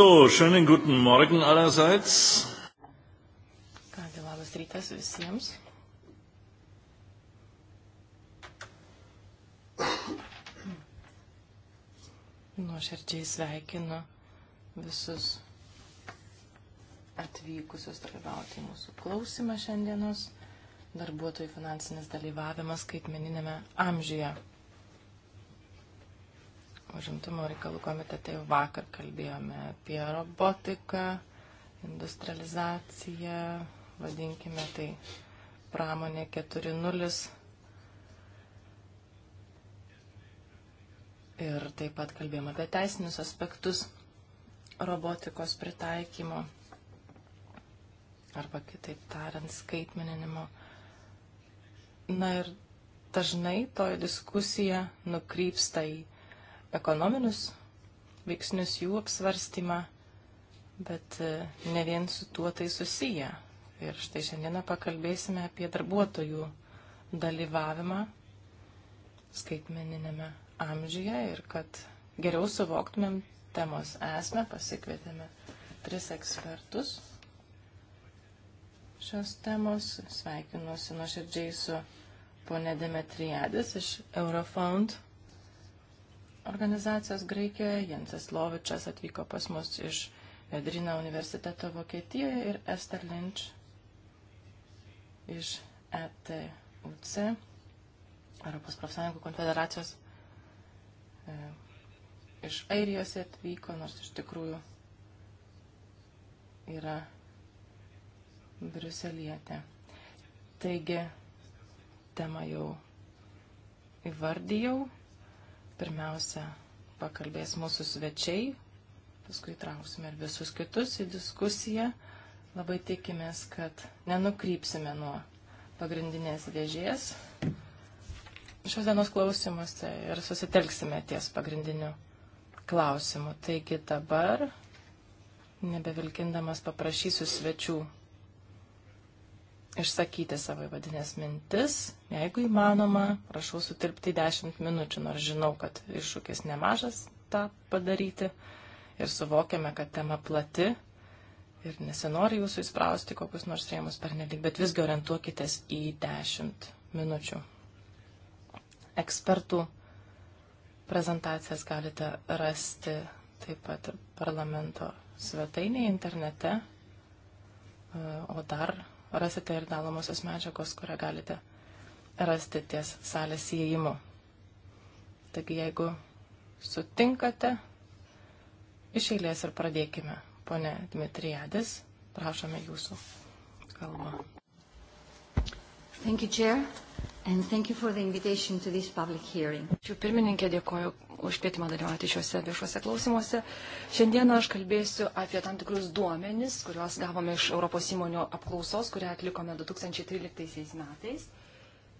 So, schönen guten Morgen allerseits. Kągi, labas rytas visiems. Nuoširdžiai sveikinu visus atvykusius dalyvauti mūsų klausimą šiandienos darbuotojų finansinis dalyvavimas skaitmeninėme amžiuje užimtumo reikalų komitete jau vakar kalbėjome apie robotiką, industrializaciją, vadinkime tai pramonė 4.0. Ir taip pat kalbėjome apie teisinius aspektus robotikos pritaikymo arba kitaip tariant skaitmeninimo. Na ir dažnai toje diskusija nukrypsta į ekonominius veiksnius, jų apsvarstymą, bet e, ne vien su tuo tai susiję. Ir štai šiandieną pakalbėsime apie darbuotojų dalyvavimą skaitmeninėme amžiuje ir kad geriau suvoktumėm temos esmę, pasikvietėme tris ekspertus šios temos. Sveikinuosi nuoširdžiai su ponė Demetriadis iš Eurofond organizacijos Graikijoje. Jensas Lovičas atvyko pas mus iš Vedrino universiteto Vokietijoje ir Esther Lynch iš ETUC, Europos profsąjungų konfederacijos e, iš Airijos atvyko, nors iš tikrųjų yra Bruselietė. Taigi, temą jau įvardyjau Pirmiausia, pakalbės mūsų svečiai, paskui trauksime ir visus kitus į diskusiją. Labai tikimės, kad nenukrypsime nuo pagrindinės dėžės šios dienos klausimuose ir susitelksime ties pagrindiniu klausimu. Taigi dabar, nebevilkindamas, paprašysiu svečių išsakyti savo įvadinės mintis. Jeigu įmanoma, prašau sutilpti 10 minučių, nors žinau, kad iššūkis nemažas tą padaryti ir suvokiame, kad tema plati ir nesinori jūsų įsprausti kokius nors rėmus per nelik, bet visgi orientuokitės į 10 minučių. Ekspertų prezentacijas galite rasti taip pat parlamento svetainėje internete, o dar rasite ir dalomosios medžiagos, kurią galite rasti ties salės įėjimu. Taigi, jeigu sutinkate, iš eilės ir pradėkime. Pone Dmitrijadis, prašome jūsų kalbą. Thank you, Chair. And thank you for the invitation to this public hearing. Ačiū pirmininkė, dėkoju už kvietimą dalyvauti šiuose viešuose klausimuose. Šiandieną aš kalbėsiu apie tam tikrus duomenis, kuriuos gavome iš Europos įmonių apklausos, kurią atlikome 2013 metais,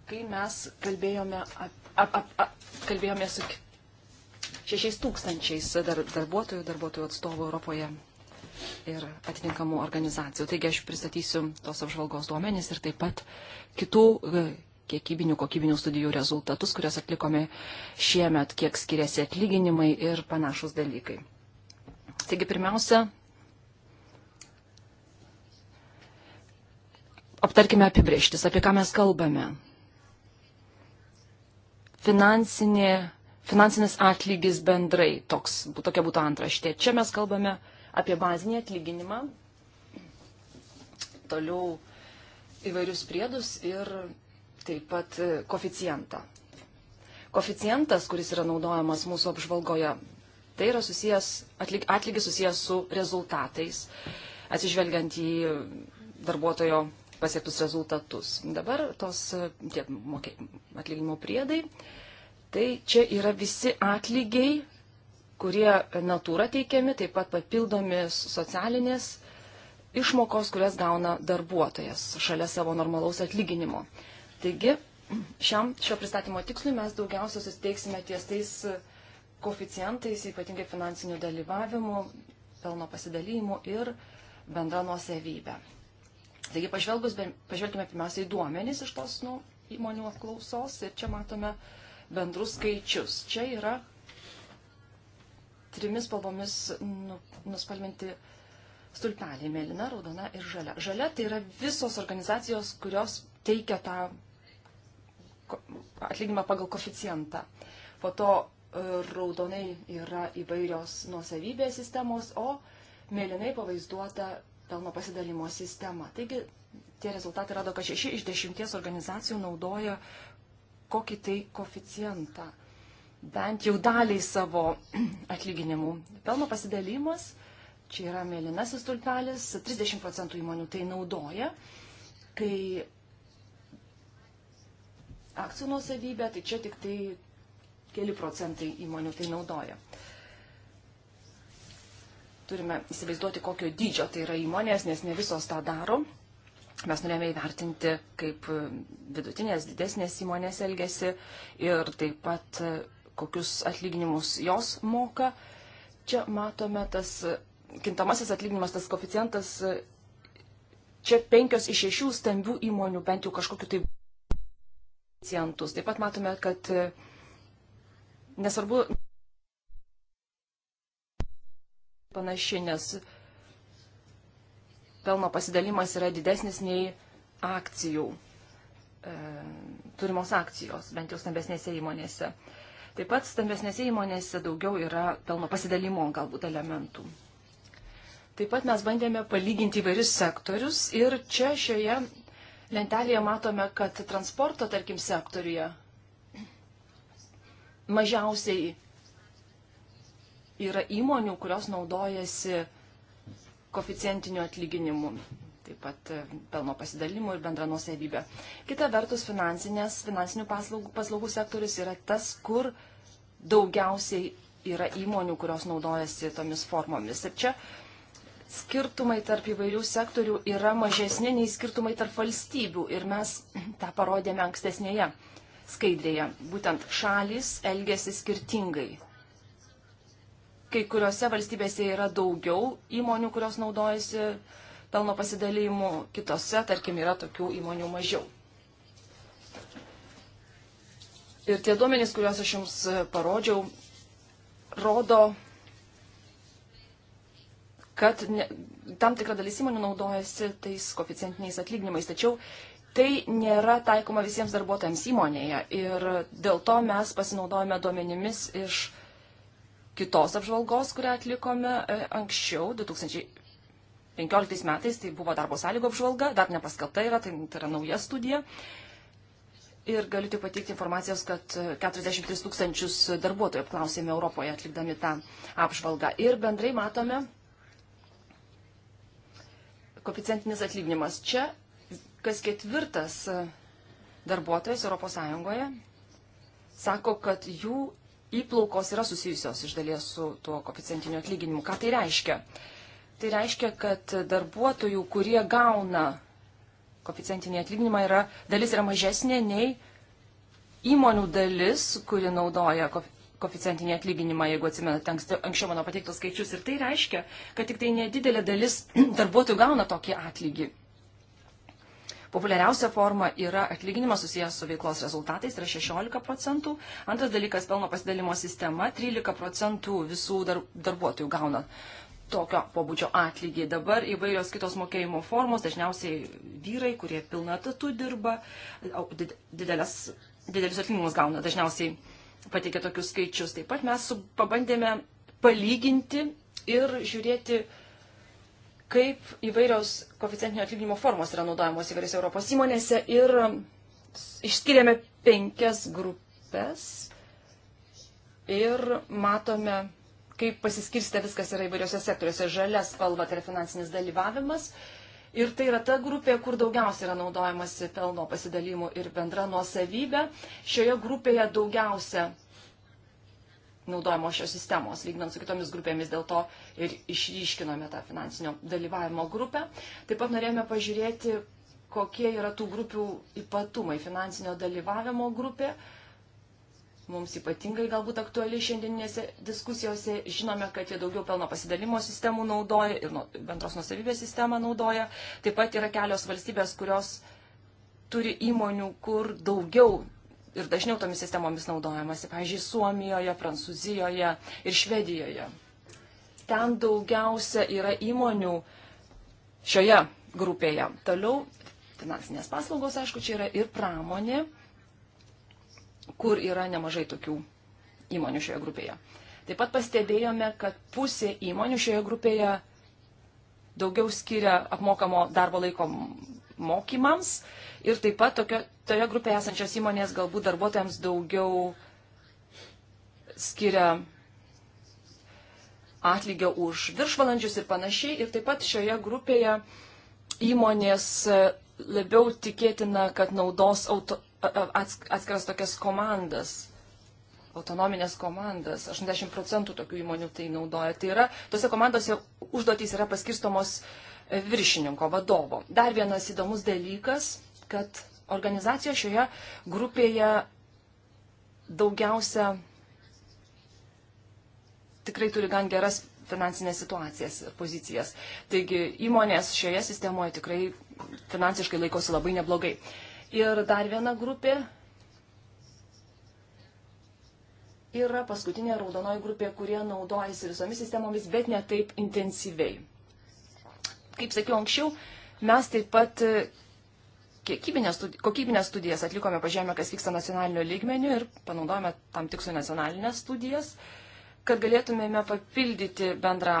kai mes kalbėjome, ap, ap, ap, ap, kalbėjome su 6 tūkstančiais dar, darbuotojų, darbuotojų atstovų Europoje ir atitinkamų organizacijų. Taigi aš pristatysiu tos apžvalgos duomenys ir taip pat kitų kiekybinių, kokybinių studijų rezultatus, kurias atlikome šiemet, kiek skiriasi atlyginimai ir panašus dalykai. Taigi pirmiausia, aptarkime apibrieštis, apie ką mes kalbame. Finansinė, finansinis atlygis bendrai, toks, tokia būtų antraštė. Čia mes kalbame apie bazinį atlyginimą, toliau įvairius priedus ir taip pat e, koficijantą. Koficijantas, kuris yra naudojamas mūsų apžvalgoje, tai yra susijęs, atlyg, atlygis susijęs su rezultatais, atsižvelgiant į darbuotojo pasiektus rezultatus. Dabar tos e, tie mokė, atlyginimo priedai, tai čia yra visi atlygiai, kurie natūra teikiami, taip pat papildomi socialinės išmokos, kurias gauna darbuotojas šalia savo normalaus atlyginimo. Taigi, šiam, šio pristatymo tikslui mes daugiausia susiteiksime ties tais e, koficijantais, ypatingai finansinių dalyvavimų, pelno pasidalymų ir bendra nuosavybė. Taigi, pažvelgime pirmiausiai duomenys iš tos nu, įmonių apklausos ir čia matome bendrus skaičius. Čia yra trimis spalvomis nu, nuspalvinti stulpeliai - mėlyna, raudona ir žalia. Žalia tai yra visos organizacijos, kurios teikia tą atlyginimą pagal koficijantą. Po to e, raudonai yra įvairios nuosavybės sistemos, o mėlynai pavaizduota pelno pasidalimo sistema. Taigi tie rezultatai rado, kad 6 iš 10 organizacijų naudoja kokį tai koficijantą, bent jau daliai savo atlyginimų. Pelno pasidalimas, čia yra mėlynasis tulpelis, 30 procentų įmonių tai naudoja, kai akcijų nuosavybę, tai čia tik tai keli procentai įmonių tai naudoja. Turime įsivaizduoti, kokio dydžio tai yra įmonės, nes ne visos tą daro. Mes norėjome įvertinti, kaip vidutinės, didesnės įmonės elgesi ir taip pat kokius atlyginimus jos moka. Čia matome tas kintamasis atlyginimas, tas koficijantas. Čia penkios iš šešių stambių įmonių bent jau kažkokiu tai pacientus. Taip pat matome, kad e, nesvarbu panaši, nes pelno pasidalimas yra didesnis nei akcijų, e, turimos akcijos, bent jau stambesnėse įmonėse. Taip pat stambesnėse įmonėse daugiau yra pelno pasidalimo galbūt elementų. Taip pat mes bandėme palyginti įvairius sektorius ir čia šioje lentelėje matome, kad transporto, tarkim, sektoriuje mažiausiai yra įmonių, kurios naudojasi koficientiniu atlyginimu, taip pat e, pelno pasidalimu ir bendra nuosavybė. Kita vertus, finansinių paslaugų, paslaugų sektorius yra tas, kur daugiausiai yra įmonių, kurios naudojasi tomis formomis. Ir čia skirtumai tarp įvairių sektorių yra mažesni nei skirtumai tarp valstybių ir mes tą parodėme ankstesnėje skaidrėje. Būtent šalis elgesi skirtingai. Kai kuriuose valstybėse yra daugiau įmonių, kurios naudojasi pelno pasidalymu, kitose, tarkim, yra tokių įmonių mažiau. Ir tie duomenys, kuriuos aš jums parodžiau, rodo kad ne, tam tikra dalis įmonių naudojasi tais koficientiniais atlyginimais. Tačiau tai nėra taikoma visiems darbuotojams įmonėje. Ir dėl to mes pasinaudojame duomenimis iš kitos apžvalgos, kurią atlikome e, anksčiau, 2015 metais, tai buvo darbo sąlygų apžvalga, dar nepaskelbta yra, tai, tai yra nauja studija. Ir galiu tik pateikti informacijos, kad 43 e, tūkstančius darbuotojų apklausėme Europoje atlikdami tą apžvalgą. Ir bendrai matome, koeficientinis atlyginimas. Čia kas ketvirtas darbuotojas ES sako, kad jų įplaukos yra susijusios iš dalies su tuo koeficientiniu atlyginimu. Ką tai reiškia? Tai reiškia, kad darbuotojų, kurie gauna koeficientinį atlyginimą, yra, dalis yra mažesnė nei įmonių dalis, kuri naudoja koficijantinį atlyginimą, jeigu atsimenate anksčiau mano pateiktus skaičius. Ir tai reiškia, kad tik tai nedidelė dalis darbuotojų gauna tokį atlygį. Populiariausia forma yra atlyginimas susijęs su veiklos rezultatais, tai yra 16 procentų. Antras dalykas - pelno pasidalimo sistema, 13 procentų visų dar, darbuotojų gauna tokio pobūdžio atlygį. Dabar įvairios kitos mokėjimo formos, dažniausiai vyrai, kurie pilna tatų dirba, didelis, didelis atlyginimus gauna, dažniausiai pateikė tokius skaičius. Taip pat mes su, pabandėme palyginti ir žiūrėti, kaip įvairios koficientinio atlyginimo formos yra naudojamos įvairiose Europos įmonėse ir išskiriame penkias grupės ir matome, kaip pasiskirsta viskas yra įvairiose sektoriuose. Žalia spalva tai yra finansinis dalyvavimas, uh, Ir tai yra ta grupė, kur daugiausia yra naudojamasi pelno pasidalymų ir bendra nuosavybė. Šioje grupėje daugiausia naudojamos šios sistemos, lygnant su kitomis grupėmis, dėl to ir išryškinome tą finansinio dalyvavimo grupę. Taip pat norėjome pažiūrėti, kokie yra tų grupių ypatumai finansinio dalyvavimo grupė. Uh, mums ypatingai galbūt aktuali šiandieninėse diskusijose. Žinome, kad jie daugiau pelno pasidalimo sistemų naudoja ir nu, bendros nusavybės sistemą naudoja. Taip pat yra kelios valstybės, kurios turi įmonių, kur daugiau ir dažniau tomis sistemomis naudojamasi. Pavyzdžiui, Suomijoje, Prancūzijoje ir Švedijoje. Ten daugiausia yra įmonių šioje grupėje. Toliau finansinės paslaugos, aišku, čia yra ir pramonė kur yra nemažai tokių įmonių šioje grupėje. Taip pat pastebėjome, kad pusė įmonių šioje grupėje daugiau skiria apmokamo darbo laiko mokymams ir taip pat tokio, toje grupėje esančios įmonės galbūt darbuotojams daugiau skiria atlygio už viršvalandžius ir panašiai. Ir taip pat šioje grupėje įmonės labiau tikėtina, kad naudos auto, atskiras tokias komandas, autonominės komandas. 80 procentų tokių įmonių tai naudoja. Tai yra, tose komandose užduotys yra paskirstomos e, viršininko, vadovo. Dar vienas įdomus dalykas, kad organizacija šioje grupėje daugiausia tikrai turi gan geras finansinės situacijas ir pozicijas. Taigi įmonės šioje sistemoje tikrai finansiškai laikosi labai neblogai. Uh, Ir dar viena grupė yra paskutinė raudonoji grupė, kurie naudojasi visomis sistemomis, bet ne taip intensyviai. Kaip sakiau anksčiau, mes taip pat e, kiekybinės, studi kokybinės studijas atlikome, pažiūrėjome, kas vyksta nacionalinio lygmenių ir panaudojame tam tikslui nacionalinės studijas, kad galėtumėme papildyti bendrą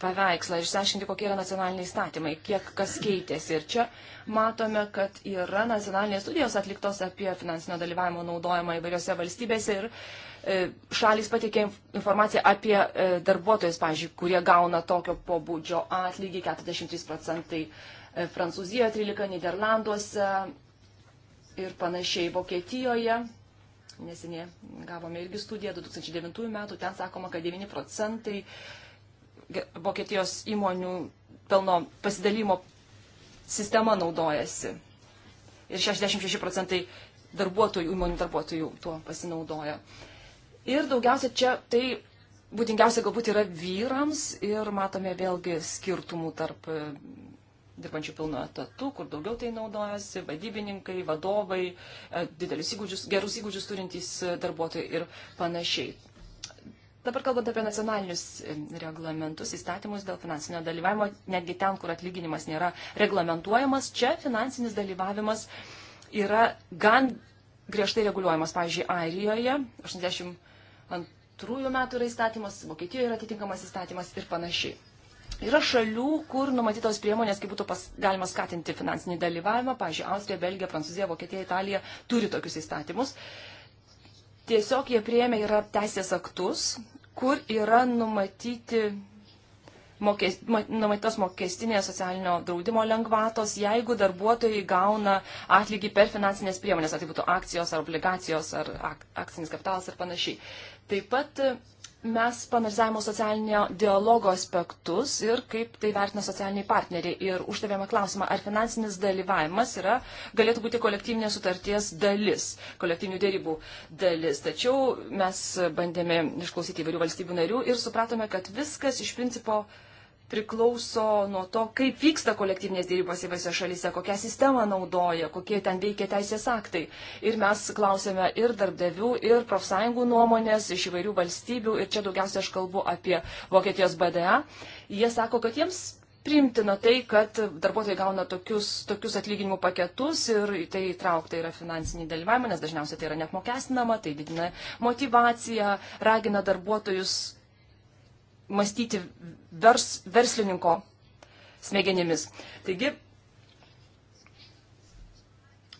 paveikslą, išsiaiškinti, kokie yra nacionaliniai įstatymai, kiek kas keitėsi. Ir čia matome, kad yra nacionalinės studijos atliktos apie finansinio dalyvavimo naudojimą įvairiose valstybėse ir e, šalis pateikė informaciją apie e, darbuotojus, pavyzdžiui, kurie gauna tokio pobūdžio atlygį 43 procentai e, Prancūzijoje, 13 Niderlanduose ir panašiai Vokietijoje nesinė gavome irgi studiją 2009 metų, ten sakoma, kad 9 procentai Vokietijos įmonių pelno pasidalymo sistema naudojasi. Ir 66 procentai darbuotojų, įmonių darbuotojų tuo pasinaudoja. Ir daugiausia čia tai būdingiausia galbūt yra vyrams ir matome vėlgi skirtumų tarp e, dirbančių pilnu etatu, kur daugiau tai naudojasi, vadybininkai, vadovai, e, didelius įgūdžius, gerus įgūdžius turintys e, darbuotojai ir panašiai. Dabar kalbant apie nacionalinius reglamentus, įstatymus dėl finansinio dalyvavimo, netgi ten, kur atlyginimas nėra reglamentuojamas, čia finansinis dalyvavimas yra gan griežtai reguliuojamas. Pavyzdžiui, Airijoje 82 metų yra įstatymas, Vokietijoje yra atitinkamas įstatymas ir panašiai. Yra šalių, kur numatytos priemonės, kaip būtų pas, galima skatinti finansinį dalyvavimą. Pavyzdžiui, Austrija, Belgija, Prancūzija, Vokietija, Italija turi tokius įstatymus. Uh, Tiesiog jie prieėmė yra teisės aktus, kur yra numatyti mokes, numatytos mokestinės socialinio draudimo lengvatos, jeigu darbuotojai gauna atlygį per finansinės priemonės, ar tai būtų akcijos ar obligacijos ar ak, akcinis kapitalas ir panašiai. Taip pat mes panalizavimo socialinio dialogo aspektus ir kaip tai vertina socialiniai partneriai. Ir uždavėme klausimą, ar finansinis dalyvavimas yra, galėtų būti kolektyvinės sutarties dalis, kolektyvinių dėrybų dalis. Tačiau mes bandėme išklausyti įvairių valstybių narių ir supratome, kad viskas iš principo priklauso nuo to, kaip vyksta kolektyvinės dėrybos įvairiose šalyse, kokią sistemą naudoja, kokie ten veikia teisės aktai. Ir mes klausėme ir darbdavių, ir profsąjungų nuomonės iš įvairių valstybių, ir čia daugiausia aš kalbu apie Vokietijos BDA. Jie sako, kad jiems priimtina tai, kad darbuotojai gauna tokius, tokius atlyginimų paketus ir tai įtraukta yra finansinį dalyvavimą, nes dažniausiai tai yra neapmokestinama, tai didina motivaciją, ragina darbuotojus mąstyti vers, verslininko smegenimis. Taigi,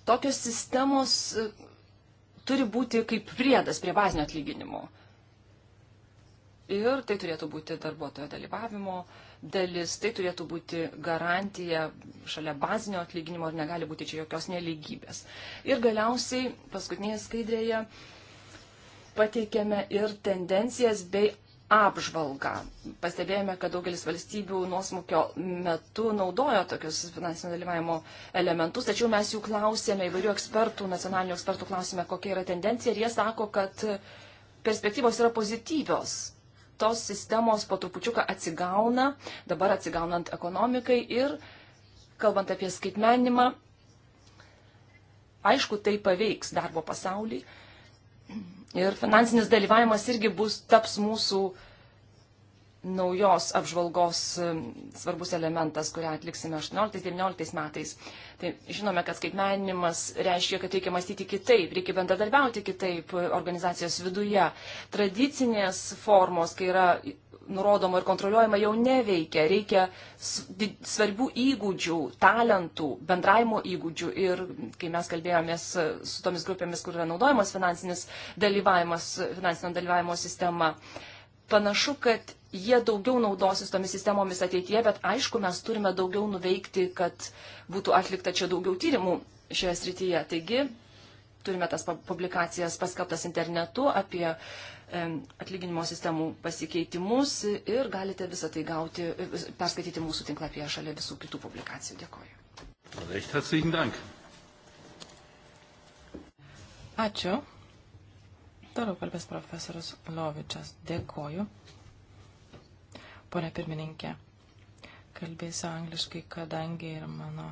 tokios sistemos e, turi būti kaip priedas prie bazinio atlyginimo. Ir tai turėtų būti darbuotojo dalyvavimo dalis, tai turėtų būti garantija šalia bazinio atlyginimo ir negali būti čia jokios neligybės. Ir galiausiai paskutinėje skaidrėje pateikėme ir tendencijas bei apžvalgą. Pastebėjome, kad daugelis valstybių nuosmukio metu naudojo tokius finansinio dalyvavimo elementus, tačiau mes jų klausėme įvairių ekspertų, nacionalinių ekspertų klausėme, kokia yra tendencija ir jie sako, kad perspektyvos yra pozityvios. Tos sistemos po trupučiuką atsigauna, dabar atsigaunant ekonomikai ir kalbant apie skaitmenimą, aišku, tai paveiks darbo pasaulį Ir finansinis dalyvavimas irgi bus, taps mūsų naujos apžvalgos svarbus elementas, kurią atliksime 18-19 metais. Tai žinome, kad skaitmeninimas reiškia, kad reikia mąstyti kitaip, reikia bendradarbiauti kitaip organizacijos viduje. Tradicinės formos, kai yra nurodoma ir kontroliuojama, jau neveikia. Reikia svarbių įgūdžių, talentų, bendravimo įgūdžių. Ir kai mes kalbėjomės su tomis grupėmis, kur yra naudojamas finansinis dalyvavimas, finansinio dalyvavimo sistema, panašu, kad jie daugiau naudosis tomis sistemomis ateityje, bet aišku, mes turime daugiau nuveikti, kad būtų atlikta čia daugiau tyrimų šioje srityje. Taigi, turime tas publikacijas paskelbtas internetu apie E, atlyginimo sistemų pasikeitimus ir galite visą tai gauti, e, perskaityti mūsų tinklapyje šalia visų kitų publikacijų. Dėkoju. Ačiū. Toliau kalbės profesorius Lovičas. Dėkoju. Pone pirmininkė, kalbėsiu angliškai, kadangi ir mano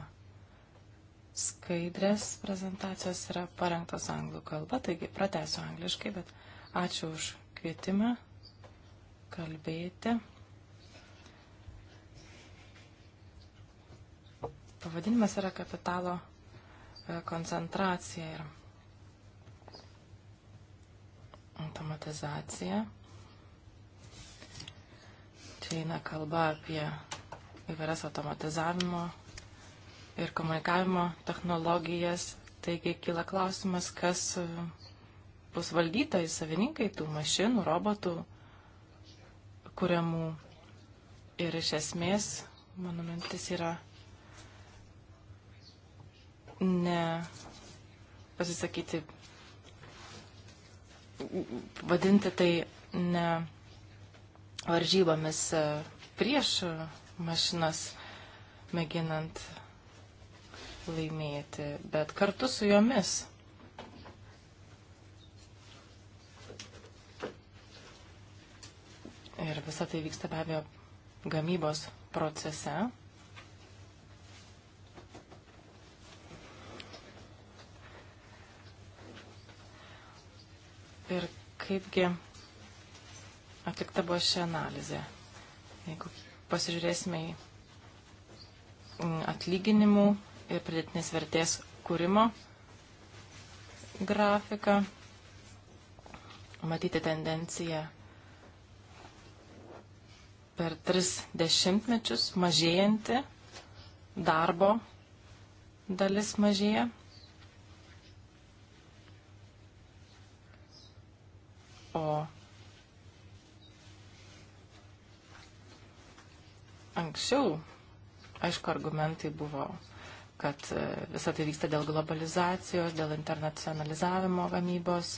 skaidrės prezentacijos yra parengtos anglų kalba, taigi pratęsiu angliškai, bet Ačiū už kvietimą kalbėti. Pavadinimas yra kapitalo e, koncentracija ir automatizacija. Čia eina kalba apie įvairias automatizavimo ir komunikavimo technologijas. Taigi kyla klausimas, kas bus valdytojai, savininkai tų mašinų, robotų kuriamų. Ir iš esmės, mano mintis yra ne pasisakyti, vadinti tai ne varžybomis e, prieš mašinas, mėginant laimėti, bet kartu su jomis. Ir visa tai vyksta be abejo gamybos procese. Ir kaipgi atlikta buvo ši analizė. Jeigu pasižiūrėsime į mm, atlyginimų ir pridėtinės vertės kūrimo grafiką, matyti tendenciją per tris dešimtmečius mažėjanti, darbo dalis mažėja. O anksčiau, aišku, argumentai buvo, kad e, visą tai vyksta dėl globalizacijos, dėl internacionalizavimo gamybos,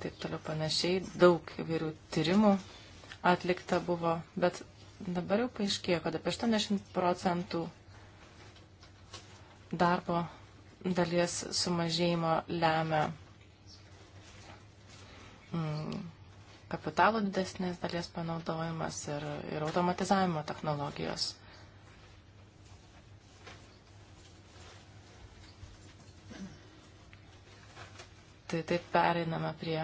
taip toliau panašiai, daug įvairių tyrimų atlikta buvo, bet dabar jau paaiškėjo, kad apie 80 procentų darbo dalies sumažėjimo lemia mm, kapitalo didesnės dalies panaudojimas ir, ir automatizavimo technologijos. Tai taip pereiname prie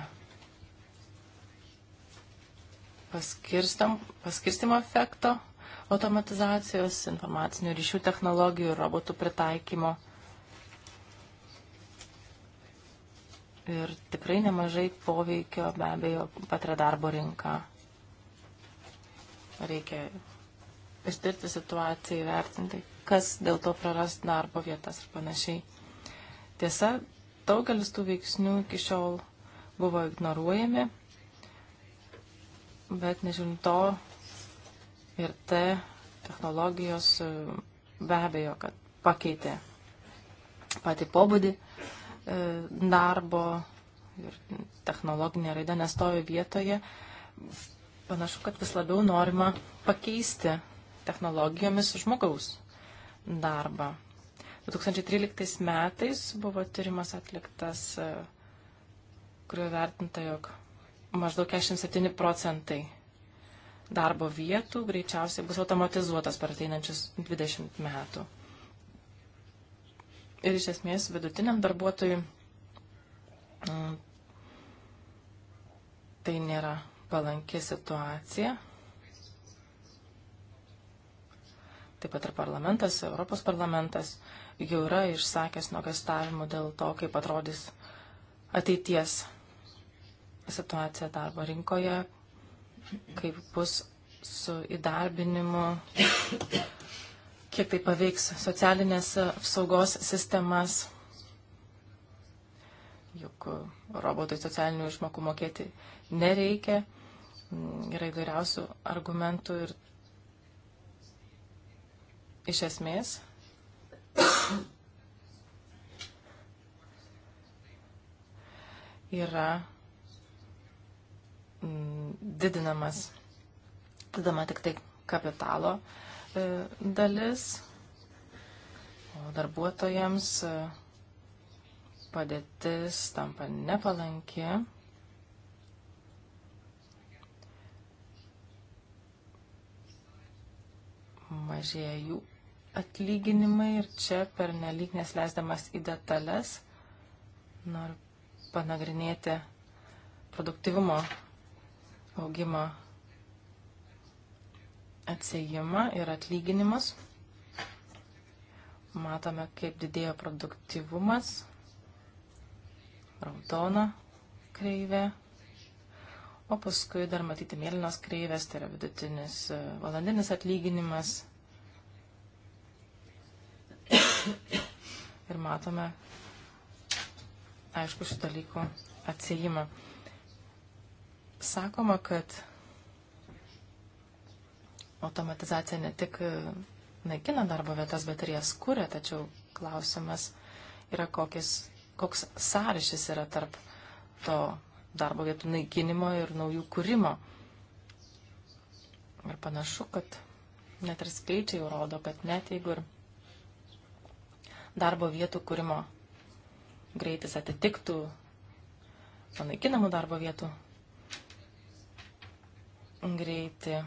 paskirstimo efekto, automatizacijos, informacinių ryšių technologijų ir robotų pritaikymo. Ir tikrai nemažai poveikio be abejo patiria darbo rinką. Reikia ištirti situaciją, įvertinti, kas dėl to praras darbo vietas ir panašiai. Tiesa, daugelis tų veiksnių iki šiol buvo ignoruojami Bet nežiūrint to ir te technologijos e, be abejo, kad pakeitė patį pobūdį e, darbo ir technologinė raida nestovi vietoje. Panašu, kad vis labiau norima pakeisti technologijomis žmogaus darbą. 2013 metais buvo tyrimas atliktas, e, kurio vertinta, jog maždaug 47 procentai darbo vietų greičiausiai bus automatizuotas per ateinančius 20 metų. Ir iš esmės vidutiniam darbuotojui mm, tai nėra palanki situacija. Taip pat ir parlamentas, Europos parlamentas jau yra išsakęs nuogastavimų dėl to, kaip atrodys ateities situacija darbo rinkoje, kaip bus su įdarbinimu, kiek tai paveiks socialinės apsaugos sistemas. Juk robotui socialinių išmokų mokėti nereikia. Yra įvairiausių argumentų ir iš esmės yra Mm, didinamas, didama tik tai kapitalo e, dalis, o darbuotojams e, padėtis tampa nepalanki. Mažėja jų atlyginimai ir čia per nelik nesleisdamas į detalės noriu panagrinėti produktivumo augimo atsėjimą ir atlyginimus. Matome, kaip didėjo produktivumas, raudona kreivė, o paskui dar matyti mėlynos kreivės, tai yra vidutinis e, valandinis atlyginimas. Ir matome, aišku, šių dalykų atsėjimą sakoma, kad automatizacija ne tik e, naikina darbo vietas, bet ir jas kuria, tačiau klausimas yra, kokis, koks sąryšis yra tarp to darbo vietų naikinimo ir naujų kūrimo. Ir panašu, kad net ir skaičiai rodo, kad net jeigu ir darbo vietų kūrimo greitis atitiktų panaikinamų darbo vietų greitį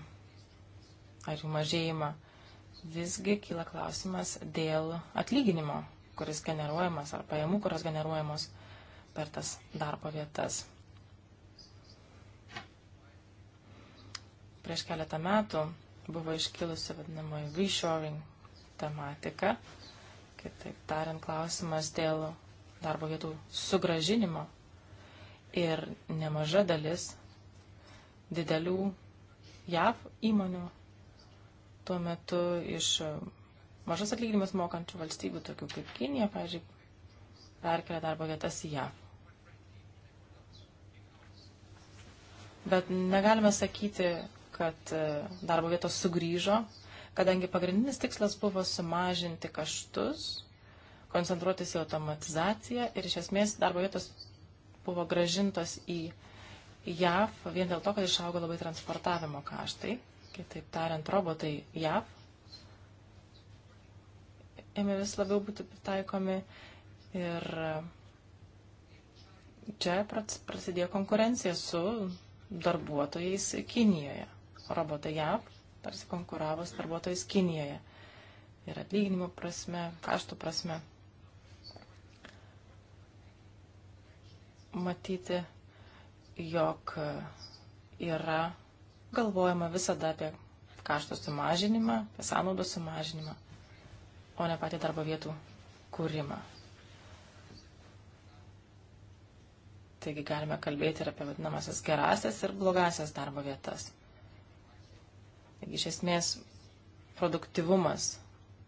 ar jų mažėjimą. Visgi kyla klausimas dėl atlyginimo, kuris generuojamas, ar pajamų, kurios generuojamos per tas darbo vietas. Prieš keletą metų buvo iškilusi vadinamoji reshoring tematika, kitaip tariant klausimas dėl darbo vietų sugražinimo. Ir nemaža dalis didelių JAV įmonių tuo metu iš e, mažas atlyginimas mokančių valstybių, tokių kaip Kinija, pavyzdžiui, perkelia darbo vietas į JAV. Bet negalime sakyti, kad e, darbo vietos sugrįžo, kadangi pagrindinis tikslas buvo sumažinti kaštus, koncentruotis į automatizaciją ir iš esmės darbo vietos buvo gražintos į JAV JAV vien dėl to, kad išaugo labai transportavimo kaštai. Kitaip tariant, robotai JAV ėmė vis labiau būti pritaikomi ir čia prasidėjo konkurencija su darbuotojais Kinijoje. Robotai JAV tarsi konkuravo su darbuotojais Kinijoje. Ir atlyginimo prasme, kaštų prasme. Matyti jog yra galvojama visada apie kaštų sumažinimą, apie sąnaudų sumažinimą, o ne patį darbo vietų kūrimą. Taigi galime kalbėti ir apie vadinamasias gerasias ir blogasias darbo vietas. Taigi iš esmės produktivumas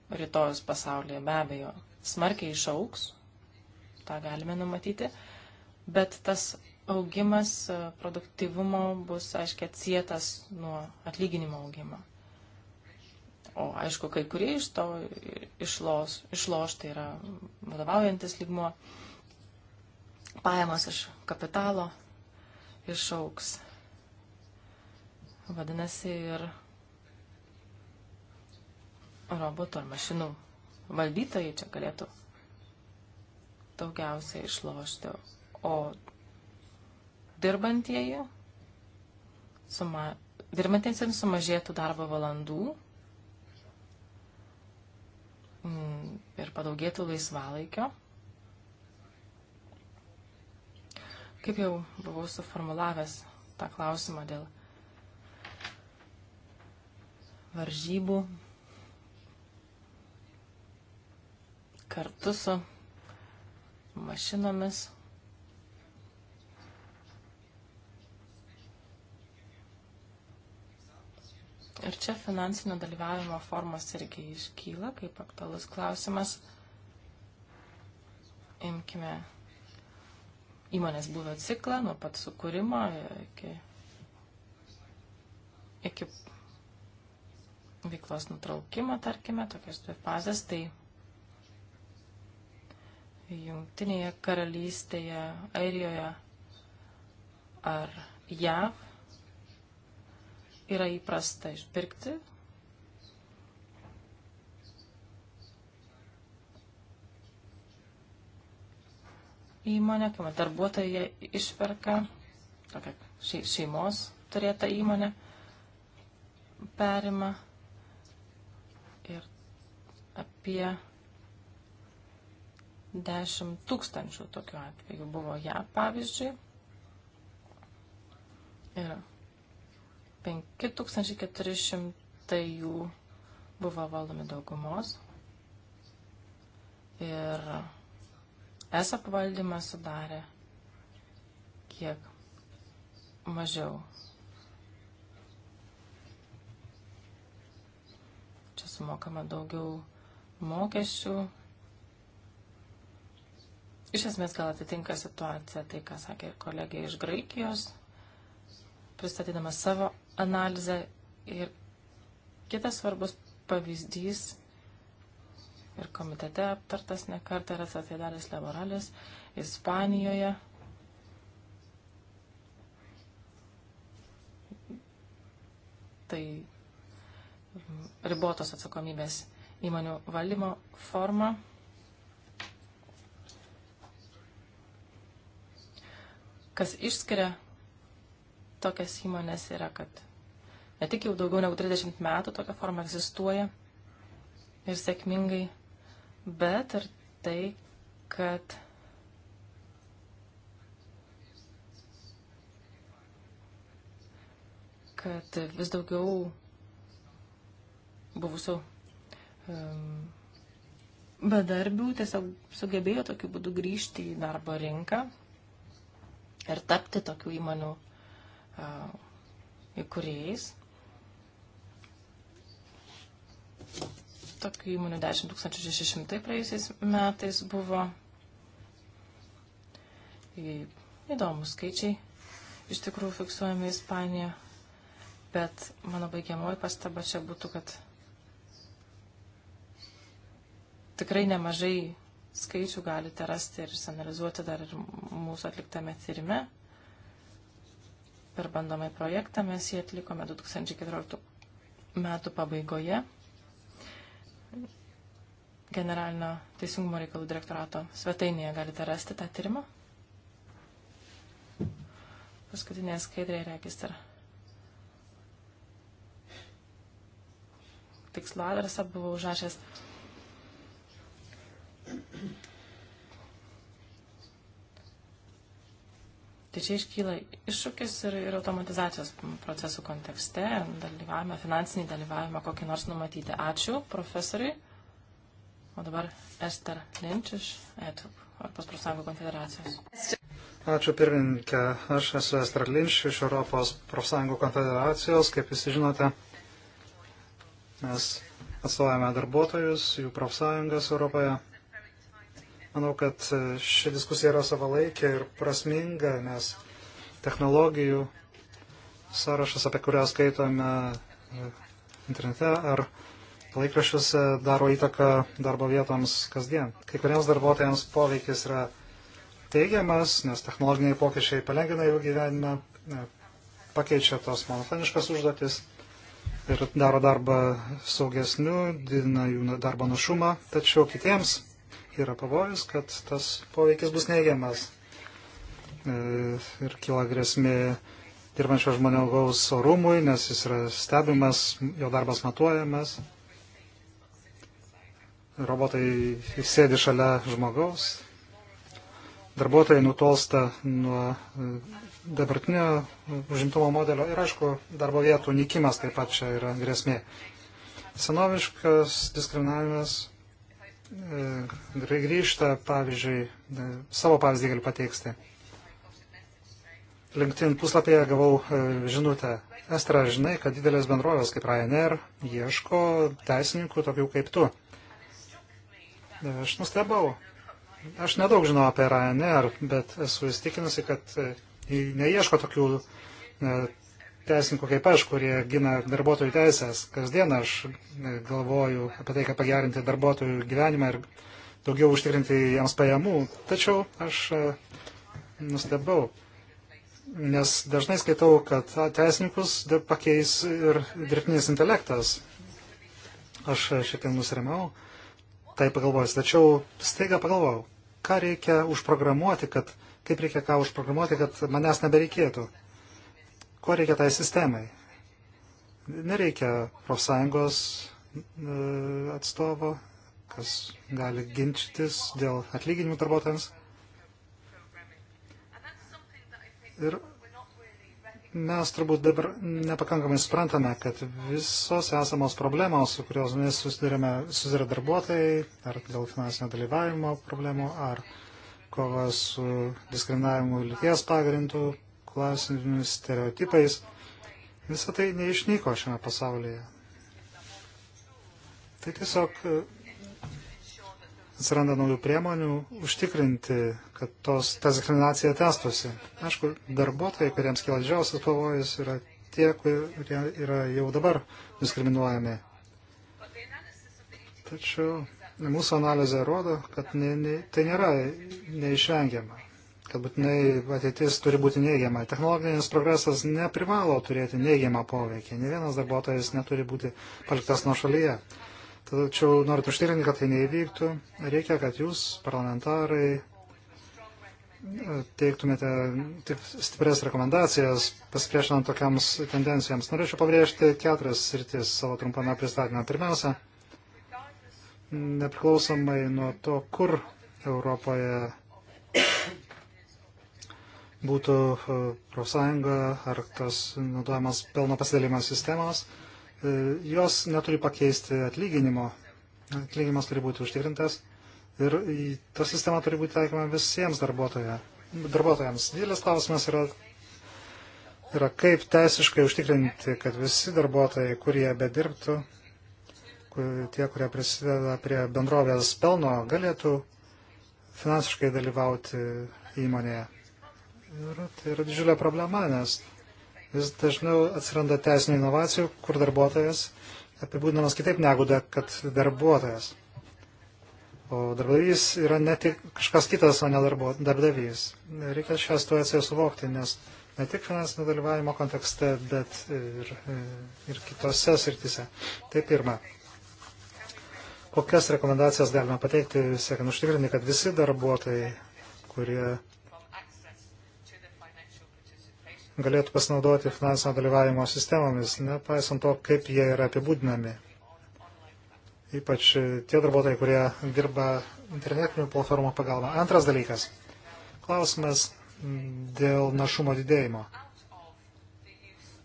rytojus pasaulyje be abejo smarkiai išauks, tą galime numatyti, bet tas augimas e, produktivumo bus, aiškiai, atsietas nuo atlyginimo augimo. O aišku, kai kurie iš to išloš, išloš tai yra vadovaujantis lygmuo, pajamos iš kapitalo išauks. Vadinasi, ir robotų ar mašinų valdytojai čia galėtų daugiausiai išlošti. O dirbantieji, suma, dirbantiesiems sumažėtų darbo valandų mm, ir padaugėtų laisvalaikio. Kaip jau buvau suformulavęs tą klausimą dėl varžybų kartu su mašinomis Ir čia finansinio dalyvavimo formos irgi iškyla kaip aktualus klausimas. Imkime įmonės būvio ciklą nuo pat sukūrimo iki, iki veiklos nutraukimo, tarkime, tokias dvi fazės, tai Jungtinėje karalystėje, Airijoje ar JAV yra įprasta išpirkti. Įmonė, kai darbuotojai išperka, tokia šeimos turėta įmonė, perima ir apie 10 tūkstančių tokių atvejų buvo ją, ja, pavyzdžiui. Ir 5400 jų buvo valdomi daugumos ir ESAP valdymas sudarė kiek mažiau. Čia sumokama daugiau mokesčių. Iš esmės gal atitinka situacija tai, ką sakė kolegė iš Graikijos, pristatydama savo analizę. Ir kitas svarbus pavyzdys ir komitete aptartas nekartą yra Sociedalis Laboralis Ispanijoje. Tai ribotos atsakomybės įmonių valdymo forma. Kas išskiria tokias įmonės yra, kad ne tik jau daugiau negu 30 metų tokia forma egzistuoja ir sėkmingai, bet ir tai, kad kad vis daugiau buvusių um, bedarbių tiesiog sugebėjo tokiu būdu grįžti į darbo rinką ir tapti tokių įmonių uh, įkūrėjais. Tokių įmonių 10 600 praėjusiais metais buvo. Įdomus skaičiai iš tikrųjų fiksuojami Ispaniją. Bet mano baigiamoji pastaba čia būtų, kad tikrai nemažai skaičių galite rasti ir sanalizuoti dar ir mūsų atliktame tyrime. Per bandomai projektą mes jį atlikome 2014 metų pabaigoje generalinio teisingumo reikalų direktorato svetainėje galite rasti tą tyrimą. Paskutinė skaidrė registrą. Tikslo adresą buvau užrašęs Tai čia iškyla iššūkis ir, ir automatizacijos procesų kontekste, dalyvavimą, finansinį dalyvavimą kokį nors numatyti. Ačiū profesoriui. O dabar Ester Linč iš ETUP, Europos profsąjungų konfederacijos. Ačiū pirmininkė. Aš esu Ester Linč iš Europos profsąjungų konfederacijos. Kaip visi žinote, mes atstovavome darbuotojus, jų profsąjungas Europoje. Manau, kad e, ši diskusija yra savalaikė ir prasminga, nes technologijų sąrašas, apie kurią skaitome e, internete ar laikraščiuose, daro įtaką darbo vietoms kasdien. Kai kuriems darbuotojams poveikis yra teigiamas, nes technologiniai pokyčiai palengina jų gyvenimą, e, pakeičia tos monotoniškas užduotis ir daro darbą saugesniu, didina jų darbo našumą, tačiau kitiems yra pavojus, kad tas poveikis bus neigiamas e, ir kyla grėsmė dirbančio žmogaus orumui, nes jis yra stebimas, jo darbas matuojamas. Robotai sėdi šalia žmogaus. Darbuotojai nutolsta nuo e, dabartinio užimtumo modelio ir, aišku, darbo vietų nykimas taip pat čia yra grėsmė. Senoviškas diskriminavimas E, grįžta, pavyzdžiui, e, savo pavyzdį galiu pateikti. LinkedIn puslapyje gavau e, žinutę. Estra, žinai, kad didelės bendrovės kaip Ryanair ieško teisininkų tokių kaip tu. Aš nustebau. Aš nedaug žinau apie Ryanair, bet esu įstikinusi, kad neieško tokių teisininkų kaip aš, kurie gina darbuotojų teisės. Kasdien aš e, galvoju apie tai, kaip pagerinti darbuotojų gyvenimą ir daugiau užtikrinti jiems pajamų. Tačiau aš e, nustebau, nes dažnai skaitau, kad teisininkus pakeis ir dirbtinis intelektas. Aš e, šiek tiek nusirimau, tai pagalvojęs. Tačiau staiga pagalvojau, ką reikia užprogramuoti, kad, kaip reikia ką užprogramuoti, kad manęs nebereikėtų. Ko reikia tai sistemai? Nereikia profsąjungos e, atstovo, kas gali ginčytis dėl atlyginimų darbuotojams. Ir mes turbūt dabar nepakankamai suprantame, kad visos esamos problemos, su kurios mes susidurime, susiduria darbuotojai, ar dėl finansinio dalyvavimo problemų, ar kova su diskriminavimu lyties pagrindų, klasinių stereotipais, visą tai neišnyko šiame pasaulyje. Tai tiesiog e, atsiranda naujų priemonių užtikrinti, kad tos, ta diskriminacija testusi. Aišku, darbuotojai, kuriems kyla didžiausias pavojus, yra tie, kurie yra jau dabar diskriminuojami. Tačiau mūsų analizė rodo, kad ne, ne, tai nėra neišvengiama kad būtinai ateitis turi būti neigiama. Technologinis progresas neprivalo turėti neigiamą poveikį. Ne vienas darbuotojas neturi būti paliktas nuo šalyje. Tačiau norint užtikrinti, kad tai neįvyktų, reikia, kad jūs, parlamentarai, teiktumėte tik stipres rekomendacijas pasipriešinant tokiams tendencijoms. Norėčiau pabrėžti keturias sritis savo trumpame pristatymą. Pirmiausia, nepriklausomai nuo to, kur Europoje būtų e, profsąjunga ar tas naudojamas pelno pasidalimo sistemos, e, jos neturi pakeisti atlyginimo. Atlyginimas turi būti užtikrintas ir ta sistema turi būti taikoma visiems darbuotojams. Didelis klausimas yra, yra kaip teisiškai užtikrinti, kad visi darbuotojai, kurie bedirbtų, tie, kurie prisideda prie bendrovės pelno, galėtų finansiškai dalyvauti įmonėje. Ir tai yra didžiulė problema, nes vis dažniau atsiranda teisinių inovacijų, kur darbuotojas apibūdinamas kitaip negu kad darbuotojas. O darbdavys yra ne tik kažkas kitas, o ne darbo, darbdavys. Reikia šią situaciją suvokti, nes ne tik finansinio dalyvavimo kontekste, bet ir, ir kitose srityse. Tai pirma. Kokias rekomendacijas galima pateikti, siekiant užtikrinti, kad visi darbuotojai, kurie galėtų pasinaudoti finansinio dalyvavimo sistemomis, nepaisant to, kaip jie yra apibūdinami. Ypač tie darbuotojai, kurie dirba internetinių platformų pagalba. Antras dalykas. Klausimas dėl našumo didėjimo,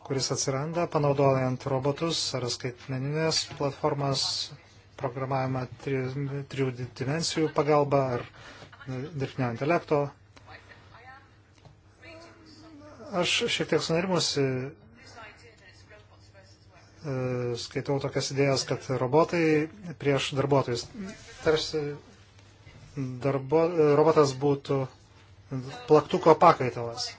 kuris atsiranda panaudojant robotus ar skaitmeninės platformas, programavimą trijų dimensijų pagalba ar dirbtinio intelekto Aš šiek tiek sunerimusi e, skaitau tokias idėjas, kad robotai prieš darbuotojus. Tarsi darbo, e, robotas būtų plaktuko pakaitalas.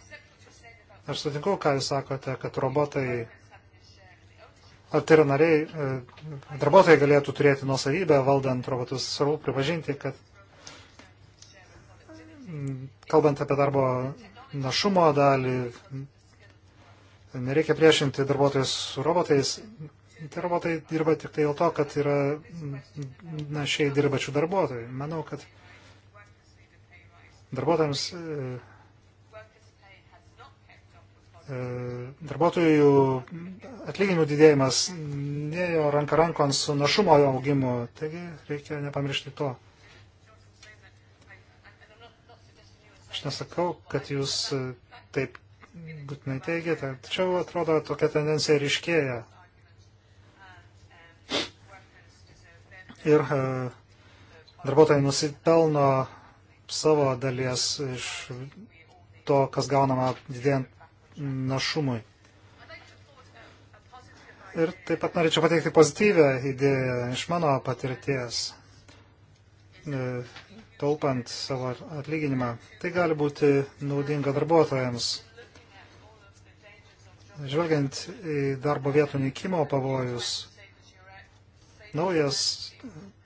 Aš sutinku, ką jūs sakote, kad robotai, ar tai yra nariai, e, darbuotojai galėtų turėti nuosavybę valdant robotus. Svarbu pripažinti, kad kalbant apie darbo našumo dalį, nereikia priešinti darbuotojus su robotais. Tai robotai dirba tik tai dėl to, kad yra našiai dirbačių darbuotojai. Manau, kad darbuotojams e, e, darbuotojų atlyginimų didėjimas nėjo ranka rankon su našumo augimu, taigi reikia nepamiršti to. Aš nesakau, kad jūs e, taip būtinai teigiate, tačiau atrodo tokia tendencija ryškėja. Ir e, darbuotojai nusipelno savo dalies iš to, kas gaunama didėjant našumui. Ir taip pat norėčiau pateikti pozityvę idėją iš mano patirties. E, taupant savo atlyginimą. Tai gali būti naudinga darbuotojams. Žvelgiant į darbo vietų nykimo pavojus, naujas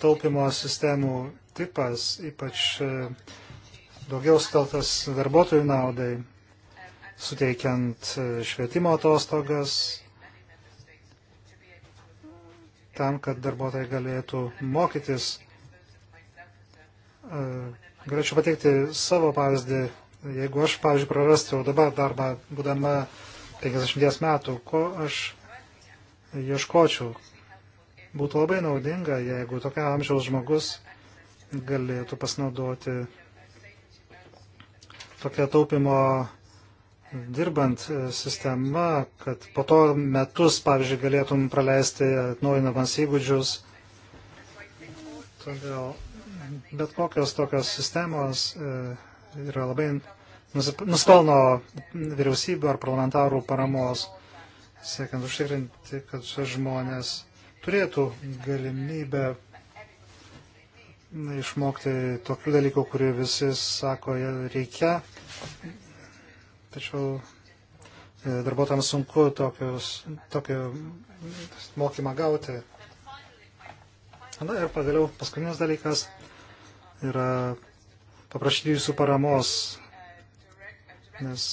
taupimo sistemų tipas, ypač e, daugiau steltas darbuotojų naudai, suteikiant e, švietimo atostogas, tam, kad darbuotojai galėtų mokytis E, galėčiau pateikti savo pavyzdį. Jeigu aš, pavyzdžiui, prarasčiau dabar darbą, būdama 50 metų, ko aš ieškočiau, būtų labai naudinga, jeigu tokia amžiaus žmogus galėtų pasinaudoti tokia taupimo dirbant e, sistema, kad po to metus, pavyzdžiui, galėtum praleisti atnaujinamas įgūdžius. Todėl bet kokios tokios sistemos e, yra labai nuspelno vyriausybių ar parlamentarų paramos, siekiant užtikrinti, kad žmonės turėtų galimybę išmokti tokių dalykų, kurių visi sako reikia. Tačiau e, darbuotojams sunku tokius, tokio mokymą gauti. Na ir pagaliau paskutinis dalykas yra paprašyti jūsų paramos, nes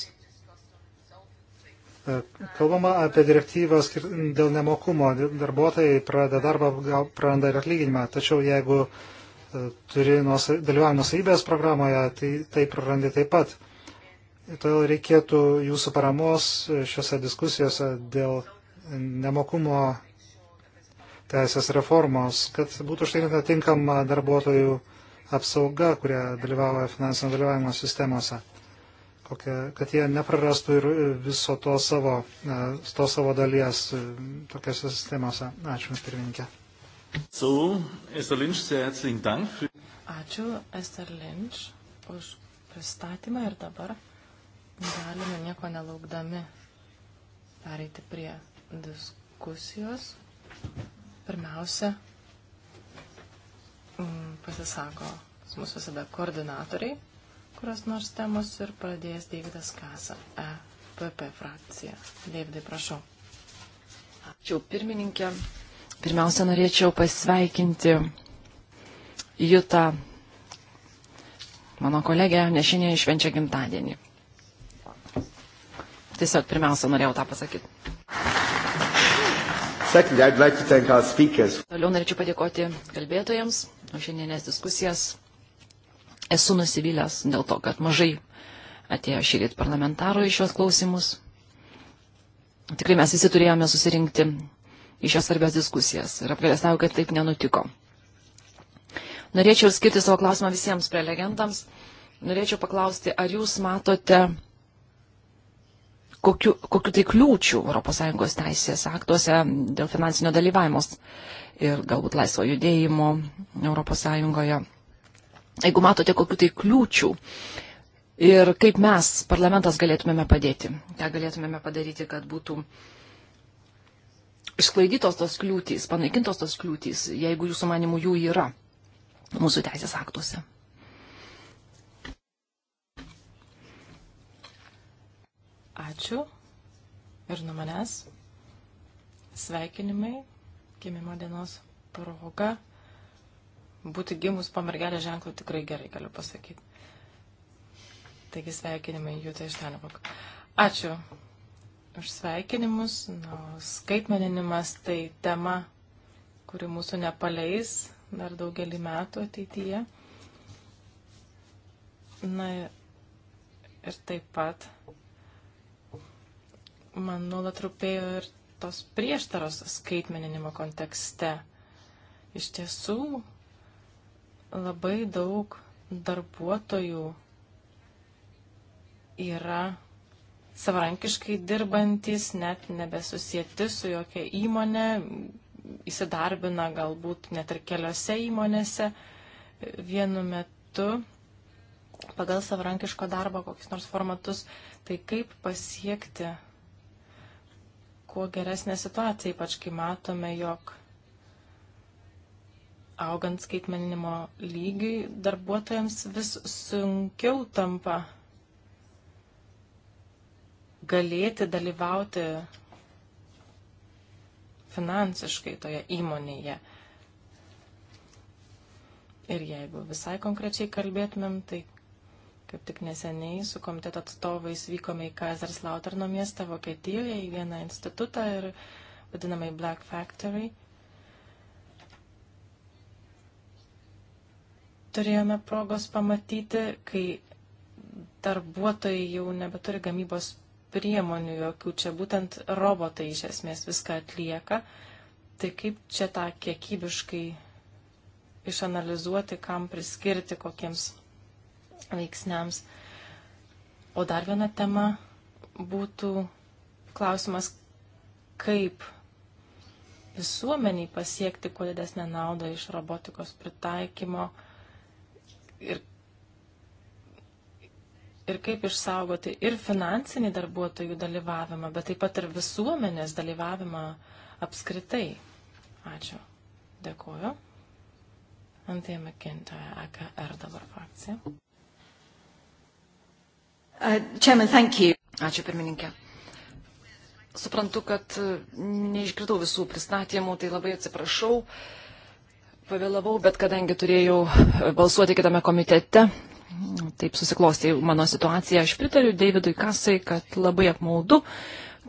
e, kalbama apie direktyvą dėl nemokumo. Darbuotojai pradeda darbą, praranda ir atlyginimą, tačiau jeigu e, turi dalyvavimą nusavybės programoje, tai tai prarandi taip pat. Todėl reikėtų jūsų paramos e, šiuose diskusijose dėl nemokumo teisės reformos, kad būtų užtikrinta tinkama darbuotojų apsauga, kurie dalyvauja finansinio dalyvavimo sistemose, kokia, kad jie neprarastų ir viso to savo, e, to savo dalies e, tokiuose sistemose. Ačiū, pirmininkė. So, Esther Lynch, sehr herzlichen Dank. Für... Ačiū, Esther Lynch, už pristatymą ir dabar galime nieko nelaukdami pereiti prie diskusijos. Pirmiausia, Mm, pasisako pas mus visada koordinatoriai, kurios nors temos ir pradės Deividas Kasa, EPP frakcija. Deividai, prašau. Ačiū pirmininkė. Pirmiausia, norėčiau pasveikinti Jutą, mano kolegė, nes šiandien išvenčia gimtadienį. Tiesiog pirmiausia, norėjau tą pasakyti. Secondly, I'd like to thank our speakers. Toliau norėčiau padėkoti kalbėtojams, šiandienės diskusijas. Esu nusivylęs dėl to, kad mažai atėjo šįryt parlamentarų į šios klausimus. Tikrai mes visi turėjome susirinkti į šias svarbias diskusijas ir apgailestauju, kad taip nenutiko. Norėčiau skirti savo klausimą visiems prelegentams. Norėčiau paklausti, ar jūs matote kokiu, kokiu tai kliūčių ES teisės aktuose dėl finansinio dalyvavimo ir galbūt laisvo judėjimo ES. Jeigu matote kokių tai kliūčių ir kaip mes, parlamentas, galėtumėme padėti, ką galėtumėme padaryti, kad būtų išsklaidytos tos kliūtys, panaikintos tos kliūtys, jeigu jūsų manimų jų yra mūsų teisės aktuose. Ačiū ir nuo manęs sveikinimai gimimo dienos proga. Būti gimus po mergelė ženklų tikrai gerai galiu pasakyti. Taigi sveikinimai Jūta iš Tenevok. Ačiū už sveikinimus. Na, skaitmeninimas tai tema, kuri mūsų nepaleis dar daugelį metų ateityje. Na ir taip pat man nuolat rūpėjo ir tos prieštaros skaitmeninimo kontekste. Iš tiesų labai daug darbuotojų yra savarankiškai dirbantis, net nebesusieti su jokia įmonė, įsidarbina galbūt net ir keliose įmonėse vienu metu pagal savarankiško darbo kokius nors formatus, tai kaip pasiekti kuo geresnė situacija, ypač kai matome, jog augant skaitmeninimo lygiui darbuotojams vis sunkiau tampa galėti dalyvauti finansiškai toje įmonėje. Ir jeigu visai konkrečiai kalbėtumėm, tai Kaip tik neseniai su komiteto atstovais vykome į Kaiserslauterno miestą Vokietijoje į vieną institutą ir vadinamai Black Factory. Turėjome progos pamatyti, kai darbuotojai jau nebeturi gamybos priemonių jokių, čia būtent robotai iš esmės viską atlieka. Tai kaip čia tą kiekybiškai išanalizuoti, kam priskirti, kokiems veiksniams. O dar viena tema būtų klausimas, kaip visuomeniai pasiekti kuo didesnę naudą iš robotikos pritaikymo ir, ir kaip išsaugoti ir finansinį darbuotojų dalyvavimą, bet taip pat ir visuomenės dalyvavimą apskritai. Ačiū. Dėkuoju. Antėja McIntyre, AKR dabar frakcija. Uh, chairman, thank you. Ačiū pirmininkė. Suprantu, kad neišgirdau visų pristatymų, tai labai atsiprašau. Pavėlavau, bet kadangi turėjau balsuoti kitame komitete, taip susiklostė mano situacija. Aš pritariu Davidui Kasai, kad labai apmaudu,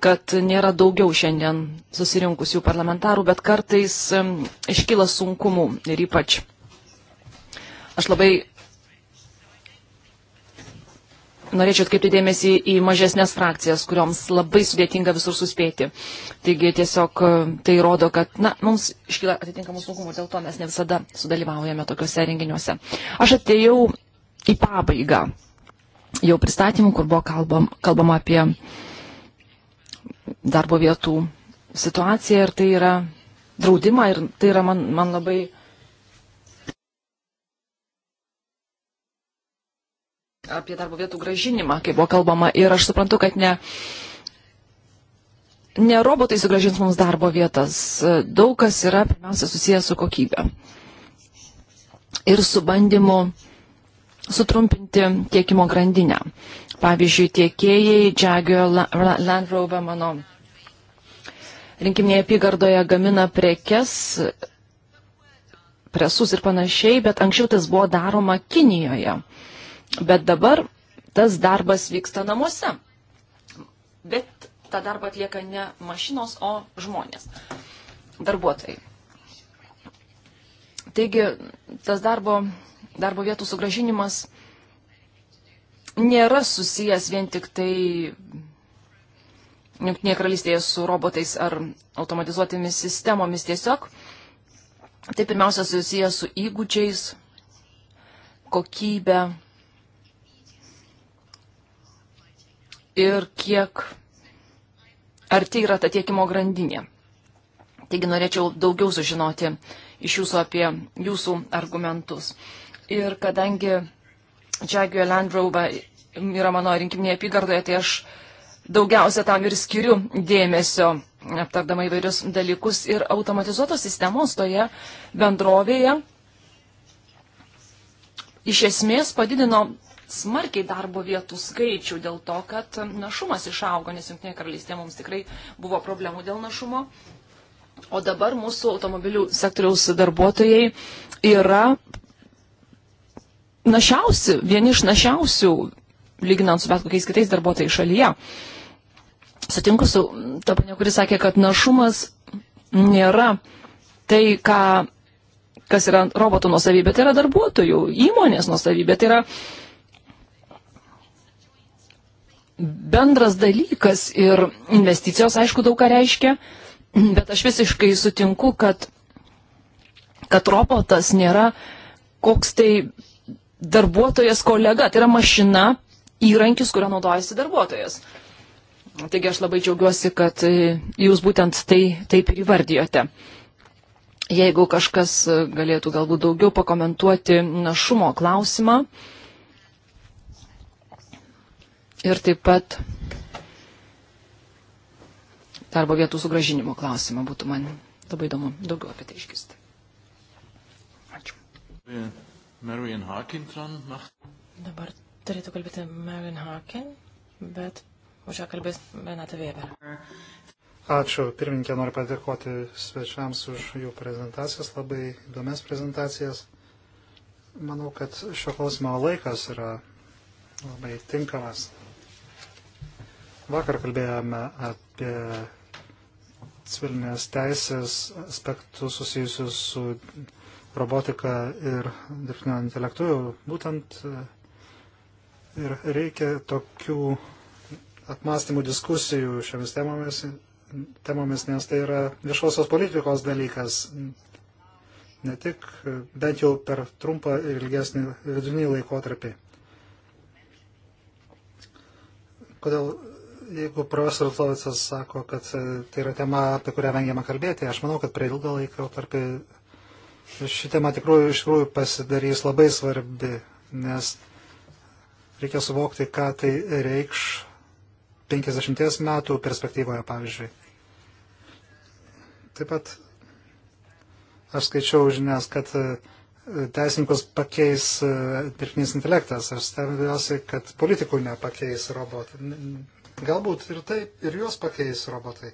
kad nėra daugiau šiandien susirinkusių parlamentarų, bet kartais um, iškyla sunkumų ir ypač. Aš labai Norėčiau atkreipti dėmesį į mažesnės frakcijas, kurioms labai sudėtinga visur suspėti. Taigi tiesiog e, tai rodo, kad na, mums iškyla atitinkamų sunkumų, dėl to mes ne visada sudalyvaujame tokiuose renginiuose. Aš atėjau į pabaigą jau pristatymų, kur buvo kalbam, kalbama apie darbo vietų situaciją ir tai yra draudimą ir tai yra man, man labai apie darbo vietų gražinimą, kaip buvo kalbama. Ir aš suprantu, kad ne, ne robotai sugražins mums darbo vietas. Daug kas yra pirmiausia susijęs su kokybė. Ir su bandymu sutrumpinti tiekimo grandinę. Pavyzdžiui, tiekėjai Jaguar Land Rover mano rinkiminėje apygardoje gamina prekes, presus ir panašiai, bet anksčiau tas buvo daroma Kinijoje. Bet dabar tas darbas vyksta namuose. Bet tą darbą atlieka ne mašinos, o žmonės, darbuotojai. Taigi tas darbo, darbo vietų sugražinimas nėra susijęs vien tik tai Junktinėje karalystėje su robotais ar automatizuotėmis sistemomis tiesiog. Tai pirmiausia susijęs su įgūdžiais, kokybė, ir kiek arti yra ta tiekimo grandinė. Taigi norėčiau daugiau sužinoti iš jūsų apie jūsų argumentus. Ir kadangi Jaguar Land Rover yra mano rinkiminėje apygardoje, tai aš daugiausia tam ir skiriu dėmesio, aptardama įvairius dalykus ir automatizuotos sistemos toje bendrovėje iš esmės padidino smarkiai darbo vietų skaičių dėl to, kad našumas išaugo, nes Junktinėje karalystėje mums tikrai buvo problemų dėl našumo. O dabar mūsų automobilių sektoriaus darbuotojai yra našiausi, vieni iš našiausių, lyginant su bet kokiais kitais darbuotojais šalyje. Sutinku su ta panė, kuris sakė, kad našumas nėra tai, ką, kas yra robotų nusavybė, tai yra darbuotojų, įmonės nusavybė, tai yra uh, bendras dalykas ir investicijos, aišku, daug ką reiškia, bet aš visiškai sutinku, kad, kad robotas nėra koks tai darbuotojas kolega, tai yra mašina, įrankis, kurio naudojasi darbuotojas. Taigi aš labai džiaugiuosi, kad e, jūs būtent tai taip ir įvardijote. Jeigu kažkas e, galėtų galbūt daugiau pakomentuoti našumo klausimą, ir taip pat darbo vietų sugražinimo klausimą. Būtų man labai įdomu daugiau apie tai išgirsti. Ačiū. Marian Harkin macht. Dabar turėtų kalbėti Marian Harkin, bet už ją kalbės Renata Weber. Ačiū, pirmininkė, noriu padėkoti svečiams už jų prezentacijas, labai įdomias prezentacijas. Manau, kad šio klausimo laikas yra labai tinkamas. Vakar kalbėjome apie civilinės teisės aspektus susijusius su robotika ir dirbtinio intelektu. Būtent e, ir reikia tokių apmąstymų diskusijų šiomis temomis, temomis, nes tai yra viešosios politikos dalykas. Ne tik, e, bent jau per trumpą ir ilgesnį vidurinį laikotarpį. Kodėl jeigu profesorius Lovicas sako, kad e, tai yra tema, apie kurią vengiama kalbėti, aš manau, kad prie ilgą laiką tarp ši tema tikrųjų, iš tikrųjų pasidarys labai svarbi, nes reikia suvokti, ką tai reikš 50 metų perspektyvoje, pavyzdžiui. Taip pat aš skaičiau žinias, kad e, teisininkus pakeis e, dirbtinis intelektas. Aš stebiuosi, kad politikų nepakeis robotai, Galbūt ir taip, ir juos pakeis robotai.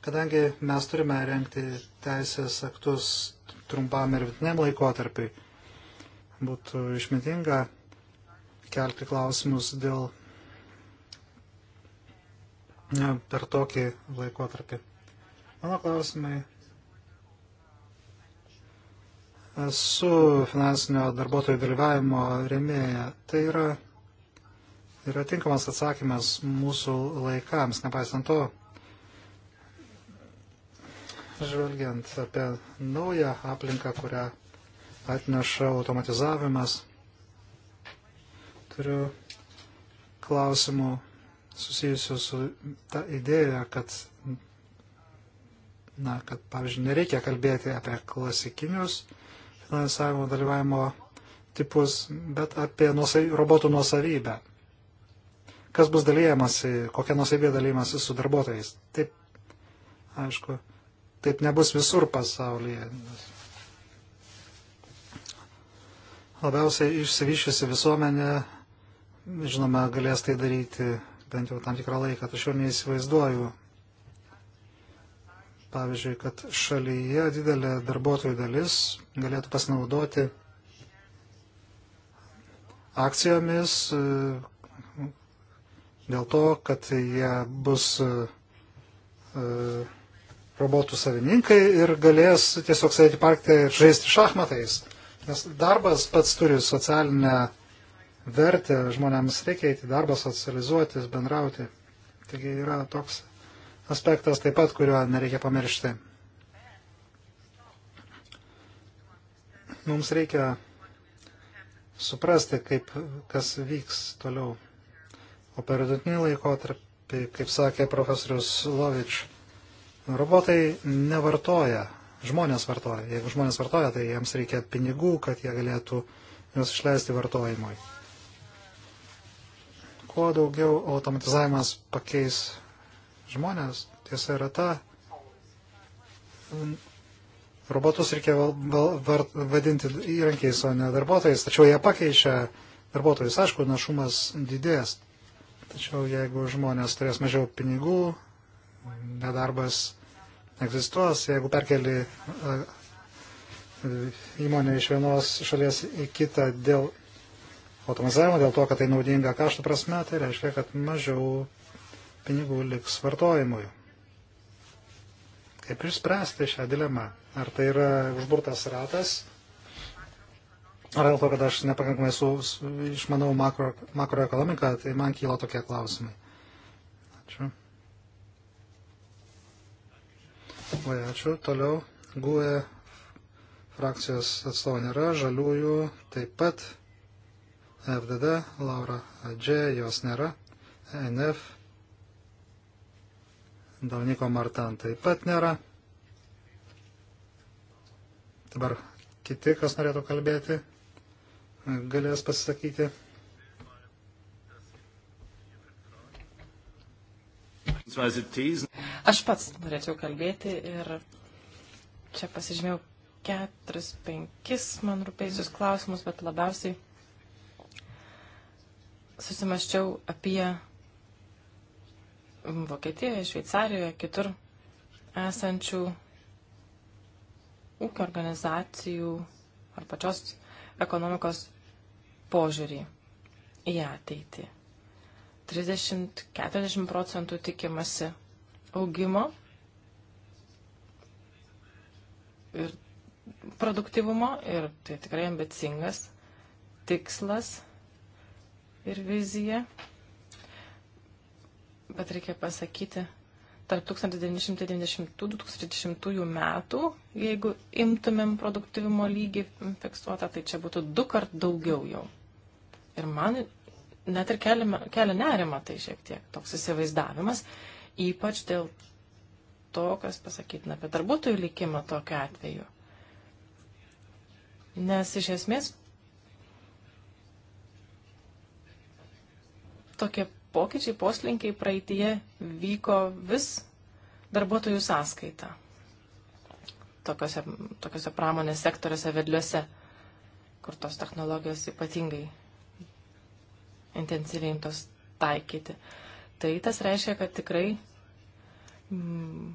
Kadangi mes turime renkti teisės aktus trumpam ir vidiniam laikotarpiui, būtų išmintinga kelti klausimus dėl ne, per tokį laikotarpį. Mano klausimai esu finansinio darbuotojų dalyvavimo remėja. Tai yra yra tinkamas atsakymas mūsų laikams, nepaisant to, žvelgiant apie naują aplinką, kurią atneša automatizavimas, turiu klausimų susijusių su ta idėja, kad, na, kad pavyzdžiui, nereikia kalbėti apie klasikinius finansavimo dalyvavimo tipus, bet apie nusai, robotų nuosavybę kas bus dalyjamasi, kokia nusavybė dalyjamasi su darbuotojais. Taip, aišku, taip nebus visur pasaulyje. Labiausiai išsivyščiusi visuomenė, žinoma, galės tai daryti bent jau tam tikrą laiką, tačiau neįsivaizduoju, pavyzdžiui, kad šalyje didelė darbuotojų dalis galėtų pasinaudoti akcijomis, dėl to, kad jie bus e, e, robotų savininkai ir galės tiesiog sėdėti parkte ir žaisti šachmatais. Nes darbas pats turi socialinę vertę, žmonėms reikia eiti darbą, socializuotis, bendrauti. Taigi yra toks aspektas taip pat, kurio nereikia pamiršti. Mums reikia suprasti, kaip, kas vyks toliau. O per vidutinį laikotarpį, kaip sakė profesorius Lovič, robotai nevartoja, žmonės vartoja. Jeigu žmonės vartoja, tai jiems reikia pinigų, kad jie galėtų juos išleisti vartojimui. Kuo daugiau automatizavimas pakeis žmonės, tiesa yra ta, robotus reikia val, val, var, vadinti įrankiais, o ne darbuotojais, tačiau jie pakeičia darbuotojus, aišku, našumas didės. Tačiau jeigu žmonės turės mažiau pinigų, nedarbas egzistuos, jeigu perkeli e, įmonę iš vienos šalies į kitą dėl automatizavimo, dėl to, kad tai naudinga kaštų prasme, tai reiškia, kad mažiau pinigų liks vartojimui. Kaip išspręsti šią dilemą? Ar tai yra užburtas ratas? ar dėl to, kad aš nepakankamai su, su, išmanau makro, makroekonomiką, tai man kyla tokie klausimai. Ačiū. Vai, ačiū. Toliau. GUE frakcijos atstovų nėra, žaliųjų taip pat, FDD, Laura Adžė, jos nėra, NF, Dalniko Martan taip pat nėra. Dabar kiti, kas norėtų kalbėti galės pasisakyti. Aš pats norėčiau kalbėti ir čia pasižymėjau keturis, penkis man rūpėjusius klausimus, bet labiausiai susimaščiau apie Vokietijoje, Šveicarijoje, kitur esančių ūkio organizacijų ar pačios ekonomikos požiūrį į ateitį. 30-40 procentų tikimasi augimo ir produktivumo ir tai tikrai ambicingas tikslas ir vizija. Bet reikia pasakyti, tarp 1990-2010 metų, jeigu imtumėm produktivimo lygį fiksuotą, tai čia būtų du kart daugiau jau. Ir man net ir kelia, kelia nerima tai šiek tiek toks įsivaizdavimas, ypač dėl to, kas pasakytina apie darbuotojų likimą tokiu atveju. Nes iš esmės tokie pokyčiai, poslinkiai praeitie vyko vis darbuotojų sąskaita tokiuose, tokiuose pramonės sektoriuose vedliuose, kur tos technologijos ypatingai intensyviai imtos taikyti. Tai tas reiškia, kad tikrai m, mm,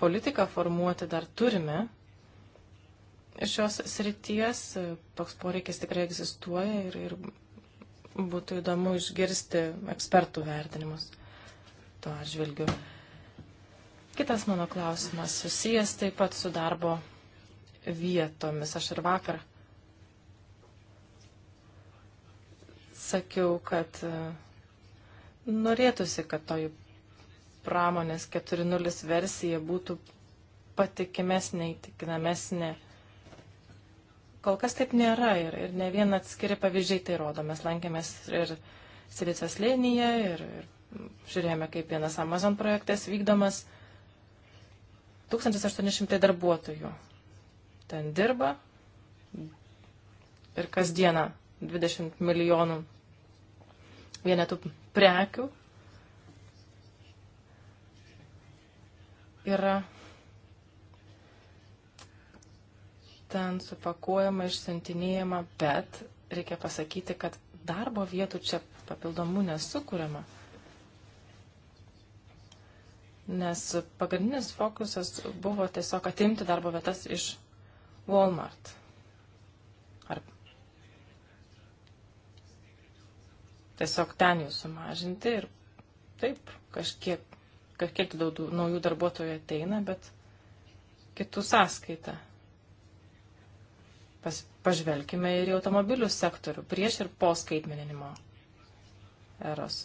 politiką formuoti dar turime. Iš šios srities toks poreikis tikrai egzistuoja ir, ir būtų įdomu išgirsti ekspertų vertinimus tuo atžvilgiu. Kitas mano klausimas susijęs taip pat su darbo vietomis. Aš ir vakar sakiau, kad e, norėtųsi, kad toji pramonės 4.0 versija būtų patikimesnė, įtikinamesnė Kol kas taip nėra ir, ir ne vien atskiri pavyzdžiai tai rodo. Mes lankėmės ir Silicio slėnyje ir, ir žiūrėjome, kaip vienas Amazon projektas vykdomas. 1800 darbuotojų ten dirba ir kasdieną 20 milijonų vienetų prekių yra ten supakuojama, išsintinėjama, bet reikia pasakyti, kad darbo vietų čia papildomų nesukūriama. Nes pagrindinis fokusas buvo tiesiog atimti darbo vietas iš Walmart. Ar tiesiog ten jų sumažinti ir taip, kažkiek, kažkiek daug naujų darbuotojų ateina, bet kitų sąskaita. Pas, pažvelkime ir į automobilių sektorių prieš ir po skaitmeninimo eros.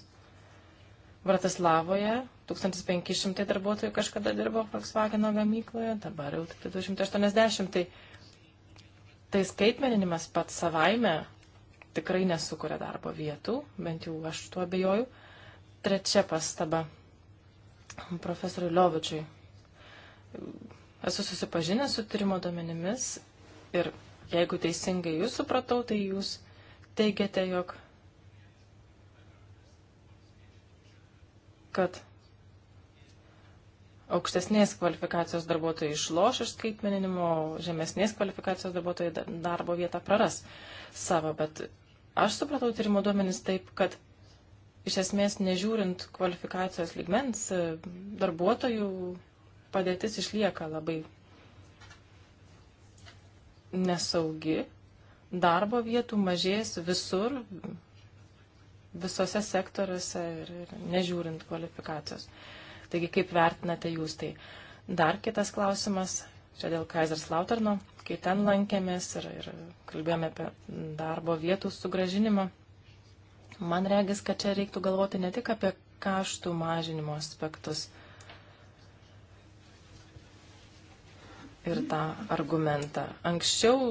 Bratislavoje 1500 darbuotojų kažkada dirbo Volkswagen gamykloje, dabar jau tik 280. Tai, tai skaitmeninimas pats savaime tikrai nesukuria darbo vietų, bent jau aš tuo abejoju. Trečia pastaba profesoriui Liovičiui. Esu susipažinęs su tyrimo duomenimis ir Jeigu teisingai jūs supratau, tai jūs teigiate, jog kad aukštesnės kvalifikacijos darbuotojai išloš iš skaitmeninimo, žemesnės kvalifikacijos darbuotojai darbo vietą praras savo, bet aš supratau tyrimo duomenis taip, kad iš esmės nežiūrint kvalifikacijos lygmens, e, darbuotojų padėtis išlieka labai nesaugi, darbo vietų mažės visur, visose sektoriuose ir, ir nežiūrint kvalifikacijos. Taigi, kaip vertinate jūs tai? Dar kitas klausimas, čia dėl Kaisers Lauterno, kai ten lankėmės ir, ir kalbėjome apie darbo vietų sugražinimą, man regis, kad čia reiktų galvoti ne tik apie kaštų mažinimo aspektus, ir tą argumentą. Anksčiau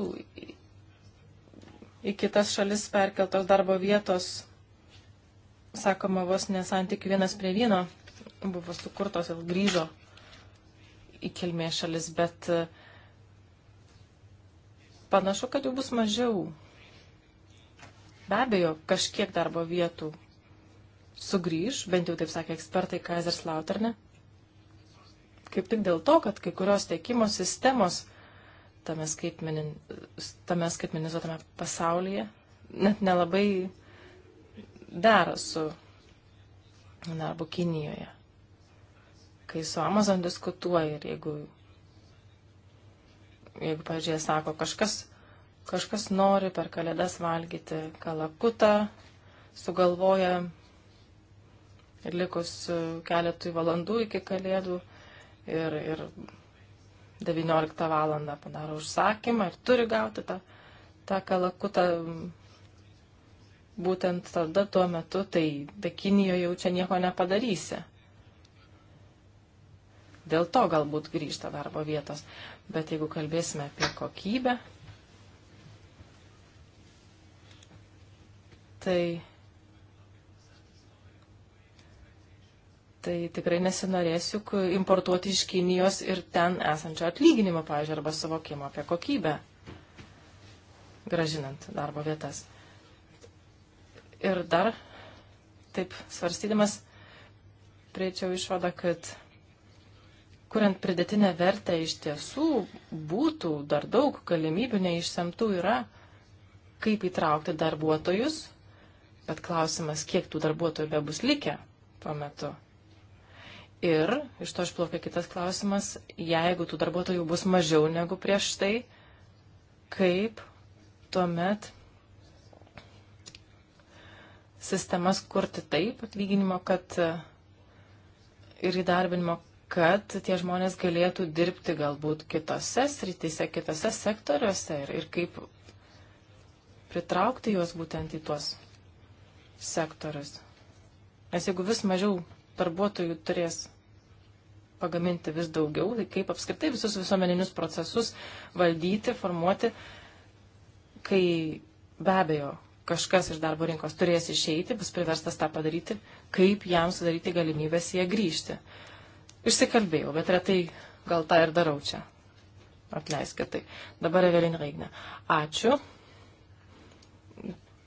į kitas šalis perkeltos darbo vietos, sakoma, vos nesantikių vienas prie vieno buvo sukurtos ir grįžo į kilmės šalis, bet e, panašu, kad jų bus mažiau. Be abejo, kažkiek darbo vietų sugrįž, bent jau taip sakė ekspertai Kaiserslauterne, kaip tik dėl to, kad kai kurios tiekimo sistemos tame, skaitmenin, tame skaitmenizuotame pasaulyje net nelabai dera su darbu Kinijoje. Kai su Amazon diskutuoja ir jeigu, jeigu pažiūrėjai, sako, kažkas, kažkas nori per kalėdas valgyti kalakutą, sugalvoja ir likus e, keletui valandų iki kalėdų ir, ir 19 valandą padaro užsakymą ir turi gauti tą, tą kalakutą būtent tada tuo metu, tai be Kinijoje jau čia nieko nepadarysi. Dėl to galbūt grįžta darbo vietos. Bet jeigu kalbėsime apie kokybę, tai tai tikrai nesinorėsiu importuoti iš Kinijos ir ten esančio atlyginimo, pavyzdžiui, arba suvokimo apie kokybę, gražinant darbo vietas. Ir dar, taip svarstydamas, prieičiau išvadą, kad kuriant pridėtinę vertę iš tiesų būtų dar daug galimybių neišsemtų yra, kaip įtraukti darbuotojus, bet klausimas, kiek tų darbuotojų be bus likę tuo metu. Ir iš to išplaukia kitas klausimas, jeigu tų darbuotojų bus mažiau negu prieš tai, kaip tuomet sistemas kurti taip atlyginimo, kad ir įdarbinimo, kad tie žmonės galėtų dirbti galbūt kitose srityse, kitose sektoriuose ir, ir kaip pritraukti juos būtent į tuos sektorius. Nes jeigu vis mažiau darbuotojų turės pagaminti vis daugiau, tai kaip apskritai visus visuomeninius procesus valdyti, formuoti, kai be abejo kažkas iš darbo rinkos turės išeiti, bus priverstas tą padaryti, kaip jam sudaryti galimybės jie grįžti. Išsikalbėjau, bet retai gal tą ir darau čia. Atleiskit tai. Dabar Evelin Reigne. Ačiū.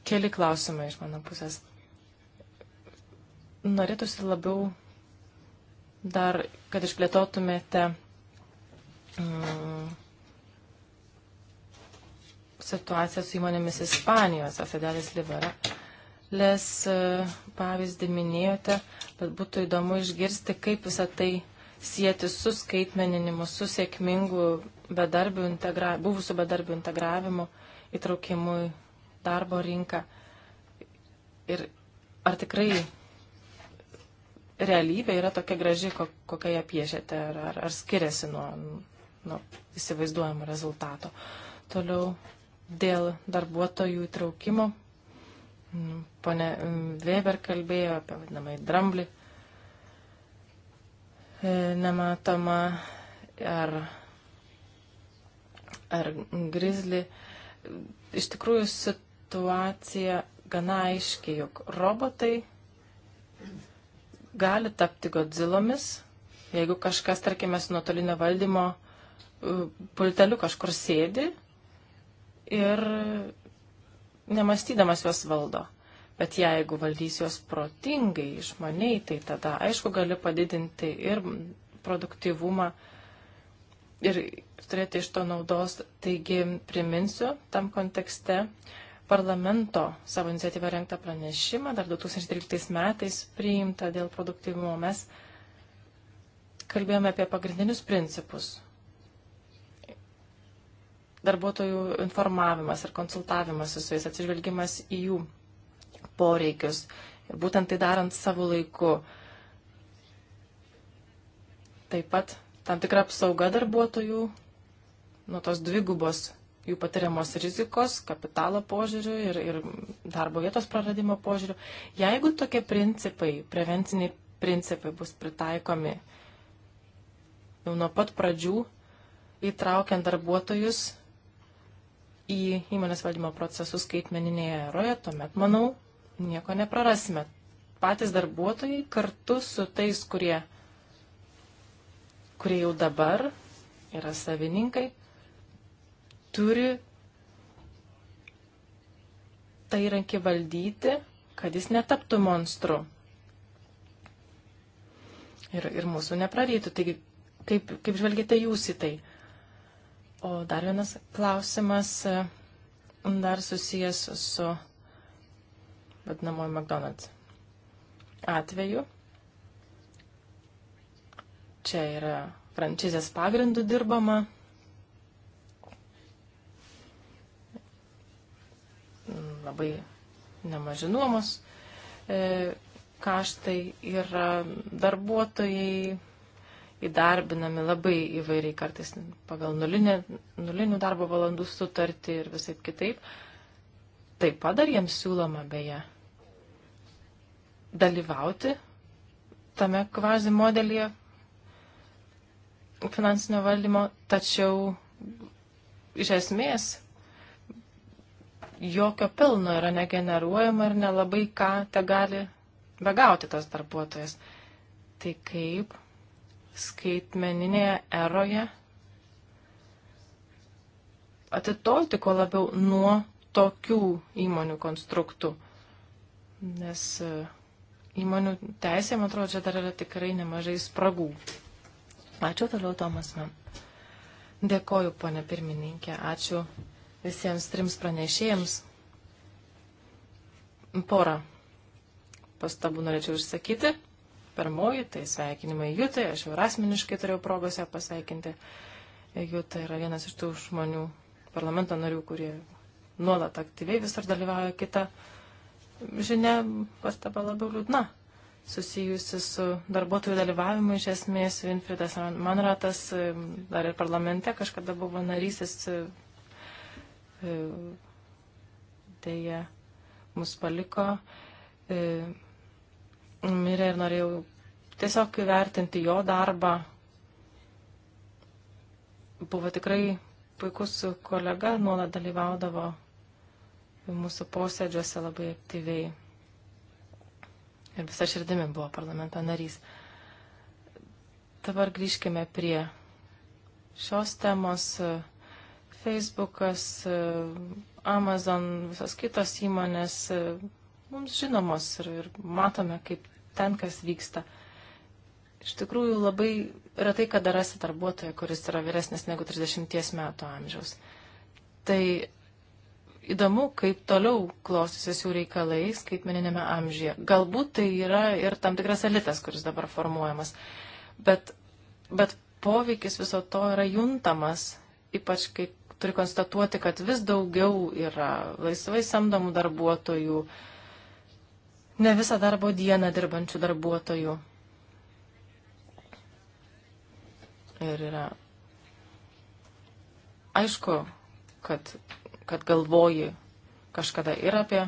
Keli klausimai iš mano pusės norėtųsi labiau dar, kad išplėtotumėte mm, situaciją su įmonėmis Ispanijos, Afedelis Libera. Les e, pavyzdį minėjote, bet būtų įdomu išgirsti, kaip visą tai sieti su skaitmeninimu, su sėkmingu bedarbių integra... buvusių bedarbių integravimu, įtraukimu į darbo rinką. Ir ar tikrai realybė yra tokia graži, kokią ją piešėte, ar, ar, ar skiriasi nuo, nuo įsivaizduojamo rezultato. Toliau dėl darbuotojų įtraukimo. Mm, Pone mm, Weber kalbėjo apie vadinamąjį dramblį. E, nematoma ar, ar grizlį. Iš tikrųjų situacija gana aiškiai, jog robotai gali tapti Godzilomis, jeigu kažkas, tarkime, su nuotolinio valdymo e, pulteliu kažkur sėdi ir nemastydamas juos valdo. Bet jeigu valdys juos protingai, išmaniai, tai tada aišku gali padidinti ir produktivumą ir turėti iš to naudos. Taigi priminsiu tam kontekste, parlamento savo iniciatyvą renktą pranešimą, dar 2013 metais priimtą dėl produktyvumo. Mes kalbėjome apie pagrindinius principus. Darbuotojų informavimas ir konsultavimas su jais, atsižvelgimas į jų poreikius. Ir būtent tai darant savo laiku. Taip pat tam tikra apsauga darbuotojų nuo tos dvigubos jų patiriamos rizikos, kapitalo požiūrių ir, ir darbo vietos praradimo požiūrių. Jeigu tokie principai, prevenciniai principai bus pritaikomi jau nuo pat pradžių, įtraukiant darbuotojus į įmonės valdymo procesus skaitmeninėje eroje, tuomet, manau, nieko neprarasime. Patys darbuotojai kartu su tais, kurie, kurie jau dabar yra savininkai, turi tą įrankį valdyti, kad jis netaptų monstru. Ir, ir mūsų neprarytų. Taigi, kaip, kaip žvelgite jūs į tai? O dar vienas klausimas e, dar susijęs su vadinamoju McDonald's atveju. Čia yra frančizės pagrindų dirbama labai nemaži nuomos e, kaštai ir darbuotojai įdarbinami labai įvairiai, kartais pagal nulinę, nulinių darbo valandų sutartį ir visai kitaip. Taip pat dar jiems siūloma beje dalyvauti tame kvazi modelyje finansinio valdymo, tačiau iš esmės jokio pelno yra negeneruojama ir nelabai ką te gali begauti tas darbuotojas. Tai kaip skaitmeninėje eroje atitolti kuo labiau nuo tokių įmonių konstruktų. Nes e, įmonių teisė, man atrodo, čia dar yra tikrai nemažai spragų. Ačiū toliau, Tomas. Man. Dėkoju, ponė pirmininkė. Ačiū visiems trims pranešėjams. Porą pastabų norėčiau išsakyti. Pirmoji, tai sveikinimai Jutai, aš jau asmeniškai turėjau progos ją pasveikinti. Juta yra vienas iš tų žmonių, parlamento narių, kurie nuolat aktyviai vis dar dalyvauja kita. Žinia, pastaba labiau liūdna, susijusi su darbuotojų dalyvavimu iš esmės. Vinfridas Manratas e, dar ir parlamente kažkada buvo narys, jis e, E, dėja mus paliko, e, mirė ir norėjau tiesiog įvertinti jo darbą. Buvo tikrai puikus kolega, nuolat dalyvaudavo mūsų posėdžiuose labai aktyviai. Ir visa širdimi buvo parlamento narys. Dabar grįžkime prie šios temos. Uh, Facebookas, e, Amazon, visas kitos įmonės e, mums žinomos ir, ir matome, kaip ten kas vyksta. Iš tikrųjų, labai retai, kada rasi darbuotoją, kuris yra vyresnis negu 30 metų amžiaus. Tai įdomu, kaip toliau klostysis jų reikalai skaitmeninėme amžiuje. Galbūt tai yra ir tam tikras elitas, kuris dabar formuojamas. Bet, bet poveikis viso to yra juntamas, ypač kai turi konstatuoti, kad vis daugiau yra laisvai samdomų darbuotojų, ne visą darbo dieną dirbančių darbuotojų. Ir yra aišku, kad, kad galvoji kažkada ir apie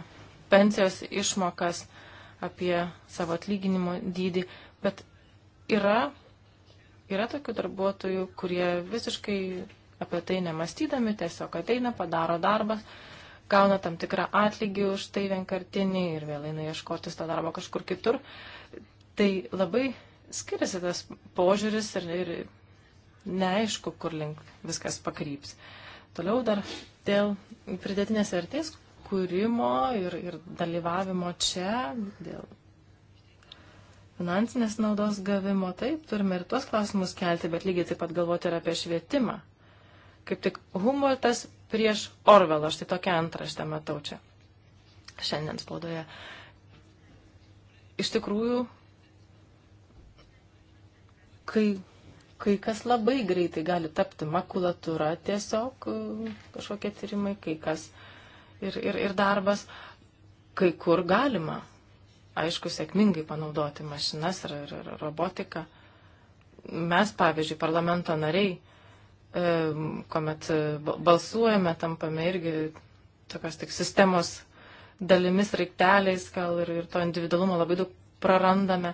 pensijos išmokas, apie savo atlyginimo dydį, bet yra, yra tokių darbuotojų, kurie visiškai apie tai nemastydami, tiesiog ateina, padaro darbą, gauna tam tikrą atlygį už tai vienkartinį ir vėl eina ieškotis to darbo kažkur kitur. Tai labai skiriasi tas požiūris ir, ir neaišku, kur link viskas pakryps. Toliau dar dėl pridėtinės vertės kūrimo ir, ir dalyvavimo čia, dėl finansinės naudos gavimo, taip, turime ir tuos klausimus kelti, bet lygiai taip pat galvoti ir apie švietimą kaip tik Humboldtas prieš Orvelą. Štai tokią antraštę matau čia šiandien spaudoje. Iš tikrųjų, kai, kai kas labai greitai gali tapti makulatūra tiesiog e, kažkokie tyrimai, kai kas ir, ir, ir darbas, kai kur galima, aišku, sėkmingai panaudoti mašinas ir, ir, ir robotiką. Mes, pavyzdžiui, parlamento nariai, kuomet e, balsuojame, tampame irgi tokios tik sistemos dalimis, reikteliais, gal ir, ir to individualumo labai daug prarandame.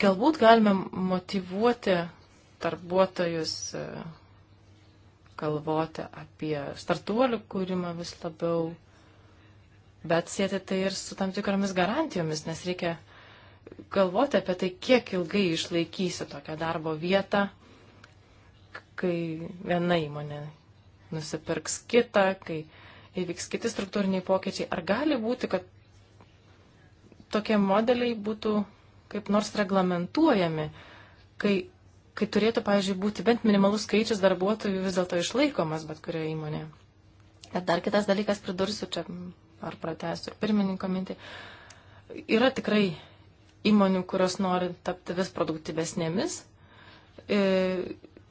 Galbūt galime motivuoti darbuotojus e, galvoti apie startuolių kūrimą vis labiau, bet sėti tai ir su tam tikromis garantijomis, nes reikia galvoti apie tai, kiek ilgai išlaikysi tokią darbo vietą, kai viena įmonė nusipirks kitą, kai įvyks kiti struktūriniai pokyčiai. Ar gali būti, kad tokie modeliai būtų kaip nors reglamentuojami, kai, kai turėtų, pavyzdžiui, būti bent minimalus skaičius darbuotojų vis dėlto išlaikomas bet kurioje įmonėje. Ir dar kitas dalykas pridursiu čia, ar pratęsiu pirmininko mintį. Yra tikrai įmonių, kurios nori tapti vis produktyvesnėmis e,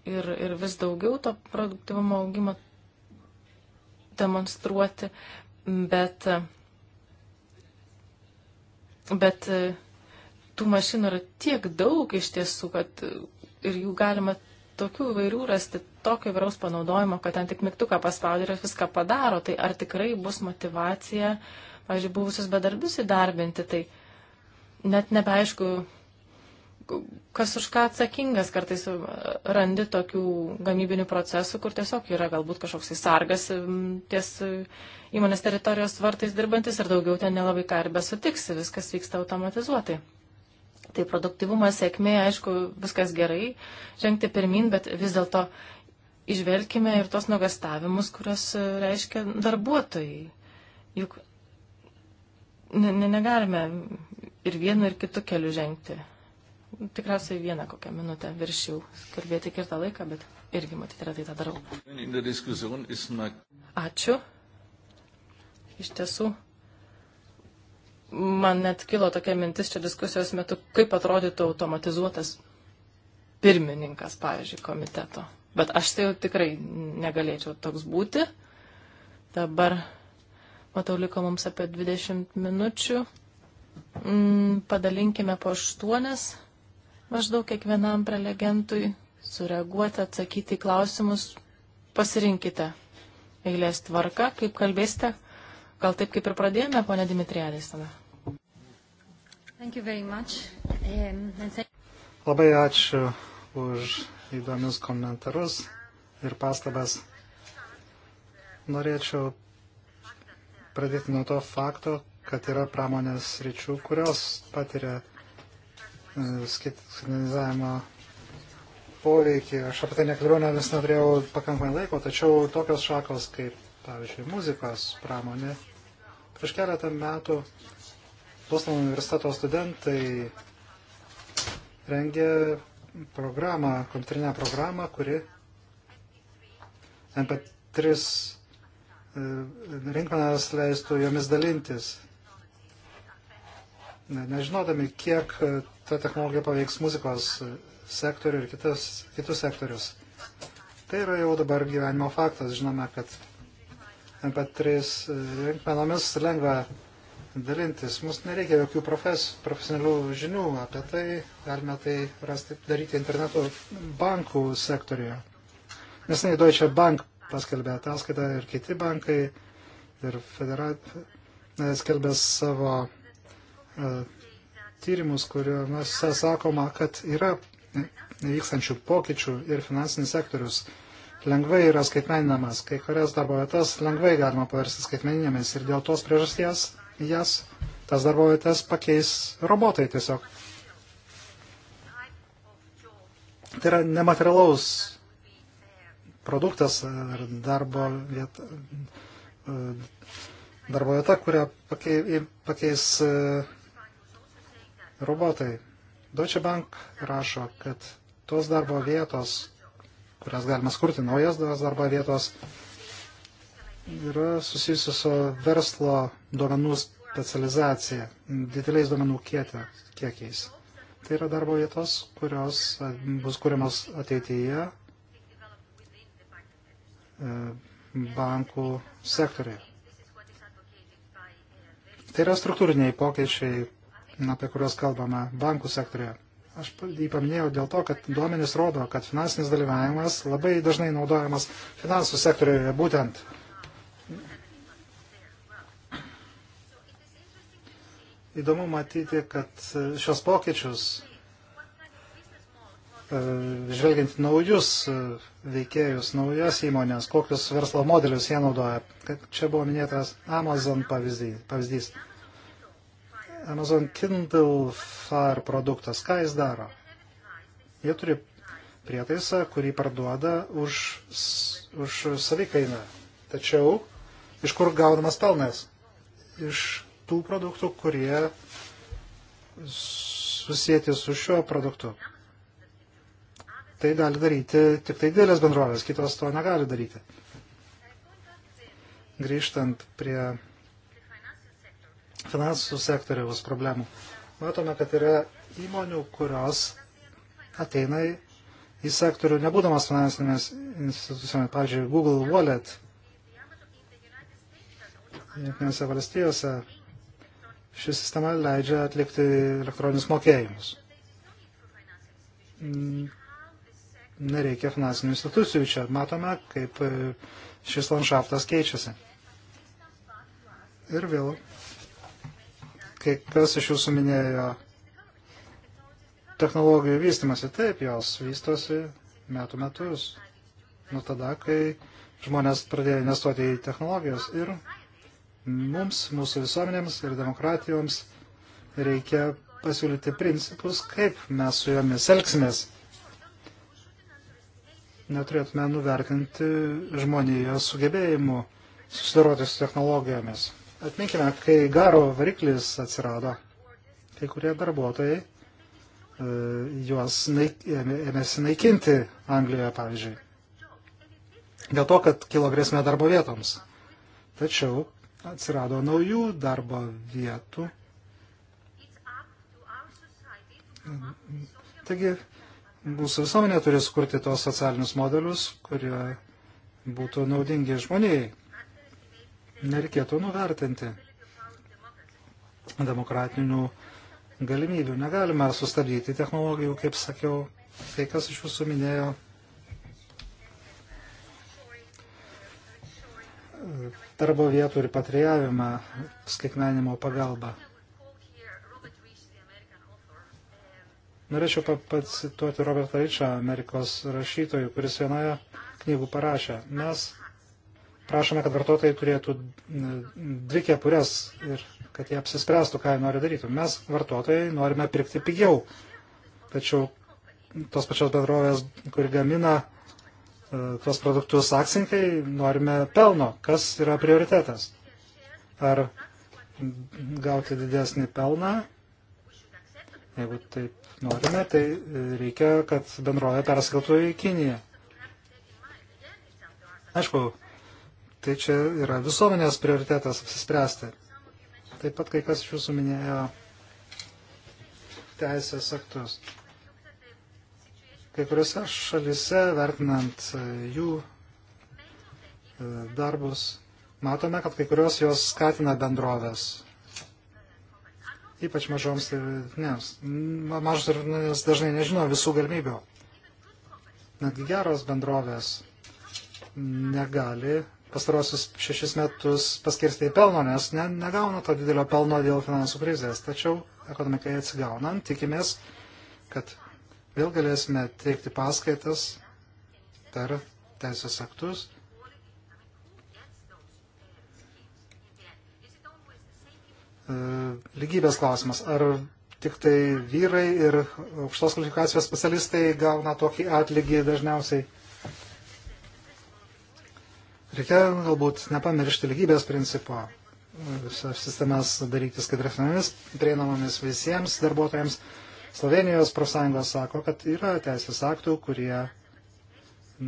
ir, ir vis daugiau to produktivumo augimo demonstruoti, bet, bet e, tų mašinų yra tiek daug iš tiesų, kad ir jų galima tokių įvairių rasti, tokio įvairaus panaudojimo, kad ten tik mygtuką paspaudė ir viską padaro, tai ar tikrai bus motivacija, pavyzdžiui, buvusius bedarbius įdarbinti, tai net nebeaišku, kas už ką atsakingas, kartais randi tokių gamybinių procesų, kur tiesiog yra galbūt kažkoks įsargas ties e, įmonės teritorijos vartais dirbantis ir daugiau ten nelabai ką ir besutiksi, viskas vyksta automatizuotai. Tai produktivumas, sėkmė, aišku, viskas gerai, žengti pirmin, bet vis dėlto išvelkime ir tos nuogastavimus, kurios e, reiškia darbuotojai. Juk ne, ne, negalime ir vienu, ir kitu keliu žengti. Tikriausiai vieną kokią minutę viršiau kalbėti kirtą laiką, bet irgi matyti retai tą darau. Ačiū. Iš tiesų, man net kilo tokia mintis čia diskusijos metu, kaip atrodytų automatizuotas pirmininkas, pavyzdžiui, komiteto. Bet aš tai jau tikrai negalėčiau toks būti. Dabar, matau, liko mums apie 20 minučių mm, padalinkime po aštuonias maždaug kiekvienam prelegentui, sureaguoti, atsakyti į klausimus, pasirinkite eilės tvarką, kaip kalbėsite, gal taip kaip ir pradėjome, ponė Dimitriadės tada. Um, Labai ačiū už įdomius komentarus ir pastabas. Norėčiau pradėti nuo to fakto, kad yra pramonės ryčių, kurios patiria e, skaitmenizavimo poveikį. Aš apie tai nekalbėjau, nes neturėjau pakankamai laiko, tačiau tokios šakos kaip, pavyzdžiui, muzikos pramonė. Prieš keletą metų Bostono universiteto studentai rengė programą, kompiuterinę programą, kuri MP3 e, rinkmenas leistų jomis dalintis nežinodami, kiek e, ta technologija paveiks muzikos e, sektorių ir kitas, kitus sektorius. Tai yra jau dabar gyvenimo faktas. Žinome, kad MP3 e, rinkmenomis lengva dalintis. Mums nereikia jokių profes, profesionalių žinių apie tai. Galime tai rasti, daryti internetu bankų sektorijoje. Nes nei Deutsche Bank paskelbė ataskaitą ir kiti bankai ir federat skelbė savo E, tyrimus, kuriuose sakoma, kad yra vykstančių pokyčių ir finansinis sektorius lengvai yra skaitmeninamas, kai kurias darbo vietas lengvai galima paversti skaitmeninėmis ir dėl tos priežasties jas, tas darbo vietas pakeis robotai tiesiog. Tai yra nematerialaus produktas ar darbo vieta, e, darbo vieta kurią pakeis e, robotai. Deutsche Bank rašo, kad tos darbo vietos, kurias galima skurti, naujas darbo vietos, yra susijusios su verslo duomenų specializacija, dideliais duomenų kietė, kiekiais. Tai yra darbo vietos, kurios e, bus kuriamas ateityje e, bankų sektoriai. Tai yra struktūriniai pokyčiai, apie kuriuos kalbame bankų sektorėje. Aš jį paminėjau dėl to, kad duomenys rodo, kad finansinis dalyvavimas labai dažnai naudojamas finansų sektorėje būtent. Įdomu matyti, kad šios pokyčius, e, žvelgiant naujus e, veikėjus, naujas įmonės, kokius verslo modelius jie naudoja. Čia buvo minėtas Amazon pavyzdys. Amazon Kindle Fire produktas, ką jis daro? Jie turi prietaisą, kurį parduoda už, už savikainą. Tačiau iš kur gaunamas pelnas? Iš tų produktų, kurie susijęti su šiuo produktu. Tai gali daryti tik tai didelės bendrovės, kitos to negali daryti. Grįžtant prie finansų sektoriaus problemų. Matome, kad yra įmonių, kurios ateina į sektorių nebūdamas finansinėmis institucijomis. Pavyzdžiui, Google Wallet Junktinėse valstijose ši sistema leidžia atlikti elektroninius mokėjimus. Mm, nereikia finansinių institucijų. Čia matome, kaip šis landšaftas keičiasi. Ir vėl kai kas iš jūsų minėjo technologijų vystimasi. Taip, jos vystosi metų metus. Nuo tada, kai žmonės pradėjo investuoti į technologijas ir mums, mūsų visuomenėms ir demokratijoms reikia pasiūlyti principus, kaip mes su jomis elgsimės. Neturėtume nuvertinti žmonijos sugebėjimų susidoroti su technologijomis. Atminkime, kai garo variklis atsirado, kai kurie darbuotojai e, juos naik, ėmėsi naikinti Anglijoje, pavyzdžiui. Dėl to, kad kilo grėsmė darbo vietoms. Tačiau atsirado naujų darbo vietų. Taigi, mūsų visuomenė turi skurti tos socialinius modelius, kurie būtų naudingi žmonijai nereikėtų nuvertinti demokratinių galimybių. Negalime sustabdyti technologijų, kaip sakiau, tai kas iš jūsų minėjo. darbo vietų ir patrėjavimą skaitmenimo pagalba. Norėčiau pacituoti Robertą Ryčą, Amerikos rašytojų, kuris vienoje knygų parašė. Mes prašome, kad vartotojai turėtų dvi kepurės ir kad jie apsispręstų, ką jie nori daryti. Mes, vartotojai, norime pirkti pigiau. Tačiau tos pačios bendrovės, kuri gamina e, tuos produktus akcininkai, norime pelno. Kas yra prioritetas? Ar gauti didesnį pelną? Jeigu taip norime, tai reikia, kad bendrovė persikeltų į Kiniją. Aišku, Tai čia yra visuomenės prioritetas apsispręsti. Taip pat kai kas iš jūsų minėjo teisės aktus. Kai kuriuose šalise, vertinant e, jų e, darbus, matome, kad kai kurios jos skatina bendrovės. Ypač mažoms ir vidutinėms. Mažos ir vidutinės dažnai nežino visų galimybių. Netgi geros bendrovės negali pastarosius šešis metus paskirstė į pelno, nes ne, negauna to didelio pelno dėl finansų krizės. Tačiau ekonomikai atsigaunant, tikimės, kad vėl galėsime teikti paskaitas per teisės aktus. E, lygybės klausimas. Ar tik tai vyrai ir aukštos kvalifikacijos specialistai gauna tokį atlygį dažniausiai? Reikia galbūt nepamiršti lygybės principo visas sistemas daryti skaidresnėmis, prieinamomis visiems darbuotojams. Slovenijos profsąjungos sako, kad yra teisės aktų, kurie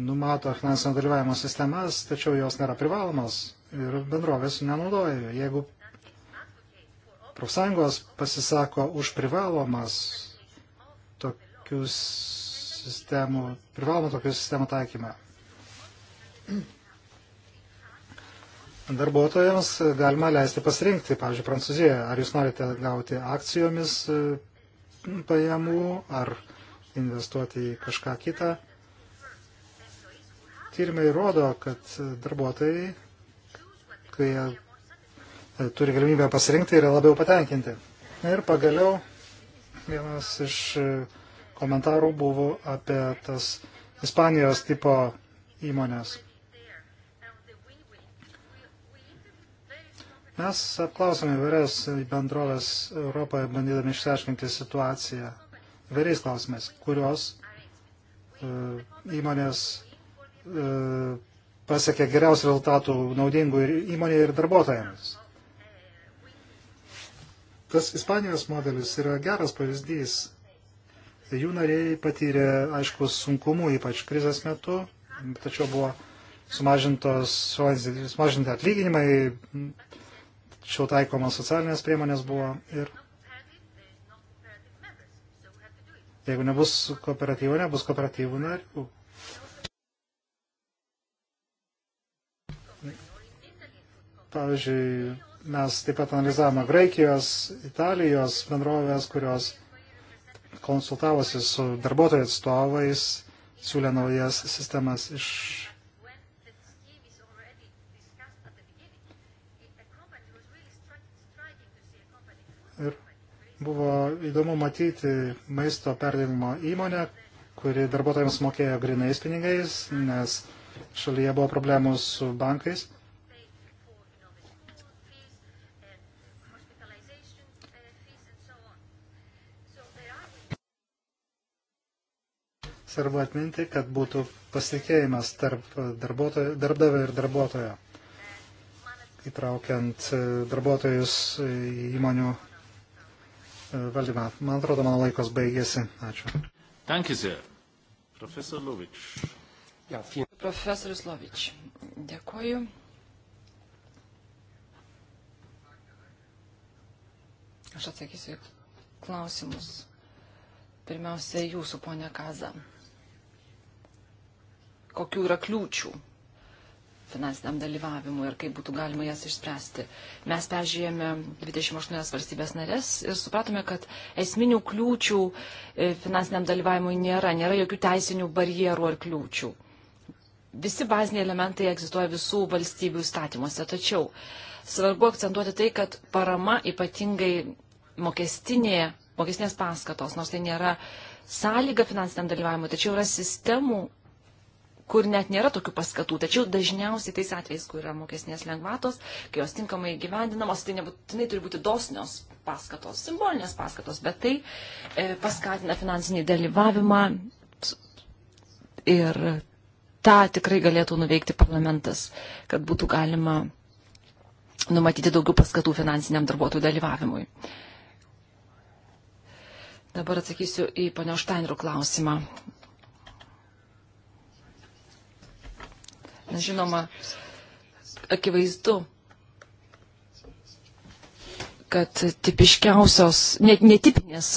numato finansinio dalyvavimo sistemas, tačiau jos nėra privalomos ir bendrovės nenaudoja. Jeigu profsąjungos pasisako už privalomas tokių sistemų, privalomą tokių sistemų taikymą darbuotojams galima leisti pasirinkti, pavyzdžiui, Prancūzijoje, ar jūs norite gauti akcijomis e, pajamų, ar investuoti į kažką kitą. Tyrimai rodo, kad darbuotojai, kai jie e, turi galimybę pasirinkti, yra labiau patenkinti. Ir pagaliau vienas iš e, komentarų buvo apie tas Ispanijos tipo įmonės. Mes apklausome vairias bendrovės Europoje, bandydami išsiaiškinti situaciją vairiais klausimais, kurios e, įmonės e, pasiekė geriausių rezultatų naudingų ir įmonėje ir darbuotojams. Tas Ispanijos modelis yra geras pavyzdys. Jų nariai patyrė, aišku, sunkumų, ypač krizės metu, tačiau buvo sumažintos, sumažinti atlyginimai, anksčiau taikomos socialinės priemonės buvo ir jeigu nebus kooperatyvų, nebus kooperatyvų narių. Pavyzdžiui, mes taip pat analizavome Graikijos, Italijos bendrovės, kurios konsultavosi su darbuotojų atstovais, siūlė naujas sistemas iš Buvo įdomu matyti maisto perdavimo įmonę, kuri darbuotojams mokėjo grinais pinigais, nes šalyje buvo problemų su bankais. Svarbu atminti, kad būtų pasitikėjimas tarp darbdavio ir darbuotojo, įtraukiant darbuotojus įmonių valdymą. Man atrodo, mano laikas baigėsi. Ačiū. Dankizė. Profesor Lovič. Ja, Profesorius Lovič. Dėkoju. Aš atsakysiu klausimus. Pirmiausia, jūsų, ponia Kaza. Kokių yra kliūčių finansiniam dalyvavimui ir kaip būtų galima jas išspręsti. Mes peržiūrėjome 28 valstybės narės ir supratome, kad esminių kliūčių e, finansiniam dalyvavimui nėra, nėra jokių teisinių barjerų ar kliūčių. Visi baziniai elementai egzistuoja visų valstybių statymuose, tačiau svarbu akcentuoti tai, kad parama ypatingai mokestinė, mokestinės paskatos, nors tai nėra sąlyga finansiniam dalyvavimui, tačiau yra sistemų kur net nėra tokių paskatų. Tačiau dažniausiai tais atvejais, kur yra mokesnės lengvatos, kai jos tinkamai gyvendinamos, tai nebūtinai turi būti dosnios paskatos, simbolinės paskatos, bet tai e, paskatina finansinį dalyvavimą ir tą tikrai galėtų nuveikti parlamentas, kad būtų galima numatyti daugiau paskatų finansiniam darbuotojų dalyvavimui. Dabar atsakysiu į panio Štainrų klausimą Žinoma, akivaizdu, kad tipiškiausios, net netipinės,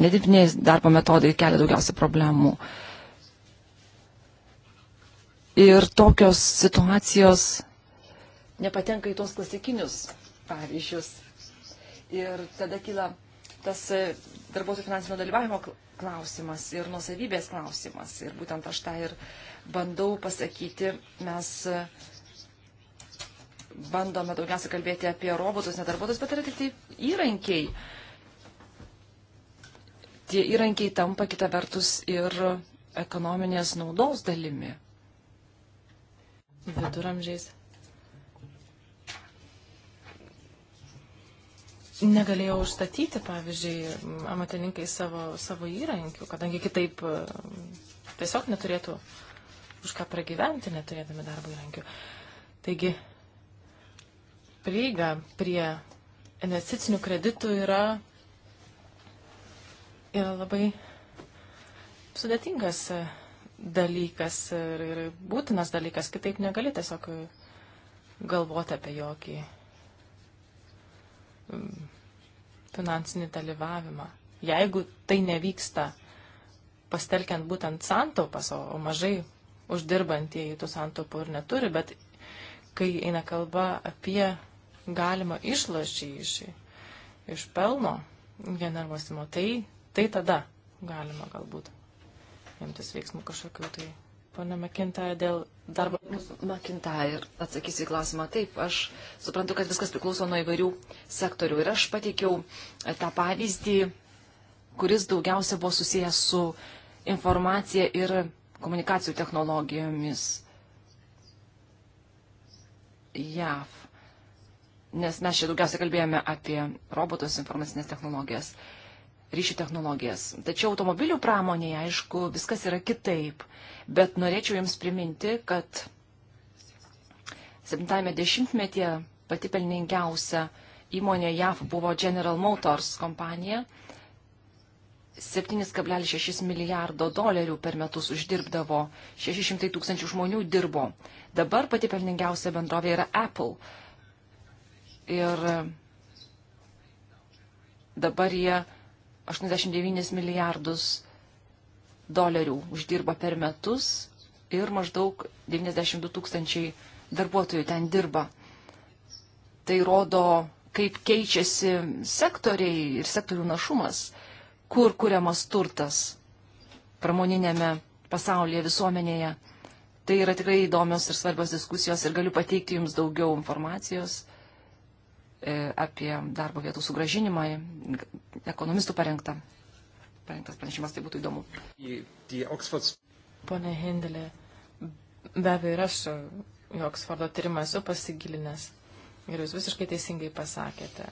netipinės darbo metodai kelia daugiausia problemų. Ir tokios situacijos nepatenka į tos klasikinius pavyzdžius. Ir tada kyla tas e, darbuotojų finansinio dalyvavimo klausimas ir nusavybės klausimas. Ir būtent aš tą ir bandau pasakyti, mes bandome daugiausia kalbėti apie robotus, ne darbuotojus, bet yra tik tai įrankiai. Tie įrankiai tampa kita vertus ir ekonominės naudos dalimi. Viduramžiais negalėjau užstatyti, pavyzdžiui, amatininkai savo, savo įrankių, kadangi kitaip e, tiesiog neturėtų už ką pragyventi, neturėdami darbo įrankių. Taigi, prieiga prie investicinių kreditų yra, yra labai sudėtingas e, dalykas ir, ir būtinas dalykas, kitaip negali tiesiog e, galvoti apie jokį finansinį dalyvavimą. Jeigu tai nevyksta pastelkiant būtent santaupas, o mažai uždirbantieji tų santaupų ir neturi, bet kai eina kalba apie galimą išlašį iš, iš pelno generuosimo, tai, tai tada galima galbūt imtis veiksmų kažkokių. Tai, pana Mekinta, dėl Darbo McIntyre atsakys į klausimą. Taip, aš suprantu, kad viskas priklauso nuo įvairių sektorių. Ir aš pateikiau e, tą pavyzdį, kuris daugiausia buvo susijęs su informacija ir komunikacijų technologijomis JAV. Nes mes čia daugiausia kalbėjome apie robotus informacinės technologijas. Uh, ryšių technologijas. Tačiau automobilių pramonėje, aišku, viskas yra kitaip. Bet norėčiau Jums priminti, kad 70-ame dešimtmetyje pati pelningiausia įmonė JAV buvo General Motors kompanija. 7,6 milijardo dolerių per metus uždirbdavo, 600 tūkstančių žmonių dirbo. Dabar pati pelningiausia bendrovė yra Apple. Ir dabar jie 89 milijardus dolerių uždirba per metus ir maždaug 92 tūkstančiai darbuotojų ten dirba. Tai rodo, kaip keičiasi sektoriai ir sektorių našumas, kur kuriamas turtas pramoninėme pasaulyje, visuomenėje. Tai yra tikrai įdomios ir svarbios diskusijos ir galiu pateikti Jums daugiau informacijos E, apie darbo vietų sugražinimą, ekonomistų parengta, parengtas pranešimas, tai būtų įdomu. Pone Hendelė, be abejo ir aš e, į Oksfordo tyrimą esu pasigilinęs ir jūs visiškai teisingai pasakėte.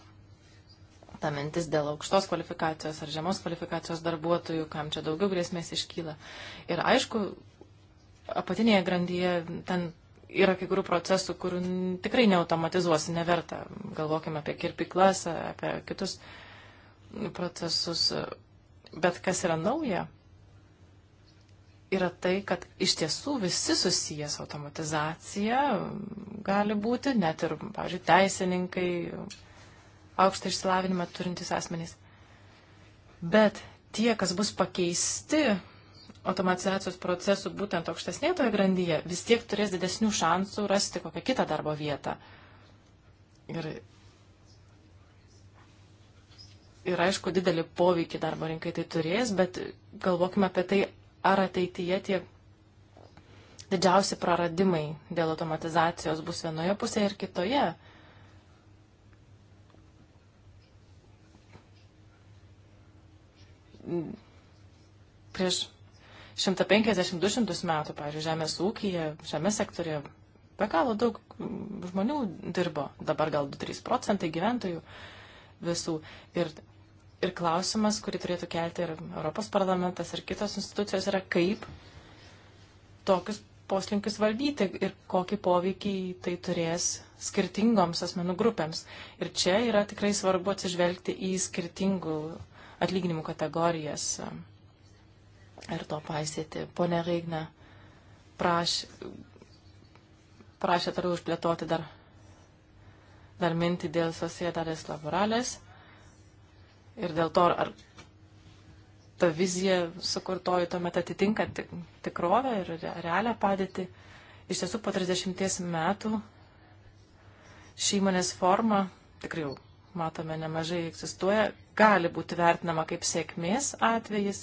Ta mintis dėl aukštos kvalifikacijos ar žemos kvalifikacijos darbuotojų, kam čia daugiau grėsmės iškyla. Ir aišku, apatinėje grandyje ten yra kai kurių procesų, kurių tikrai neautomatizuosi, neverta. Galvokime apie kirpiklas, apie kitus procesus. Bet kas yra nauja, yra tai, kad iš tiesų visi susijęs automatizacija gali būti, net ir, pavyzdžiui, teisininkai, aukštą išsilavinimą turintys asmenys. Bet tie, kas bus pakeisti automatizacijos procesų būtent aukštesnėje toje grandyje, vis tiek turės didesnių šansų rasti kokią kitą darbo vietą. Ir, ir aišku, didelį poveikį darbo rinkai tai turės, bet galvokime apie tai, ar ateityje tie didžiausi praradimai dėl automatizacijos bus vienoje pusėje ir kitoje. Prieš 150-200 metų, pavyzdžiui, žemės ūkija, žemės sektorija be galo daug žmonių dirbo, dabar gal 2-3 procentai gyventojų visų. Ir, ir klausimas, kurį turėtų kelti ir Europos parlamentas, ir kitos institucijos, yra kaip tokius poslinkius valdyti ir kokį poveikį tai turės skirtingoms asmenų grupėms. Ir čia yra tikrai svarbu atsižvelgti į skirtingų atlyginimų kategorijas ir to paisyti. Pone Reigne praš, prašė toliau užplėtoti dar, dar mintį dėl sociedades laboralės ir dėl to, ar ta vizija sukurtoji tuomet atitinka tikrovę ir realią padėtį. Iš tiesų, po 30 metų ši įmonės forma, tikrai jau matome nemažai egzistuoja, gali būti vertinama kaip sėkmės atvejis,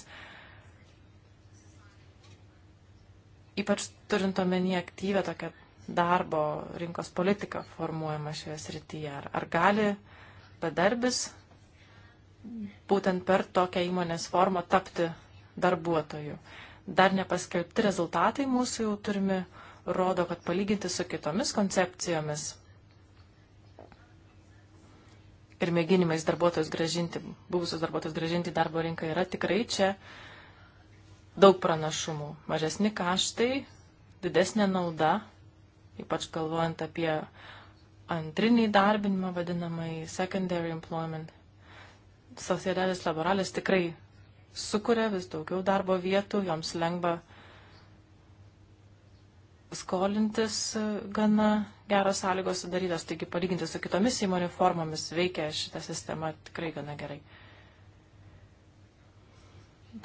Ypač turint omenyje aktyvę tokią darbo rinkos politiką formuojama šioje srityje. Ar, ar gali bedarbis būtent per tokią įmonės formą tapti darbuotoju? Dar nepaskelbti rezultatai mūsų jau turimi rodo, kad palyginti su kitomis koncepcijomis ir mėginimais darbuotojus gražinti, buvusius darbuotojus gražinti darbo rinką yra tikrai čia daug pranašumų. Mažesni kaštai, didesnė nauda, ypač galvojant apie antrinį darbinimą, vadinamąjį secondary employment. Sociedalis laboralis tikrai sukuria vis daugiau darbo vietų, joms lengva skolintis e, gana geros sąlygos sudarytos, taigi palyginti su kitomis įmonių formomis veikia šita sistema tikrai gana gerai.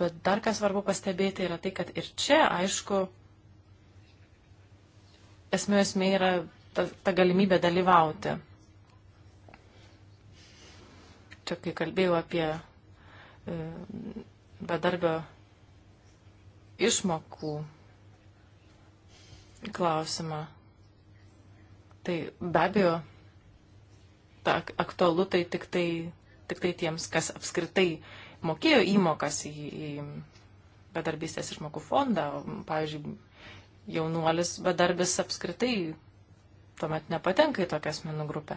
Bet dar kas svarbu pastebėti yra tai, kad ir čia, aišku, esmė esmė yra ta, ta galimybė dalyvauti. Čia, kai kalbėjau apie e, bedarbio išmokų klausimą, tai be abejo, ta aktualu tai tik tai, tik tai tiems, kas apskritai mokėjo įmokas į, į bedarbystės išmokų fondą. Pavyzdžiui, jaunuolis bedarbis apskritai tuomet nepatenka į tokią asmenų grupę.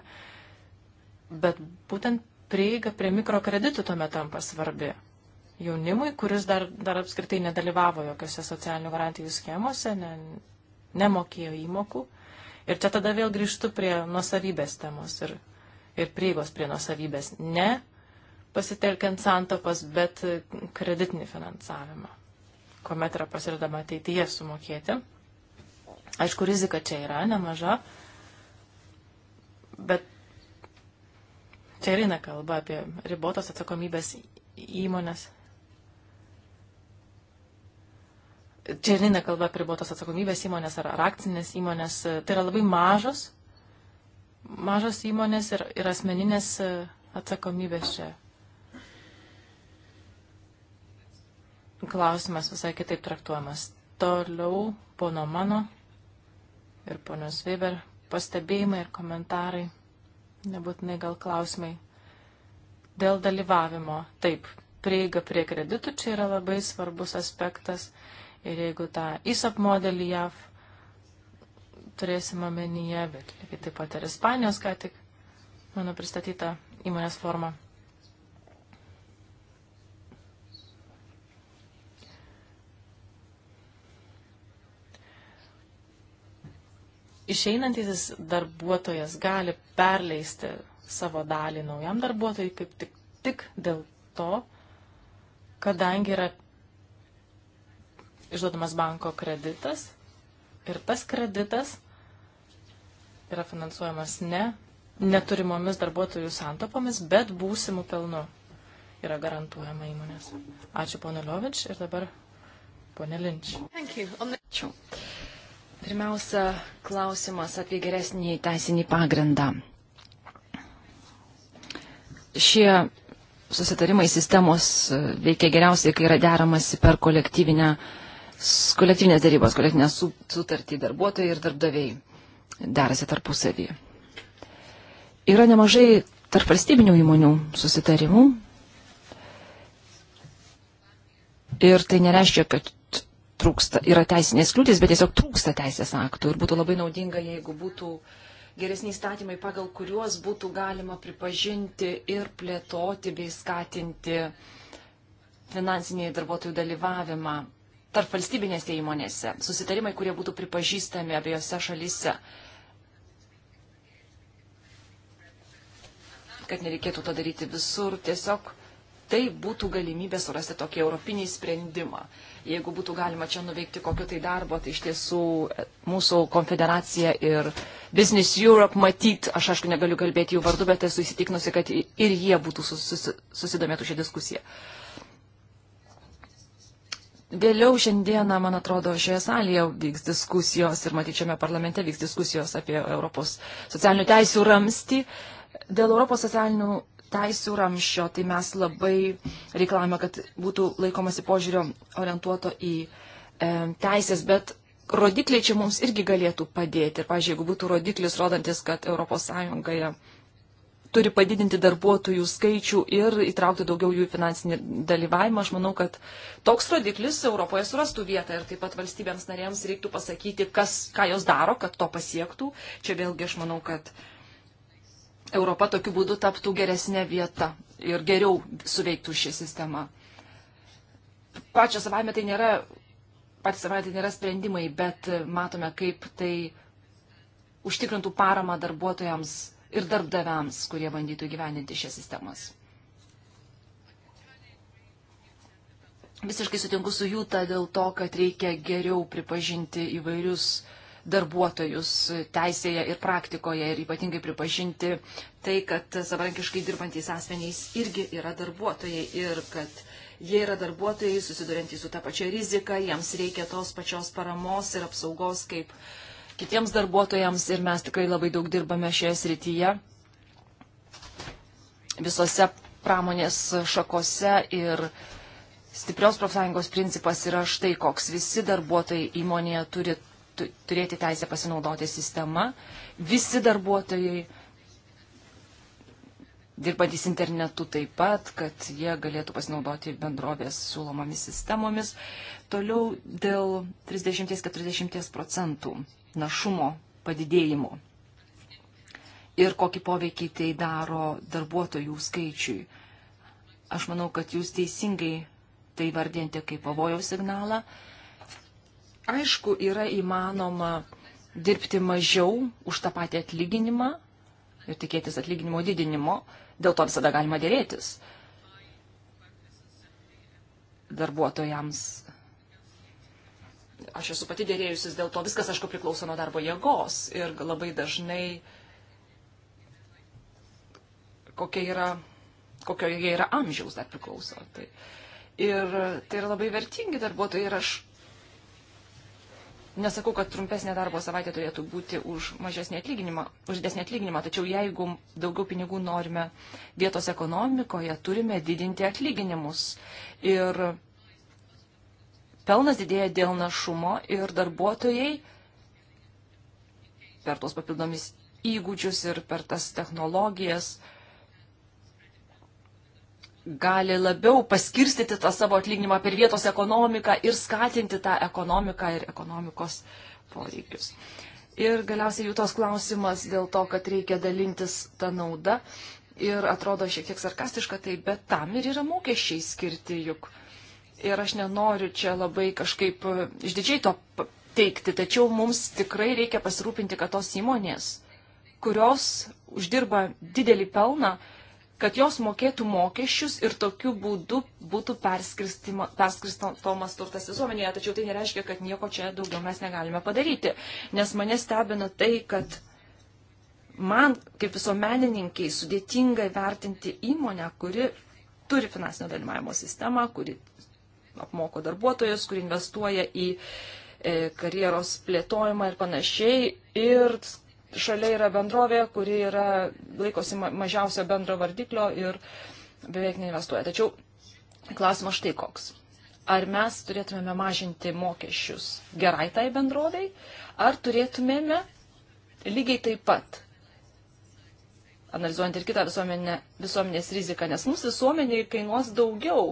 Bet būtent prieiga prie mikrokreditų tuomet tampa svarbi jaunimui, kuris dar, dar apskritai nedalyvavo jokiose socialinių garantijų schemose, ne, nemokėjo įmokų. Ir čia tada vėl grįžtu prie nuosavybės temos ir, ir prieigos prie nuosavybės. Ne pasitelkiant santopas, bet kreditinį finansavimą, kuomet yra pasirodama ateityje sumokėti. Aišku, rizika čia yra nemaža, bet čia ir eina kalba apie ribotos atsakomybės įmonės. Čia ir eina kalba apie ribotos atsakomybės įmonės ar akcinės įmonės. Tai yra labai mažos, mažos įmonės ir, ir asmeninės atsakomybės čia klausimas visai kitaip traktuojamas. Toliau pono mano ir ponios Weber pastebėjimai ir komentarai, nebūtinai gal klausimai. Dėl dalyvavimo, taip, prieiga prie kreditų čia yra labai svarbus aspektas ir jeigu tą ISAP modelį JAV turėsim omenyje, bet lygiai taip pat ir Ispanijos ką tik mano pristatyta įmonės forma išeinantisis darbuotojas gali perleisti savo dalį naujam darbuotojui kaip tik, tik dėl to, kadangi yra išduodamas banko kreditas ir tas kreditas yra finansuojamas ne neturimomis darbuotojų santopomis, bet būsimų pelnu yra garantuojama įmonės. Ačiū, ponė Liovič, ir dabar ponė Linč. Ačiū. Pirmiausia, klausimas apie geresnį teisinį pagrindą. Šie susitarimai sistemos e, veikia geriausiai, kai yra deramasi per kolektyvinę, kolektyvinės darybos, kolektyvinę sutartį darbuotojai ir darbdaviai derasi tarpusavyje. Yra nemažai tarp valstybinių įmonių susitarimų ir tai nereiškia, kad trūksta, yra teisinės kliūtis, bet tiesiog trūksta teisės aktų. Ir būtų labai naudinga, jeigu būtų geresni įstatymai, pagal kuriuos būtų galima pripažinti ir plėtoti bei skatinti finansinį darbuotojų dalyvavimą tarp valstybinėse įmonėse. Susitarimai, kurie būtų pripažįstami abiejose šalyse. Kad nereikėtų to daryti visur, tiesiog tai būtų galimybė surasti tokį europinį sprendimą. Jeigu būtų galima čia nuveikti kokio tai darbo, tai iš tiesų e, mūsų konfederacija ir Business Europe matyt, aš aišku negaliu kalbėti jų vardu, bet esu įsitikinusi, kad ir jie būtų sus, sus, susidomėtų šią diskusiją. Vėliau šiandieną, man atrodo, šioje salėje vyks diskusijos ir matyčiame parlamente vyks diskusijos apie Europos socialinių teisų ramstį. Dėl Europos socialinių teisų ramščio, tai mes labai reikalavome, kad būtų laikomasi požiūrio orientuoto į e, teisės, bet rodikliai čia mums irgi galėtų padėti. Ir, pažiūrėjau, jeigu būtų rodiklis rodantis, kad ES turi padidinti darbuotojų skaičių ir įtraukti daugiau jų į finansinį dalyvavimą, aš manau, kad toks rodiklis Europoje surastų vietą ir taip pat valstybėms narėms reiktų pasakyti, kas, ką jos daro, kad to pasiektų. Čia vėlgi aš manau, kad uh, Europa tokiu būdu taptų geresnė vieta ir geriau suveiktų ši sistema. Pačio savame tai nėra, patys savame tai nėra sprendimai, bet matome, kaip tai užtikrintų paramą darbuotojams ir darbdaviams, kurie bandytų gyveninti šias sistemas. Visiškai sutinku su Jūta dėl to, kad reikia geriau pripažinti įvairius uh, darbuotojus teisėje ir praktikoje ir ypatingai pripažinti tai, kad savarankiškai dirbantys asmenys irgi yra darbuotojai ir kad jie yra darbuotojai susidurintys su tą pačią riziką, jiems reikia tos pačios paramos ir apsaugos kaip kitiems darbuotojams ir mes tikrai labai daug dirbame šioje srityje visose pramonės šakose ir stiprios profsąjungos principas yra štai koks. Visi darbuotojai įmonėje turi turėti teisę pasinaudoti sistema. Visi darbuotojai dirbantys internetu taip pat, kad jie galėtų pasinaudoti bendrovės siūlomomis sistemomis. Toliau dėl 30-40 procentų našumo padidėjimo ir kokį poveikį tai daro darbuotojų skaičiui. Aš manau, kad jūs teisingai tai vardinti kaip pavojaus signalą. Aišku, yra įmanoma dirbti mažiau už tą patį atlyginimą ir tikėtis atlyginimo didinimo, dėl to visada galima dėrėtis. Darbuotojams. Aš esu pati dėrėjusis, dėl to viskas, aišku, priklauso nuo darbo jėgos ir labai dažnai kokia yra, kokio jie yra amžiaus dar priklauso. Tai, ir tai yra labai vertingi darbuotojai ir aš Nesakau, kad trumpesnė darbo savaitė turėtų būti už mažesnį atlyginimą, už didesnį atlyginimą, tačiau jeigu daugiau pinigų norime vietos ekonomikoje, turime didinti atlyginimus. Ir pelnas didėja dėl našumo ir darbuotojai per tuos papildomis įgūdžius ir per tas technologijas uh, gali labiau paskirstyti tą savo atlyginimą per vietos ekonomiką ir skatinti tą ekonomiką ir ekonomikos poreikius. Ir galiausiai jų tos klausimas dėl to, kad reikia dalintis tą naudą. Ir atrodo šiek tiek sarkastiška tai, bet tam ir yra mokesčiai skirti juk. Ir aš nenoriu čia labai kažkaip e, išdidžiai to teikti, tačiau mums tikrai reikia pasirūpinti, kad tos įmonės, kurios uždirba didelį pelną, uh, kad jos mokėtų mokesčius ir tokiu būdu būtų perskristomas turtas visuomenėje. Tačiau tai nereiškia, kad nieko čia daugiau mes negalime padaryti. Nes mane stebina tai, kad man kaip visuomenininkiai sudėtinga vertinti įmonę, kuri turi finansinio dalyvavimo sistemą, kuri apmoko darbuotojus, kuri investuoja į e, karjeros plėtojimą ir panašiai. Ir šalia yra bendrovė, kuri yra, laikosi mažiausio bendro vardiklio ir beveik neinvestuoja. Tačiau klausimas štai koks. Ar mes turėtumėme mažinti mokesčius gerai tai bendroviai, ar turėtumėme lygiai taip pat, analizuojant ir kitą visuomenę, visuomenės riziką, nes mums visuomeniai kainuos daugiau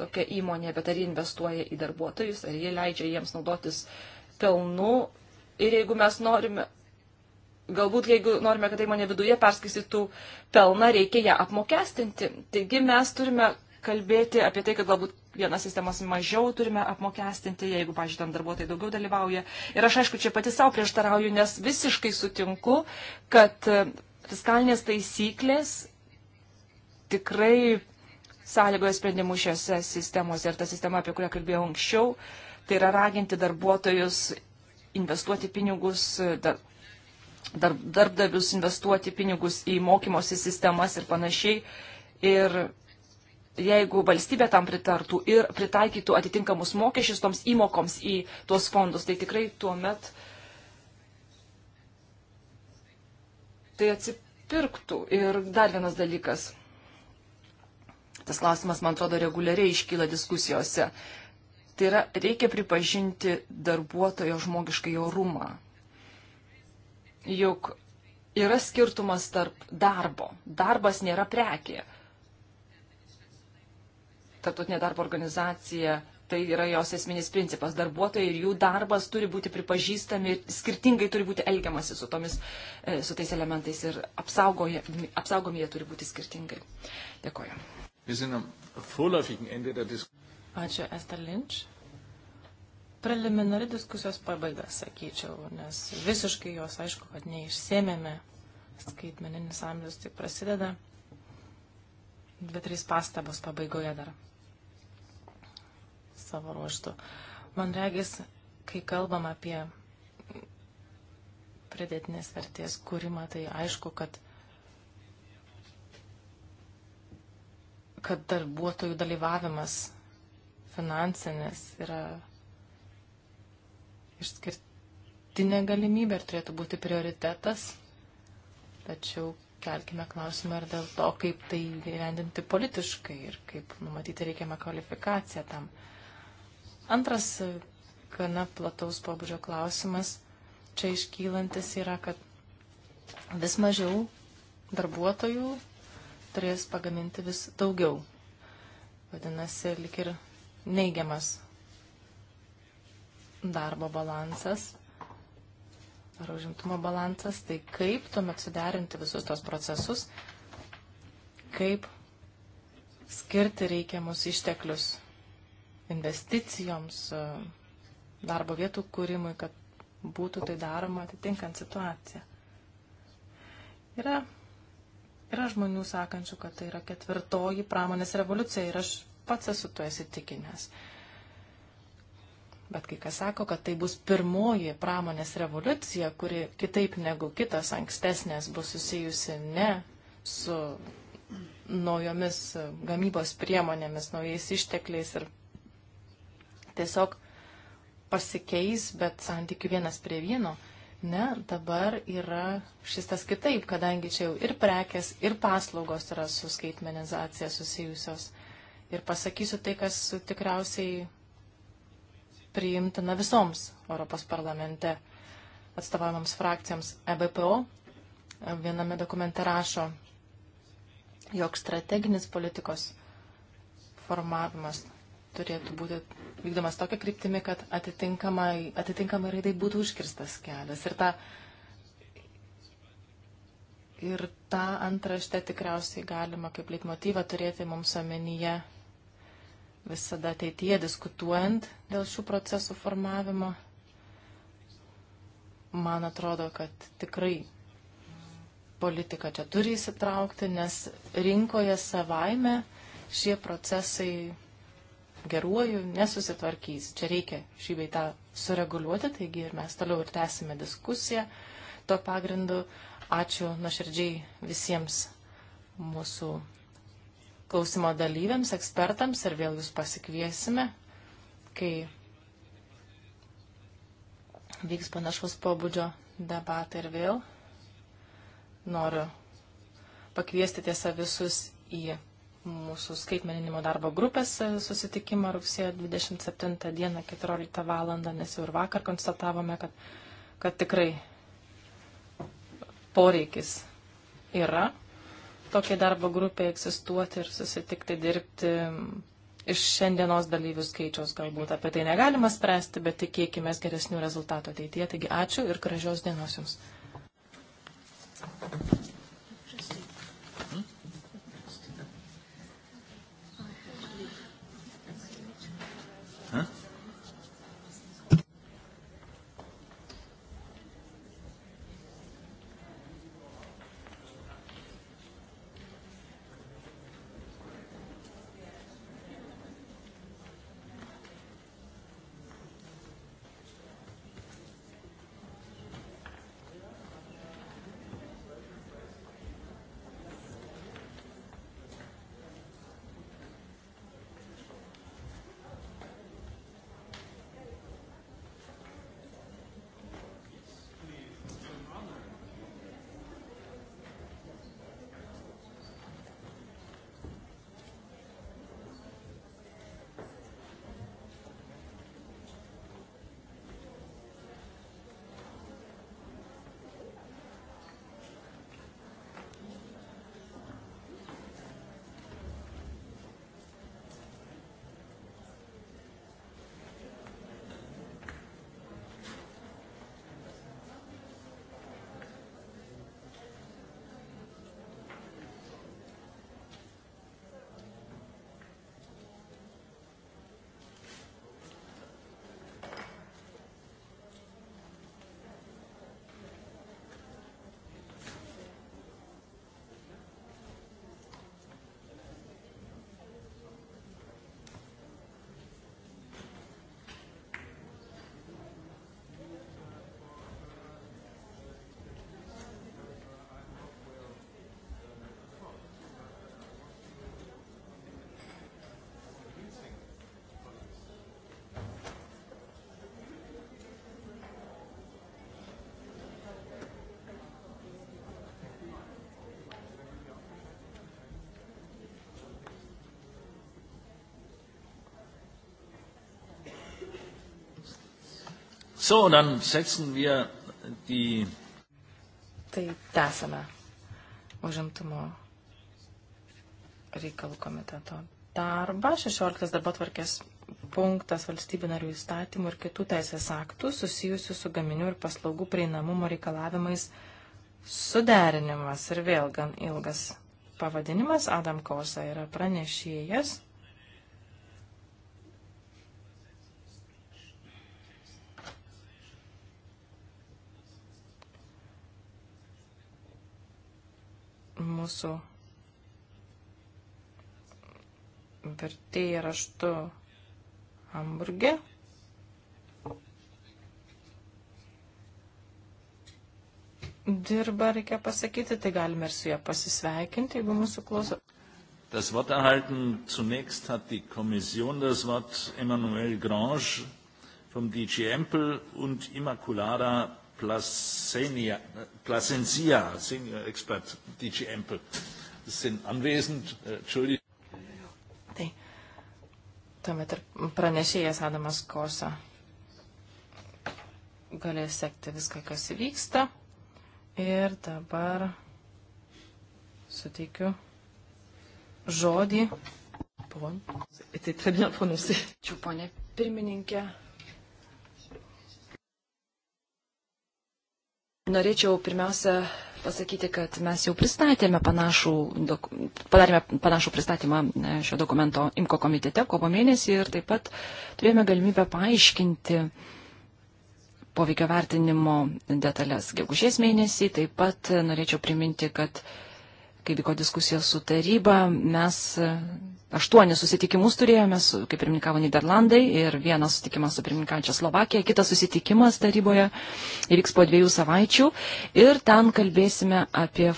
tokia įmonė, bet ar jie investuoja į darbuotojus, ar jie leidžia jiems naudotis pelnu Ir jeigu mes norime, galbūt jeigu norime, kad įmonė viduje perskaitytų pelną, reikia ją apmokestinti. Taigi mes turime kalbėti apie tai, kad galbūt vienas sistemas mažiau turime apmokestinti, jeigu, pažiūrėjau, ten darbuotojai daugiau dalyvauja. Ir aš, aišku, čia pati savo prieštarauju, nes visiškai sutinku, kad e, fiskalinės taisyklės tikrai sąlygoja sprendimų šiose sistemose. Ir ta sistema, apie kurią kalbėjau anksčiau, tai yra raginti darbuotojus investuoti pinigus, dar, dar, darbdavius investuoti pinigus į mokymosi sistemas ir panašiai. Ir jeigu valstybė tam pritartų ir pritaikytų atitinkamus mokesčius toms įmokoms į tuos fondus, tai tikrai tuo met tai atsipirktų. Ir dar vienas dalykas. Tas klausimas, man atrodo, reguliariai iškyla diskusijose. Tai yra, reikia pripažinti darbuotojo žmogišką jaurumą. Juk yra skirtumas tarp darbo. Darbas nėra prekė. Tartutinė darbo organizacija tai yra jos esminis principas. Darbuotojai ir jų darbas turi būti pripažįstami ir skirtingai turi būti elgiamasi su, tomis, e, su tais elementais ir apsaugomi jie turi būti skirtingai. Dėkoju. Ačiū, Ester Lynch. Preliminari diskusijos pabaiga, sakyčiau, nes visiškai jos aišku, kad neišsėmėme. Skaitmeninis amžius tik prasideda. Dvi, trys pastabos pabaigoje dar savo ruoštų. Man regis, kai kalbam apie pridėtinės vertės kūrimą, tai aišku, kad, kad darbuotojų dalyvavimas finansinės yra išskirtinė galimybė ir turėtų būti prioritetas. Tačiau kelkime klausimą ir dėl to, kaip tai gyvendinti politiškai ir kaip numatyti reikiamą kvalifikaciją tam. Antras gana plataus pobūdžio klausimas čia iškylantis yra, kad vis mažiau darbuotojų turės pagaminti vis daugiau. Vadinasi, lik ir neigiamas darbo balansas ar užimtumo balansas, tai kaip tuomet suderinti visus tos procesus, kaip skirti reikiamus išteklius investicijoms, e, darbo vietų kūrimui, kad būtų tai daroma atitinkant situaciją. Yra, yra žmonių sakančių, kad tai yra ketvirtoji pramonės revoliucija ir aš pats esu tuo įsitikinęs. Bet kai kas sako, kad tai bus pirmoji pramonės revoliucija, kuri kitaip negu kitos ankstesnės bus susijusi ne su naujomis gamybos priemonėmis, naujais ištekliais ir tiesiog pasikeis, bet santykių vienas prie vieno. Ne, dabar yra šis tas kitaip, kadangi čia jau ir prekes, ir paslaugos yra su skaitmenizacija susijusios ir pasakysiu tai, kas tikriausiai priimtina visoms Europos parlamente atstovaujamams frakcijams EBPO. Viename dokumente rašo, jog strateginis politikos formavimas turėtų būti vykdomas tokia kryptimi, kad atitinkamai, atitinkamai raidai būtų užkirstas kelias. Ir tą, ir tą antraštę tikriausiai galima kaip leitmotyvą turėti mums omenyje visada ateityje diskutuojant dėl šių procesų formavimo. Man atrodo, kad tikrai politika čia turi įsitraukti, nes rinkoje savaime šie procesai geruoju nesusitvarkys. Čia reikia šį beitą sureguliuoti, taigi ir mes toliau ir tęsime diskusiją tuo pagrindu. Ačiū nuoširdžiai visiems mūsų klausimo dalyviams, ekspertams ir vėl jūs pasikviesime, kai vyks panašaus pobūdžio debatai ir vėl noriu pakviesti tiesą visus į mūsų skaitmeninimo darbo grupės susitikimą rugsėjo 27 dieną 14 val. nes jau ir vakar konstatavome, kad, kad tikrai poreikis yra tokiai darbo grupiai egzistuoti ir susitikti dirbti iš šiandienos dalyvių skaičiaus galbūt. Apie tai negalima spręsti, bet tikėkime geresnių rezultatų ateityje. Taigi ačiū ir gražios dienos Jums. So, dann setzen wir die. Tai tęsame užimtumo reikalų komiteto darbą. 16 darbo tvarkės punktas valstybių narių įstatymų ir kitų teisės aktų susijusių su gaminių ir paslaugų prieinamumo reikalavimais suderinimas. Ir vėl gan ilgas pavadinimas. Adam Kosa yra pranešėjas. mūsų vertėjai raštu Hamburge. Dirba, reikia pasakyti, tai galime ir su ją pasisveikinti, jeigu mūsų klauso. Das Wort erhalten zunächst hat die Kommission das Wort Emmanuel Grange vom DG Empel und Immaculada Plasenia, Plasencia, Senior Expert DG Empel, sind anwesend. Äh, Entschuldigung. Tai. Tuomet ir pranešėjas Adamas Kosa galės sekti viską, kas vyksta. Ir dabar suteikiu žodį. Buvo. Tai très bien prononcé. Čia, ponė pirmininkė, Norėčiau pirmiausia pasakyti, kad mes jau pristatėme panašų, padarėme panašų pristatymą e, šio dokumento IMKO komitete kovo mėnesį ir taip pat turėjome galimybę paaiškinti poveikio vertinimo detalės gegužės mėnesį. Taip pat norėčiau priminti, kad kai vyko diskusijos su taryba, mes aštuonis susitikimus turėjome, su, kaip pirmininkavo Niderlandai, ir vienas susitikimas su pirmininkančia Slovakija, kitas susitikimas taryboje įvyks po dviejų savaičių ir ten kalbėsime apie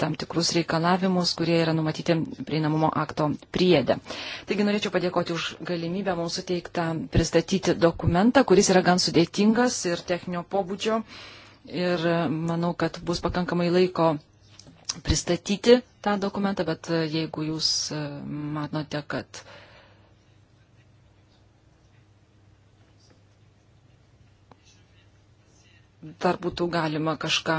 tam tikrus reikalavimus, kurie yra numatyti prieinamumo akto priedė. Taigi norėčiau padėkoti už galimybę mums suteiktą pristatyti dokumentą, kuris yra gan sudėtingas ir techninio pobūdžio. Ir e, manau, kad bus pakankamai laiko pristatyti tą dokumentą, bet e, jeigu jūs e, matote, kad dar būtų galima kažką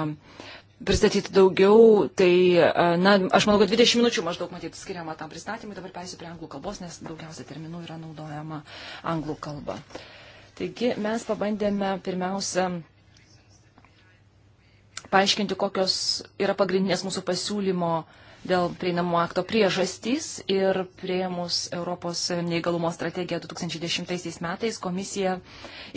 pristatyti daugiau, tai, e, na, aš manau, kad 20 minučių maždaug matyti skiriama tam pristatymui, dabar persiu prie anglų kalbos, nes daugiausia terminų yra naudojama anglų kalba. Taigi mes pabandėme pirmiausia paaiškinti, kokios yra pagrindinės mūsų pasiūlymo dėl prieinamų akto priežastys ir prieimus Europos neįgalumo strategiją 2010 metais komisija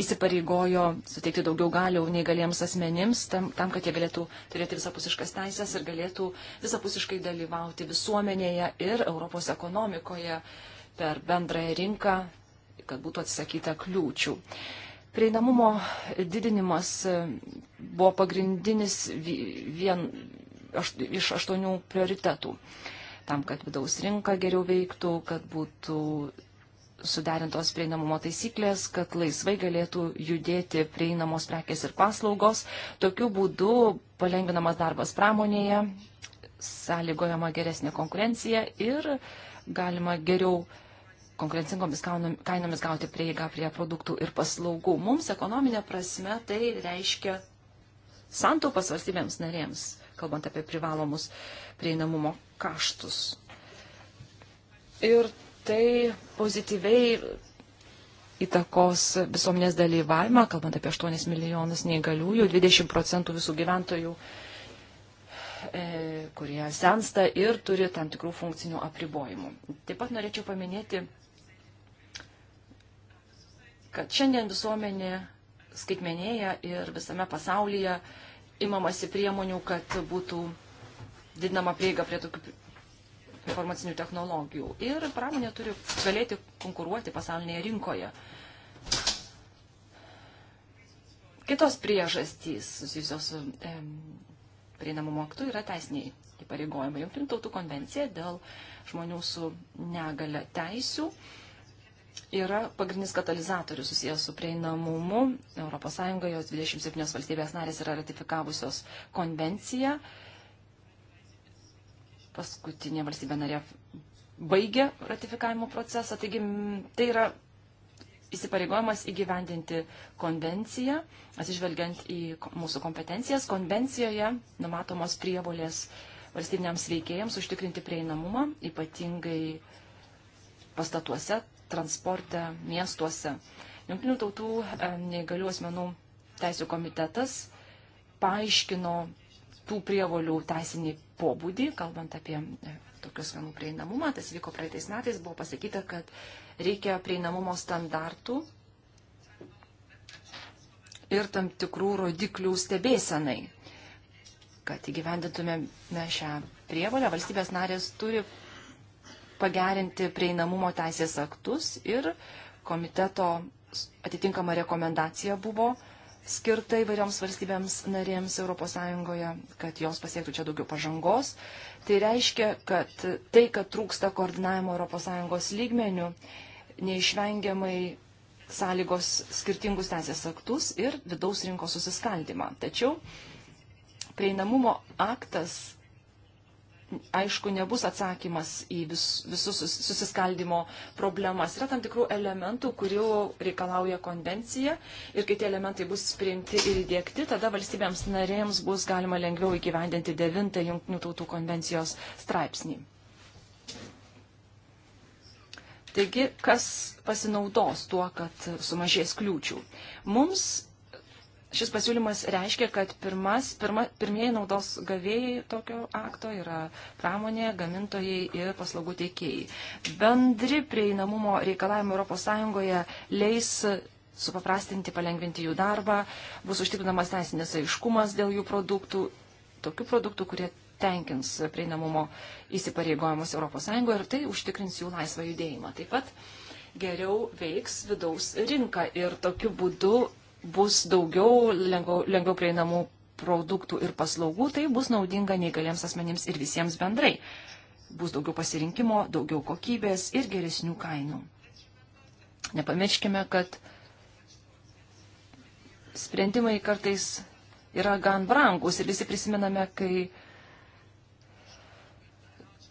įsipareigojo suteikti daugiau galių neįgaliems asmenims tam, tam kad jie galėtų turėti visapusiškas teisės ir galėtų visapusiškai dalyvauti visuomenėje ir Europos ekonomikoje per bendrąją rinką, kad būtų atsisakyta kliūčių. Uh, Prieinamumo didinimas e, buvo pagrindinis vien aš, iš aštuonių prioritetų. Tam, kad vidaus rinka geriau veiktų, kad būtų suderintos prieinamumo taisyklės, kad laisvai galėtų judėti prieinamos prekės ir paslaugos. Tokiu būdu palengvinamas darbas pramonėje, sąlygojama geresnė konkurencija ir galima geriau konkurencingomis kainomis gauti prieigą prie produktų ir paslaugų. Mums ekonominė prasme tai reiškia santaupas valstybėms narėms, kalbant apie privalomus prieinamumo kaštus. Ir tai pozityviai įtakos visuomenės dalyvavimą, kalbant apie 8 milijonus neįgaliųjų, 20 procentų visų gyventojų e, kurie sensta ir turi tam tikrų funkcinių apribojimų. Taip pat norėčiau paminėti kad šiandien visuomenė skaitmenėja ir visame pasaulyje imamasi priemonių, kad būtų didinama prieiga prie tokių informacinių technologijų. Ir pramonė turi galėti konkuruoti pasaulinėje rinkoje. Kitos priežastys susijusios su e, prieinamumo aktu yra teisiniai įpareigojimai. Junktinių tautų konvencija dėl žmonių su negale teisių. E, yra pagrindinis katalizatorius susijęs su prieinamumu. ES jos 27 valstybės narės yra ratifikavusios konvenciją. Paskutinė valstybė narė baigė ratifikavimo procesą. Taigi tai yra įsipareigojimas įgyvendinti konvenciją, atsižvelgiant į mūsų kompetencijas. Konvencijoje numatomos prievolės valstybiniams veikėjams užtikrinti prieinamumą, ypatingai pastatuose transporte, miestuose. Junktinių tautų e, neįgalių asmenų teisų komitetas paaiškino tų prievolių teisinį pobūdį, kalbant apie e, tokius asmenų prieinamumą. Tas vyko praeitais metais, buvo pasakyta, kad reikia prieinamumo standartų ir tam tikrų rodiklių stebėsenai. Kad įgyvendintume šią prievalę, valstybės narės turi pagerinti prieinamumo teisės aktus ir komiteto atitinkama rekomendacija buvo skirta įvairioms valstybėms narėms ES, kad jos pasiektų čia daugiau pažangos. Tai reiškia, kad tai, kad trūksta koordinavimo ES lygmenių, neišvengiamai sąlygos skirtingus teisės aktus ir vidaus rinkos susiskaldimą. Tačiau prieinamumo aktas aišku, nebus atsakymas į vis, visus susiskaldimo problemas. Yra tam tikrų elementų, kurių reikalauja konvencija ir kai tie elementai bus priimti ir įdėkti, tada valstybėms narėms bus galima lengviau įgyvendinti 9 Junktinių tautų konvencijos straipsnį. Taigi, kas pasinaudos tuo, kad sumažės kliūčių? Mums Šis pasiūlymas reiškia, kad pirmas, pirma, pirmieji naudos gavėjai tokio akto yra pramonė, gamintojai ir paslaugų teikėjai. Bendri prieinamumo reikalavimai ES leis supaprastinti, palengvinti jų darbą, bus užtikrinamas teisinės aiškumas dėl jų produktų, tokių produktų, kurie tenkins prieinamumo įsipareigojimus ES ir tai užtikrins jų laisvą judėjimą. Taip pat geriau veiks vidaus rinka ir tokiu būdu bus daugiau lengviau, lengviau prieinamų produktų ir paslaugų, tai bus naudinga neįgaliems asmenims ir visiems bendrai. Bus daugiau pasirinkimo, daugiau kokybės ir geresnių kainų. Nepamirškime, kad sprendimai kartais yra gan brangus ir visi prisimename, kai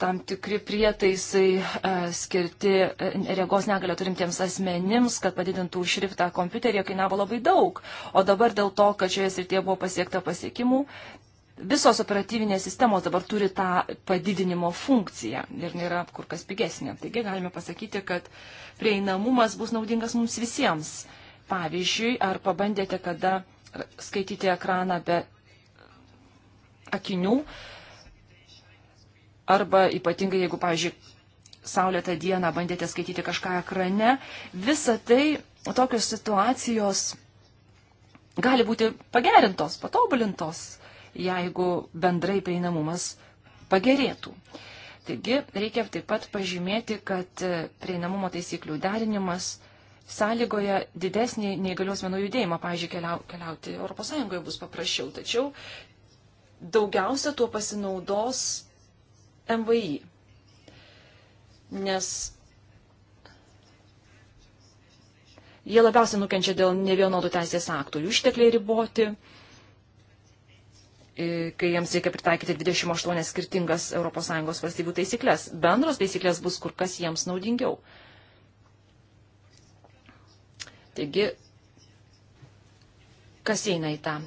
tam tikri prietaisai e, skirti e, regos negalio turintiems asmenims, kad padidintų šriftą kompiuterėje, kainavo labai daug. O dabar dėl to, kad šioje srityje buvo pasiekta pasiekimų, visos operatyvinės sistemos dabar turi tą padidinimo funkciją ir nėra kur kas pigesnė. Taigi galime pasakyti, kad prieinamumas bus naudingas mums visiems. Pavyzdžiui, ar pabandėte kada skaityti ekraną be akinių, uh, arba ypatingai jeigu, pavyzdžiui, saulėtą dieną bandėte skaityti kažką ekrane, visa tai tokios situacijos gali būti pagerintos, patobulintos, jeigu bendrai prieinamumas pagerėtų. Taigi reikia taip pat pažymėti, kad e, prieinamumo taisyklių derinimas sąlygoja didesnį neįgalios menų judėjimą, pavyzdžiui, keliau, keliauti ES bus paprasčiau, tačiau daugiausia tuo pasinaudos MVI. Nes jie labiausiai nukenčia dėl nevienodų teisės aktų. Jų ištekliai riboti, kai jiems reikia pritaikyti 28 skirtingas ES valstybių taisyklės. Bendros taisyklės bus kur kas jiems naudingiau. Taigi, kas eina į tą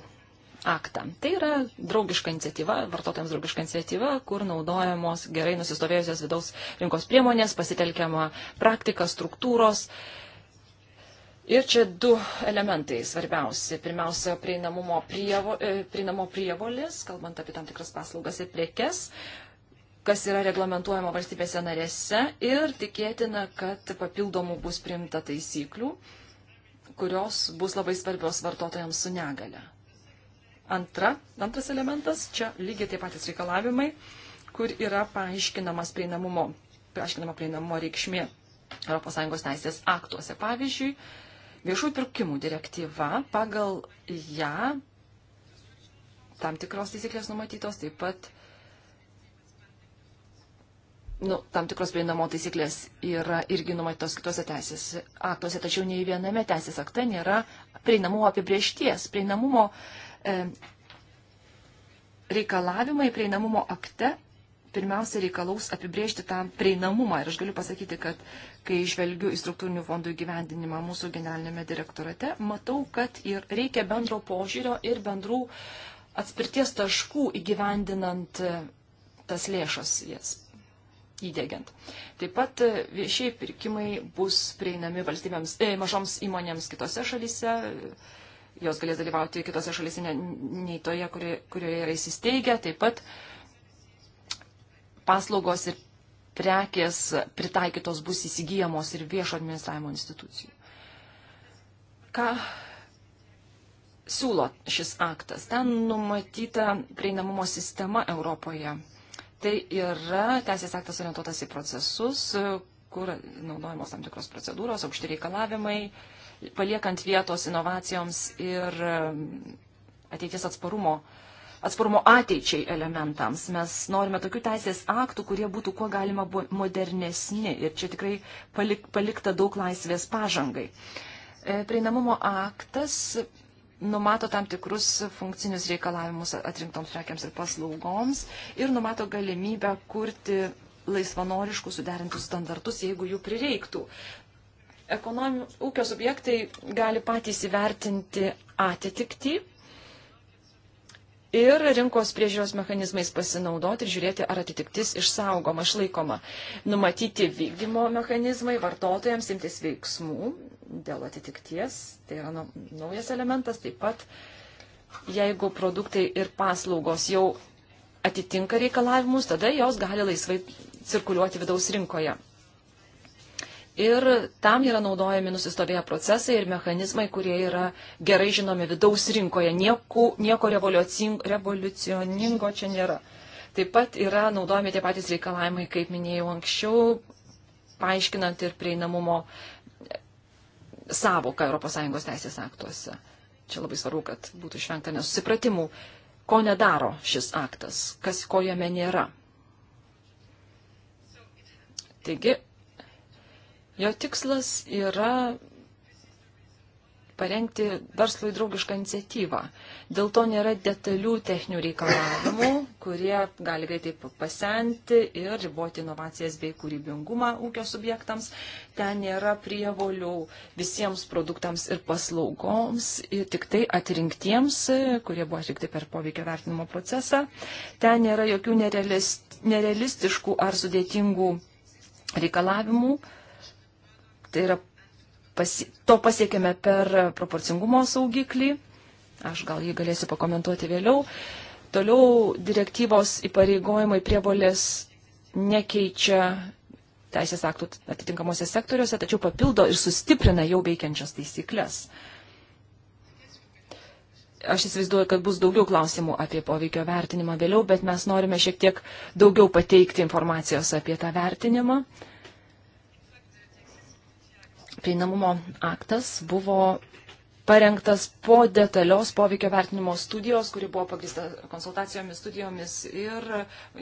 aktą. Tai yra draugiška iniciatyva, vartotojams draugiška iniciatyva, kur naudojamos gerai nusistovėjusios vidaus rinkos priemonės, pasitelkiama praktika, struktūros. Ir čia du elementai svarbiausi. Pirmiausia, prieinamumo prievo, e, prieinamo prievolės, kalbant apie tam tikras paslaugas ir priekes, kas yra reglamentuojama valstybėse narėse ir tikėtina, kad papildomų bus priimta taisyklių, kurios bus labai svarbios vartotojams su negale. Antra, antras elementas, čia lygiai taip patys reikalavimai, kur yra paaiškinamas prieinamumo, paaiškinama prieinamumo reikšmė ES teisės aktuose. Pavyzdžiui, viešųjų pirkimų direktyva, pagal ją tam tikros taisyklės numatytos, taip pat nu, tam tikros prieinamo taisyklės yra irgi numatytos kitose teisės aktuose, tačiau nei viename teisės akte nėra prieinamumo apibriešties. Prieinamumo uh, E, reikalavimai prieinamumo akte pirmiausia reikalaus apibriežti tą prieinamumą. Ir aš galiu pasakyti, kad kai žvelgiu į struktūrinių fondų įgyvendinimą mūsų generalinėme direktorate, matau, kad ir reikia bendro požiūrio ir bendrų atspirties taškų įgyvendinant e, tas lėšas jas įdėgiant. Taip pat e, viešiai pirkimai bus prieinami valstybėms, e, mažoms įmonėms kitose šalyse, jos galės dalyvauti kitose šalise, ne, nei toje, kuri, kurioje yra įsisteigę. Taip pat paslaugos ir prekės pritaikytos bus įsigijamos ir viešo administravimo institucijų. Ką siūlo šis aktas? Ten numatyta prieinamumo sistema Europoje. Tai yra teisės aktas orientuotas į procesus, kur naudojamos tam tikros procedūros, aukšti reikalavimai, uh, paliekant vietos inovacijoms ir um, ateities atsparumo, atsparumo ateičiai elementams. Mes norime tokių teisės aktų, kurie būtų kuo galima modernesni ir čia tikrai palik, palikta daug laisvės pažangai. E, prieinamumo aktas numato tam tikrus funkcinius reikalavimus atrinktoms prekiams ir paslaugoms ir numato galimybę kurti laisvanoriškų suderintus standartus, jeigu jų prireiktų ekonomijos ūkio subjektai gali patys įvertinti atitikti ir rinkos priežiūros mechanizmais pasinaudoti ir žiūrėti, ar atitiktis išsaugoma, išlaikoma. Numatyti vykdymo mechanizmai vartotojams imtis veiksmų dėl atitikties, tai yra nu, naujas elementas, taip pat jeigu produktai ir paslaugos jau atitinka reikalavimus, tada jos gali laisvai cirkuliuoti vidaus rinkoje ir tam yra naudojami nusistovėję procesai ir mechanizmai, kurie yra gerai žinomi vidaus rinkoje. Nieko, nieko revoliucioningo čia nėra. Taip pat yra naudojami tie patys reikalavimai, kaip minėjau anksčiau, paaiškinant ir prieinamumo savoką ES teisės aktuose. Čia labai svarbu, kad būtų išvengta nesusipratimų, ko nedaro šis aktas, kas ko jame nėra. Taigi, Jo tikslas yra parengti verslui draugišką iniciatyvą. Dėl to nėra detalių techninių reikalavimų, kurie gali greitai pasenti ir riboti inovacijas bei kūrybingumą ūkio subjektams. Ten nėra prievolių visiems produktams ir paslaugoms, ir tik tai atrinktiems, kurie buvo atlikti per poveikio vertinimo procesą. Ten nėra jokių nerealistiškų ar sudėtingų reikalavimų Tai yra pasi to pasiekėme per proporcingumo saugiklį. Aš gal jį galėsiu pakomentuoti vėliau. Toliau direktyvos įpareigojimai prievolės nekeičia teisės aktų atitinkamuose sektoriuose, tačiau papildo ir sustiprina jau veikiančias taisyklės. Aš įsivaizduoju, kad bus daugiau klausimų apie poveikio vertinimą vėliau, bet mes norime šiek tiek daugiau pateikti informacijos apie tą vertinimą. Uh, prieinamumo aktas buvo parengtas po detalios poveikio vertinimo studijos, kuri buvo pagrįsta konsultacijomis, studijomis ir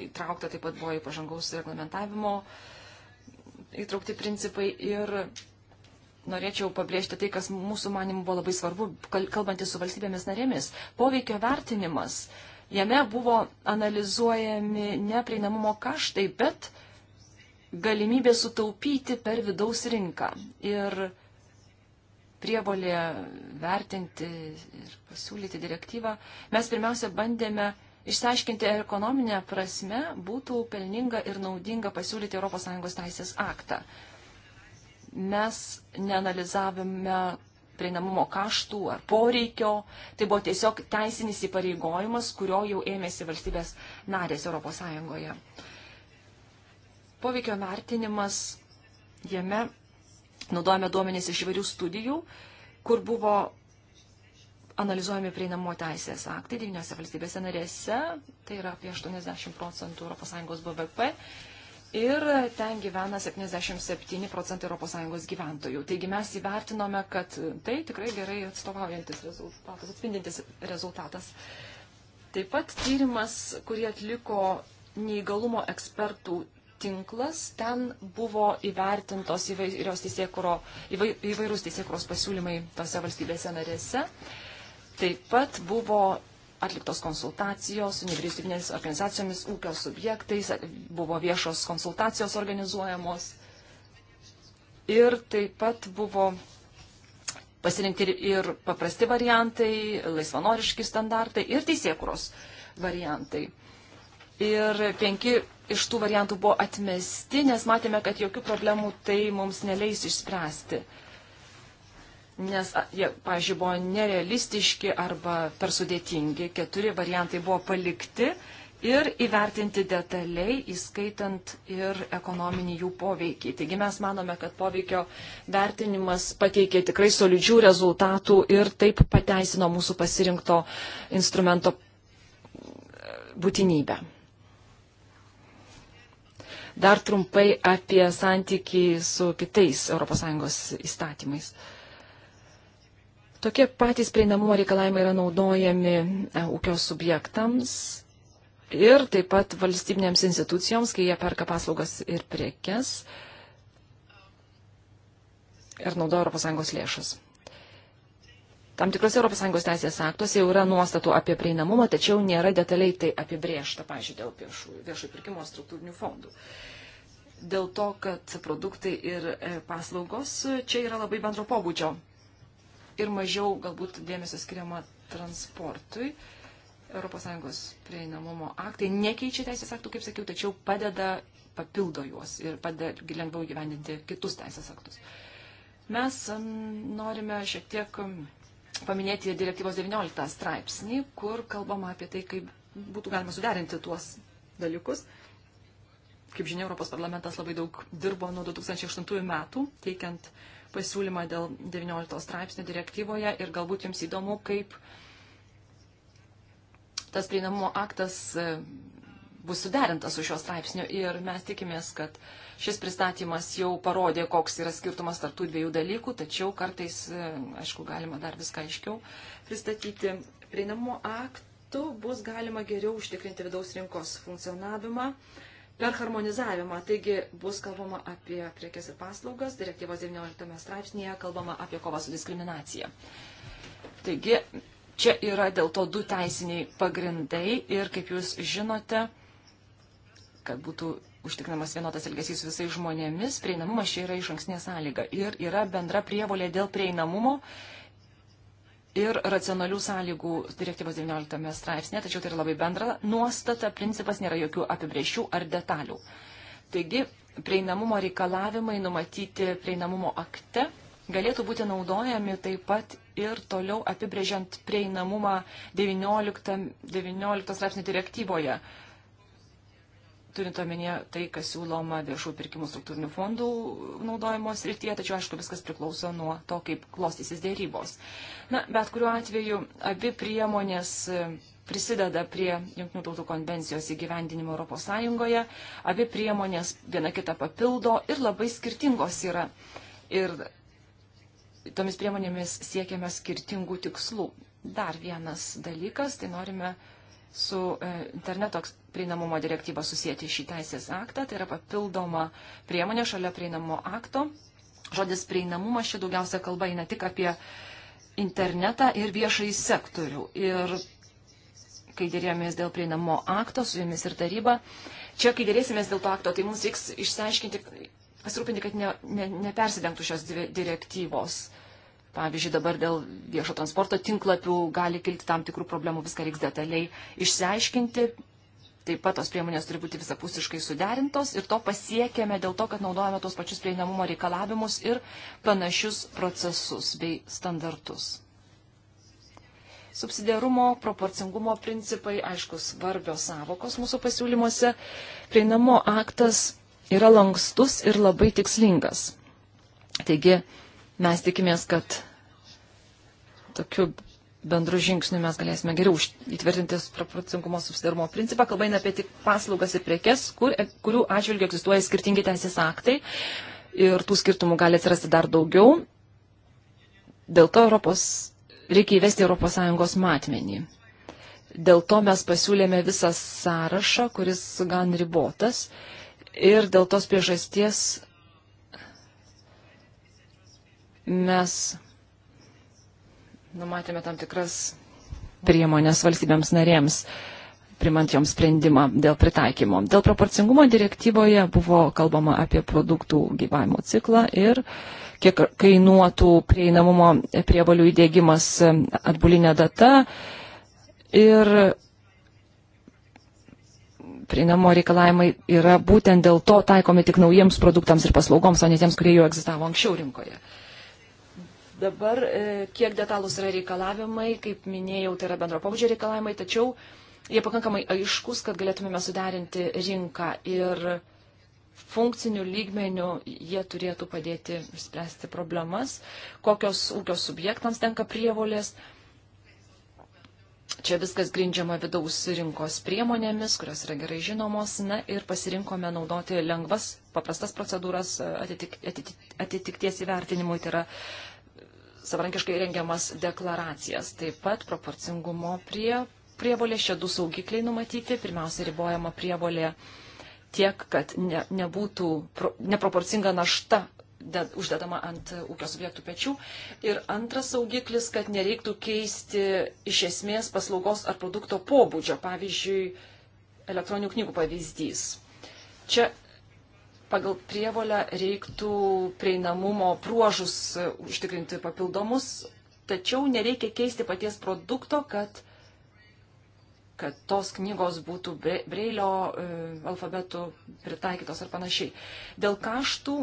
įtraukta taip pat buvo į pažangaus reglamentavimo įtraukti principai. Ir norėčiau pabrėžti tai, kas mūsų manimų buvo labai svarbu, kalbantys su valstybėmis narėmis. Poveikio vertinimas. Jame buvo analizuojami neprieinamumo kaštai, bet uh, galimybė sutaupyti per vidaus rinką ir prievolė vertinti ir pasiūlyti direktyvą, mes pirmiausia bandėme išsiaiškinti, ar ekonominė prasme būtų pelninga ir naudinga pasiūlyti ES teisės aktą. Mes neanalizavome prieinamumo kaštų ar poreikio. Tai buvo tiesiog teisinis įpareigojimas, kurio jau ėmėsi valstybės narės ES. Poveikio vertinimas jame naudojame duomenys iš įvairių studijų, kur buvo analizuojami prieinamo teisės aktai devyniose valstybėse narėse, tai yra apie 80 procentų ES BVP. Ir ten gyvena 77 procentai ES gyventojų. Taigi mes įvertinome, kad tai tikrai gerai atstovaujantis rezultatas, atspindintis rezultatas. Taip pat tyrimas, kurį atliko neįgalumo ekspertų tinklas, ten buvo įvertintos įvairios teisėkuro, įvairūs teisėkuros pasiūlymai tose valstybėse narėse. Taip pat buvo atliktos konsultacijos su nevyriausybinės organizacijomis, ūkio subjektais, buvo viešos konsultacijos organizuojamos. Ir taip pat buvo pasirinkti ir paprasti variantai, laisvanoriški standartai ir teisėkuros variantai. Ir penki iš tų variantų buvo atmesti, nes matėme, kad jokių problemų tai mums neleis išspręsti. Nes jie, pažiūrėjau, buvo nerealistiški arba per sudėtingi. Keturi variantai buvo palikti ir įvertinti detaliai, įskaitant ir ekonominį jų poveikį. Taigi mes manome, kad poveikio vertinimas pateikė tikrai solidžių rezultatų ir taip pateisino mūsų pasirinkto instrumento būtinybę. Dar trumpai apie santykį su kitais ES įstatymais. Tokie patys prieinamumo reikalavimai yra naudojami e, ūkio subjektams ir taip pat valstybinėms institucijoms, kai jie perka paslaugas ir prekes ir naudoja ES lėšas. Tam tikrose ES teisės aktuose jau yra nuostatų apie prieinamumą, tačiau nėra detaliai tai apibriešta, pažiūrėjau, dėl viešų, viešų pirkimo struktūrinių fondų. Dėl to, kad produktai ir e, paslaugos čia yra labai bendro pobūdžio ir mažiau galbūt dėmesio skiriama transportui. ES prieinamumo aktai nekeičia teisės aktų, kaip sakiau, tačiau padeda, papildo juos ir padeda lengviau gyvendinti kitus teisės aktus. Mes norime šiek tiek paminėti direktyvos 19 straipsnį, kur kalbama apie tai, kaip būtų galima suderinti tuos dalykus. Kaip žinia, Europos parlamentas labai daug dirbo nuo 2008 metų, teikiant pasiūlymą dėl 19 straipsnio direktyvoje ir galbūt jums įdomu, kaip tas prieinamumo aktas bus suderintas su šiuo straipsniu ir mes tikimės, kad šis pristatymas jau parodė, koks yra skirtumas tarp tų dviejų dalykų, tačiau kartais, e, aišku, galima dar viską aiškiau pristatyti. Prieinamų aktų bus galima geriau užtikrinti vidaus rinkos funkcionavimą. Per harmonizavimą, taigi bus kalbama apie priekes ir paslaugas, direktyvos 19 straipsnėje kalbama apie kovą su diskriminacija. Taigi, čia yra dėl to du teisiniai pagrindai ir, kaip jūs žinote, kad būtų užtikrinamas vienodas elgesys su visais žmonėmis, prieinamumas čia yra iš anksnė sąlyga. Ir yra bendra prievolė dėl prieinamumo ir racionalių sąlygų direktyvos 19 straipsnė, tačiau tai yra labai bendra nuostata, principas nėra jokių apibrėžčių ar detalių. Taigi, prieinamumo reikalavimai numatyti prieinamumo akte galėtų būti naudojami taip pat ir toliau apibrėžiant prieinamumą 19, 19 straipsnių direktyvoje turint omenyje tai, kas siūloma viešų pirkimų struktūrinių fondų naudojimo srityje, tačiau aišku, viskas priklauso nuo to, kaip klostysis dėrybos. Na, bet kuriuo atveju abi priemonės e, prisideda prie Junktinių tautų konvencijos įgyvendinimo ES, abi priemonės viena kitą papildo ir labai skirtingos yra. Ir tomis priemonėmis siekiame skirtingų tikslų. Dar vienas dalykas, tai norime su e, interneto prieinamumo direktyvą susijęti šį teisės aktą, tai yra papildoma priemonė šalia prieinamo akto. Žodis prieinamumas čia daugiausia kalba eina tik apie internetą ir viešai sektorių. Ir kai dėrėjomės dėl prieinamo akto su jumis ir taryba, čia, kai dėrėsimės dėl to akto, tai mums reiks išsiaiškinti, pasirūpinti, kad ne, ne, nepersidengtų šios dvi direktyvos. Pavyzdžiui, dabar dėl viešo transporto tinklapių gali kilti tam tikrų problemų, viską reiks detaliai išsiaiškinti, Taip pat tos priemonės turi būti visapusiškai suderintos ir to pasiekėme dėl to, kad naudojame tos pačius prieinamumo reikalavimus ir panašius procesus bei standartus. Subsidiarumo, proporcingumo principai, aišku, svarbios savokos mūsų pasiūlymuose. Prieinamo aktas yra lankstus ir labai tikslingas. Taigi mes tikimės, kad tokiu bendru žingsniu mes galėsime geriau įtvirtinti proporcingumo subsidarumo principą, kalba eina apie tik paslaugas ir prekes, kur, kurių atžvilgiu egzistuoja skirtingi teisės aktai ir tų skirtumų gali atsirasti dar daugiau. Dėl to Europos, reikia įvesti ES matmenį. Dėl to mes pasiūlėme visą sąrašą, kuris gan ribotas ir dėl tos priežasties mes numatėme tam tikras priemonės valstybėms narėms, primant joms sprendimą dėl pritaikymo. Dėl proporcingumo direktyvoje buvo kalbama apie produktų gyvavimo ciklą ir kiek kainuotų prieinamumo prievalių įdėgymas atbulinė data ir prieinamo reikalavimai yra būtent dėl to taikomi tik naujiems produktams ir paslaugoms, o ne tiems, kurie jau egzistavo anksčiau rinkoje. Dabar e, kiek detalūs yra reikalavimai, kaip minėjau, tai yra bendro pobūdžio reikalavimai, tačiau jie pakankamai aiškus, kad galėtumėme suderinti rinką ir funkcinių lygmenių jie turėtų padėti spręsti problemas, kokios ūkio subjektams tenka prievolės. Čia viskas grindžiama vidaus rinkos priemonėmis, kurios yra gerai žinomos, na ir pasirinkome naudoti lengvas, paprastas procedūras atitik, atitik, atitikties įvertinimui, tai yra savarankiškai rengiamas deklaracijas. Taip pat proporcingumo prie, prievolė šie du saugikliai numatyti. Pirmiausia, ribojama prievolė tiek, kad ne, nebūtų pro, neproporcinga našta de, uždedama ant ūkio subjektų pečių. Ir antras saugiklis, kad nereiktų keisti iš esmės paslaugos ar produkto pobūdžio. Pavyzdžiui, elektroninių knygų pavyzdys. Čia pagal prievolę reiktų prieinamumo bruožus e, užtikrinti papildomus, tačiau nereikia keisti paties produkto, kad, kad tos knygos būtų breilio e, alfabetų pritaikytos ar panašiai. Dėl kaštų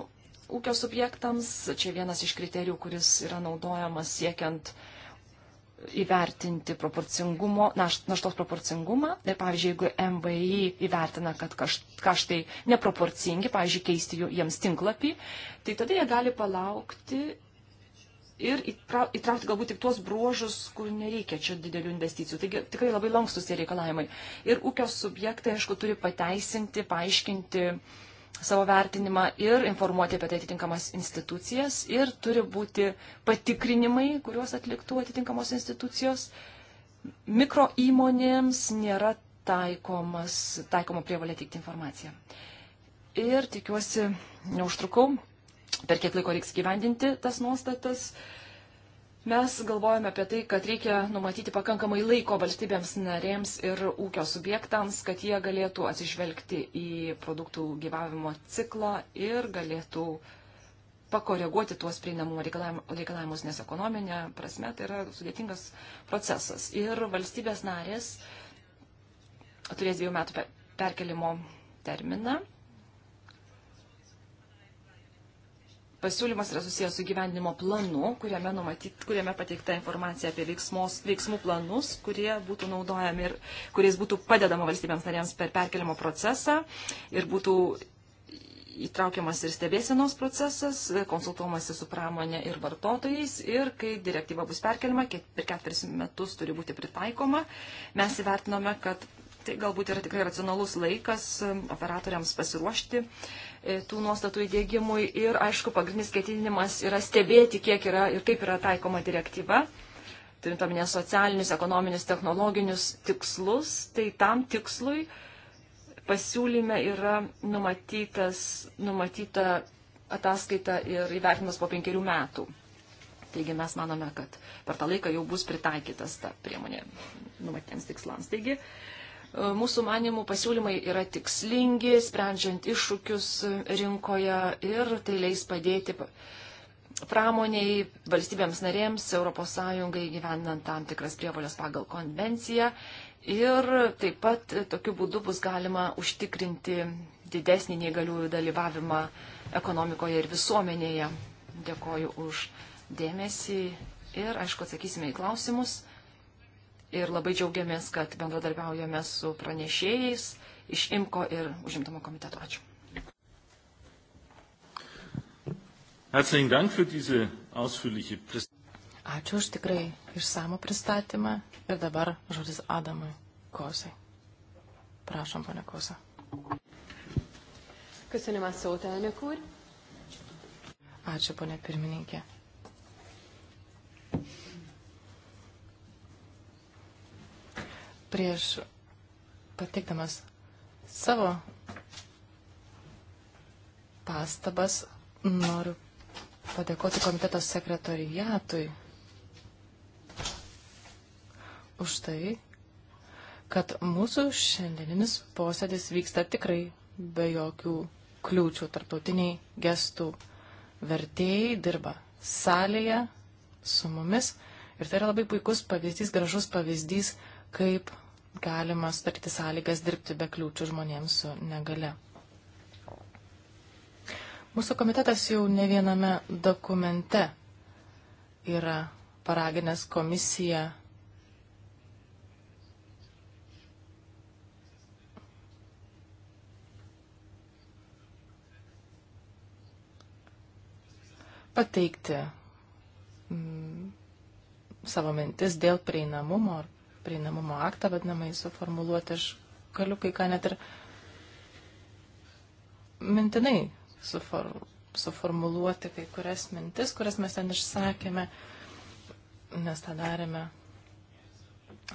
ūkio subjektams, čia vienas iš kriterijų, kuris yra naudojamas siekiant uh, įvertinti proporcingumo, naštos proporcingumą. Ir pavyzdžiui, jeigu MVI įvertina, kad kažtai neproporcingi, pavyzdžiui, keisti jiems tinklapį, tai tada jie gali palaukti ir įtraukti galbūt tik tuos bruožus, kur nereikia čia didelių investicijų. Taigi tikrai labai lankstus tie reikalavimai. Ir ūkio subjektai, aišku, turi pateisinti, paaiškinti savo vertinimą ir informuoti apie tai atitinkamas institucijas ir turi būti patikrinimai, kuriuos atliktų atitinkamos institucijos. Mikro įmonėms nėra taikomas, taikoma prievalė teikti informaciją. Ir tikiuosi, neužtrukau, per kiek laiko reiks gyvendinti tas nuostatas. Uh, Mes galvojame apie tai, kad reikia numatyti pakankamai laiko valstybėms narėms ir ūkio subjektams, kad jie galėtų atsižvelgti į produktų gyvavimo ciklą ir galėtų pakoreguoti tuos prieinamumo reikalavimus, nes ekonominė prasme tai yra sudėtingas procesas. Ir valstybės narės turės dviejų metų perkelimo terminą Pasiūlymas yra susijęs su gyvenimo planu, kuriame, numatyt, kuriame pateikta informacija apie veiksmos, veiksmų planus, kurie būtų naudojami ir kuriais būtų padedama valstybėms narėms per perkelimo procesą ir būtų įtraukiamas ir stebėsenos procesas, konsultuomasi su pramonė ir vartotojais ir kai direktyva bus perkeliama, per ketveris metus turi būti pritaikoma, mes įvertinome, kad tai galbūt yra tikrai racionalus laikas operatoriams pasiruošti E, tų nuostatų įdėgymui ir, aišku, pagrindinis ketinimas yra stebėti, kiek yra ir kaip yra taikoma direktyva, turint omenyje socialinius, ekonominius, technologinius tikslus, tai tam tikslui pasiūlyme yra numatytas, numatyta ataskaita ir įvertinimas po penkerių metų. Taigi mes manome, kad per tą laiką jau bus pritaikytas ta priemonė numatytiems tikslams. Taigi E, mūsų manimų pasiūlymai yra tikslingi, sprendžiant iššūkius rinkoje ir tai leis padėti pramoniai, valstybėms narėms, ES gyvenant tam tikras prievalės pagal konvenciją. Ir taip pat tokiu būdu bus galima užtikrinti didesnį neįgaliųjų dalyvavimą ekonomikoje ir visuomenėje. Dėkoju už dėmesį ir, aišku, atsakysime į klausimus ir labai džiaugiamės, kad bendradarbiaujame su pranešėjais iš IMKO ir užimtumo komiteto. Ačiū. Ačiū už tikrai išsamų pristatymą ir dabar žodis Adamui Kosai. Prašom, pane Kosa. Köszönöm a szót, elnök úr. Ačiū, pane pirmininkė. Prieš pateikdamas savo pastabas noriu padėkoti komiteto sekretoriatui už tai, kad mūsų šiandieninis posėdis vyksta tikrai be jokių kliūčių. Tarptautiniai gestų vertėjai dirba salėje su mumis ir tai yra labai puikus pavyzdys, gražus pavyzdys kaip galima sutarti sąlygas dirbti be kliūčių žmonėms su negale. Mūsų komitetas jau ne viename dokumente yra paraginęs komisiją pateikti mm, savo mintis dėl prieinamumo ar prieinamumo aktą, vadinamai suformuluoti, aš galiu kai ką net ir mintinai sufor, suformuluoti kai kurias mintis, kurias mes ten išsakėme, nes tą darėme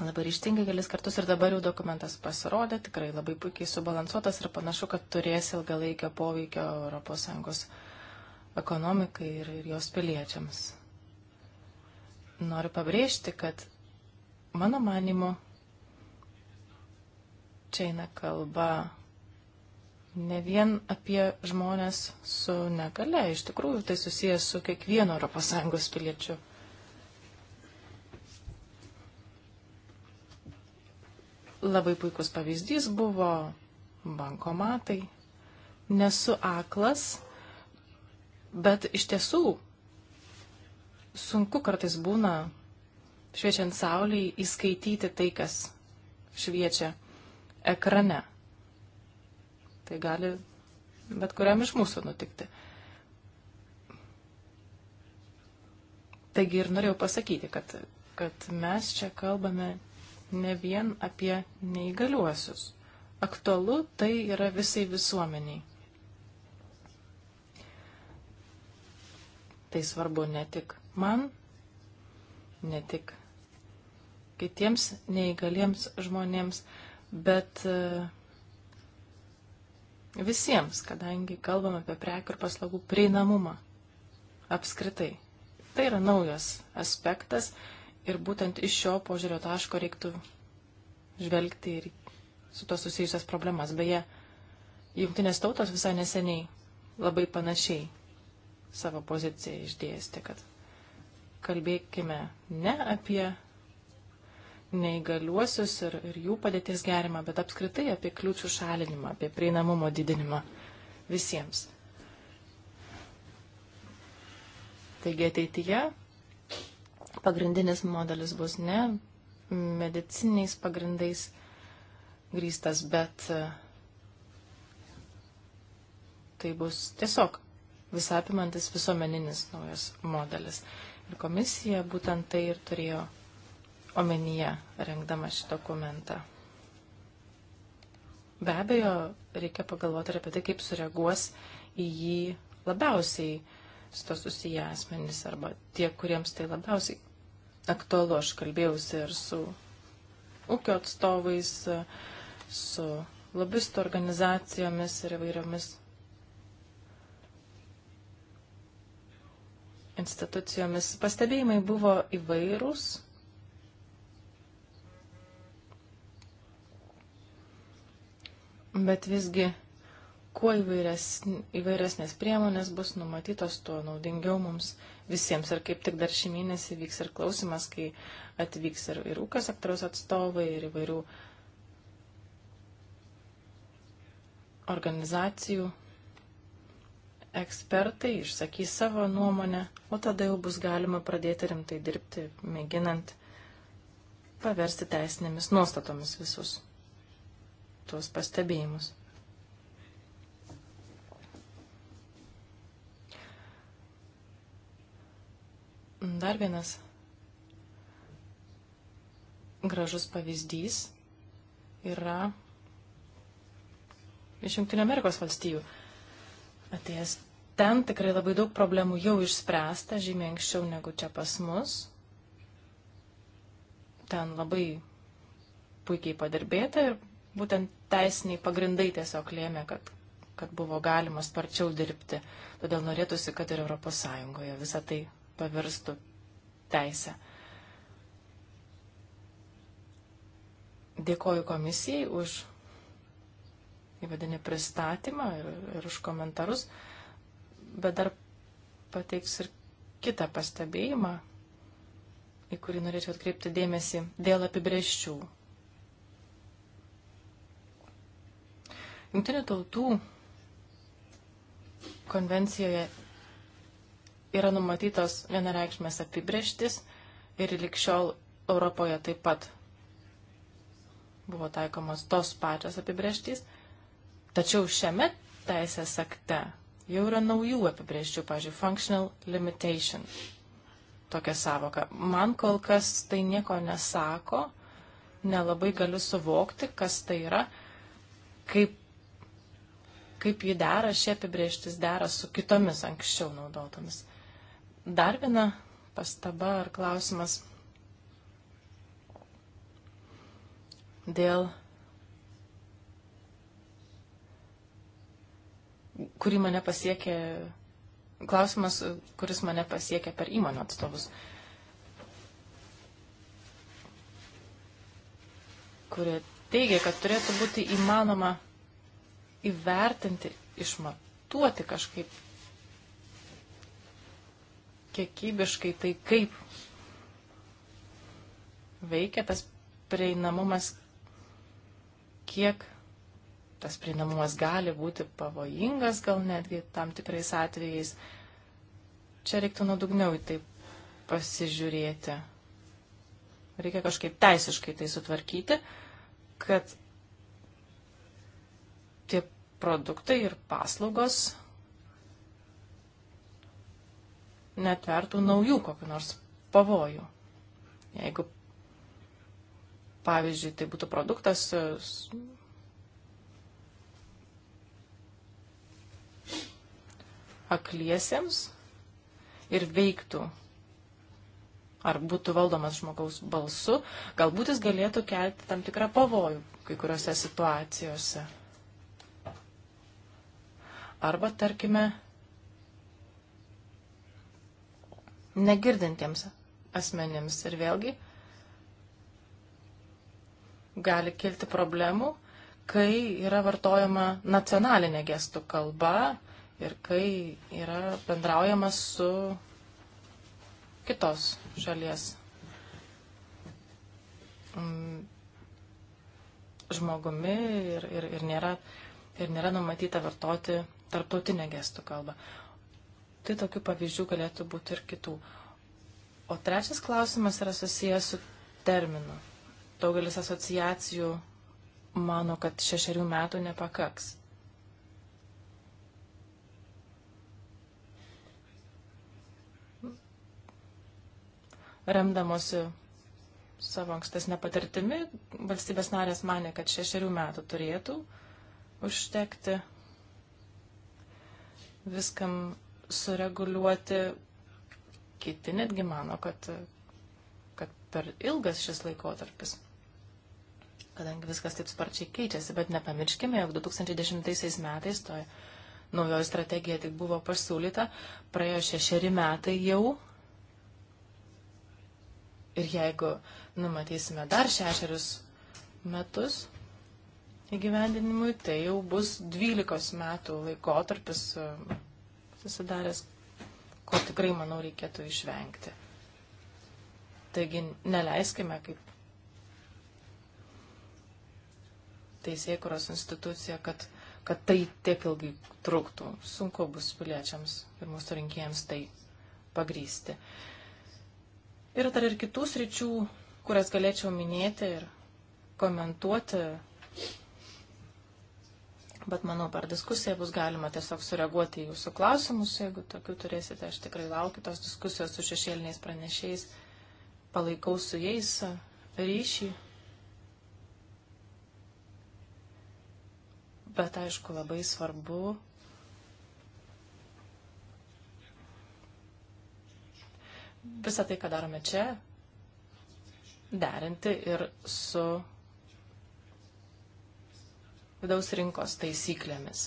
labai ryštingai kelis kartus ir dabar jau dokumentas pasirodė, tikrai labai puikiai subalansuotas ir panašu, kad turės ilgalaikio poveikio ES ekonomikai ir, ir jos piliečiams. Noriu pabrėžti, kad Mano manimu, čia eina kalba ne vien apie žmonės su negale, iš tikrųjų tai susijęs su kiekvienu ES piliečiu. Labai puikus pavyzdys buvo bankomatai. Nesu aklas, bet iš tiesų sunku kartais būna šviečiant Sauliai, įskaityti tai, kas šviečia ekrane. Tai gali bet kuriam iš mūsų nutikti. Taigi ir norėjau pasakyti, kad, kad mes čia kalbame ne vien apie neįgaliuosius. Aktualu tai yra visai visuomeniai. Tai svarbu ne tik man, ne tik kitiems neįgaliems žmonėms, bet e, visiems, kadangi kalbam apie prekių ir paslaugų prieinamumą apskritai. Tai yra naujas aspektas ir būtent iš šio požiūrio taško reiktų žvelgti ir su to susijusias problemas. Beje, jungtinės tautos visai neseniai labai panašiai savo poziciją išdėstė, kad kalbėkime ne apie neįgaliuosius ir, ir jų padėties gerimą, bet apskritai apie kliūčių šalinimą, apie prieinamumo didinimą visiems. Taigi ateityje pagrindinis modelis bus ne mediciniais pagrindais grįstas, bet e, tai bus tiesiog visapimantis visuomeninis naujas modelis. Ir komisija būtent tai ir turėjo omenyje, rengdama šį dokumentą. Be abejo, reikia pagalvoti ir apie tai, kaip sureaguos į jį labiausiai su to susiję asmenys arba tie, kuriems tai labiausiai aktualu. Aš kalbėjausi ir su ūkio atstovais, su lobistų organizacijomis ir įvairiomis institucijomis. Pastebėjimai buvo įvairūs Bet visgi, kuo įvairias, įvairesnės priemonės bus numatytos, tuo naudingiau mums visiems. Ir kaip tik dar šį mėnesį vyks ir klausimas, kai atvyks ir, ir ūkio sektoriaus atstovai, ir įvairių organizacijų ekspertai išsakys savo nuomonę, o tada jau bus galima pradėti rimtai dirbti, mėginant paversti teisinėmis nuostatomis visus tuos pastebėjimus. Dar vienas gražus pavyzdys yra iš Junktinio Amerikos valstijų. Atėjęs ten tikrai labai daug problemų jau išspręsta, žymiai anksčiau negu čia pas mus. Ten labai puikiai padirbėta ir būtent teisiniai pagrindai tiesiog lėmė, kad, kad buvo galima sparčiau dirbti. Todėl norėtųsi, kad ir ES visą tai pavirstų teisę. Dėkoju komisijai už įvadinį pristatymą ir, ir už komentarus, bet dar pateiks ir kitą pastebėjimą, į kurį norėčiau atkreipti dėmesį dėl apibrėžčių. Junktinių tautų konvencijoje yra numatytos vienareikšmės apibrieštis ir likščiol Europoje taip pat buvo taikomos tos pačios apibrieštys, tačiau šiame teisės akte jau yra naujų apibrieščių, pažiūrėjau, functional limitation. Tokia savoka. Man kol kas tai nieko nesako, nelabai galiu suvokti, kas tai yra, kaip kaip ji dera, šie apibrieštis dera su kitomis anksčiau naudotomis. Dar viena pastaba ar klausimas dėl, kurį mane pasiekė, klausimas, kuris mane pasiekė per įmonių atstovus, kurie teigia, kad turėtų būti įmanoma įvertinti, išmatuoti kažkaip kiekybiškai tai, kaip veikia tas prieinamumas, kiek tas prieinamumas gali būti pavojingas, gal netgi tam tikrais atvejais. Čia reiktų nuodugniau į tai pasižiūrėti. Reikia kažkaip teisiškai tai sutvarkyti, kad tie produktai ir paslaugos netvertų naujų kokiu nors pavojų. Jeigu, pavyzdžiui, tai būtų produktas, akliesiems ir veiktų, ar būtų valdomas žmogaus balsu, galbūt jis galėtų kelti tam tikrą pavojų kai kuriuose situacijose arba, tarkime, negirdintiems asmenėms. Ir vėlgi gali kilti problemų, kai yra vartojama nacionalinė gestų kalba ir kai yra bendraujama su kitos šalies mm, žmogumi ir, ir, ir, nėra, ir nėra numatyta vartoti tarptautinę gestų kalbą. Tai tokių pavyzdžių galėtų būti ir kitų. O trečias klausimas yra susijęs su terminu. Daugelis asociacijų mano, kad šešerių metų nepakaks. Remdamosi savo ankstesnę patirtimi, valstybės narės mane, kad šešerių metų turėtų užtekti viskam sureguliuoti. Kiti netgi mano, kad, kad per ilgas šis laikotarpis, kadangi viskas taip sparčiai keičiasi, bet nepamirškime, jog 2010 metais toje naujoji strategija tik buvo pasiūlyta, praėjo šešeri metai jau. Ir jeigu numatysime dar šešerius metus, įgyvendinimui, tai jau bus 12 metų laikotarpis e, susidaręs, ko tikrai, manau, reikėtų išvengti. Taigi neleiskime, kaip teisėkuros institucija, kad, kad tai tiek ilgai truktų. Sunku bus piliečiams ir mūsų rinkėjams tai pagrysti. Yra dar ir kitų sričių, kurias galėčiau minėti ir komentuoti Bet manau, per diskusiją bus galima tiesiog sureaguoti į jūsų klausimus, jeigu tokių turėsite. Aš tikrai laukiu tos diskusijos su šešėliniais pranešiais. Palaikau su jais ryšį. Bet aišku, labai svarbu visą tai, ką darome čia, derinti ir su vidaus rinkos taisyklėmis.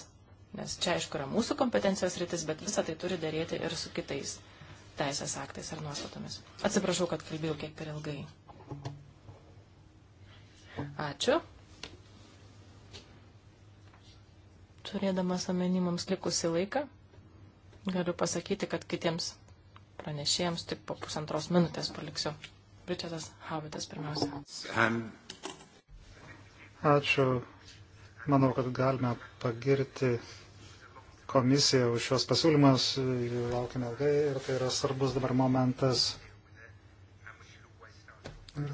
Nes čia, aišku, yra mūsų kompetencijos rytis, bet visą tai turi daryti ir su kitais teisės aktais ar nuostatomis. Atsiprašau, kad kalbėjau kiek per ilgai. Ačiū. Turėdamas omeny mums likusi laiką, galiu pasakyti, kad kitiems pranešėjams tik po pusantros minutės paliksiu. Ričardas Havitas pirmiausia. Ačiū Manau, kad galime pagirti komisiją už šios pasiūlymus, jų laukime ilgai ir tai yra svarbus dabar momentas. Ir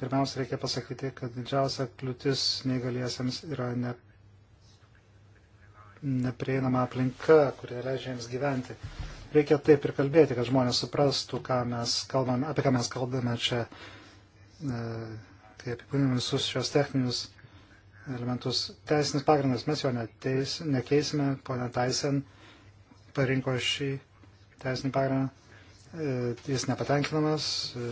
pirmiausia, reikia pasakyti, kad didžiausia kliūtis neįgaliesiams yra ne, neprieinama aplinka, kurie leidžia jiems gyventi. Reikia taip ir kalbėti, kad žmonės suprastų, ką mes kalbame, apie ką mes kalbame čia, e, kai apibūdiname visus šios techninius elementus. Teisinis pagrindas mes jo neteis, nekeisime, ponia Taisen parinko šį teisinį pagrindą. E, jis nepatenkinamas, e,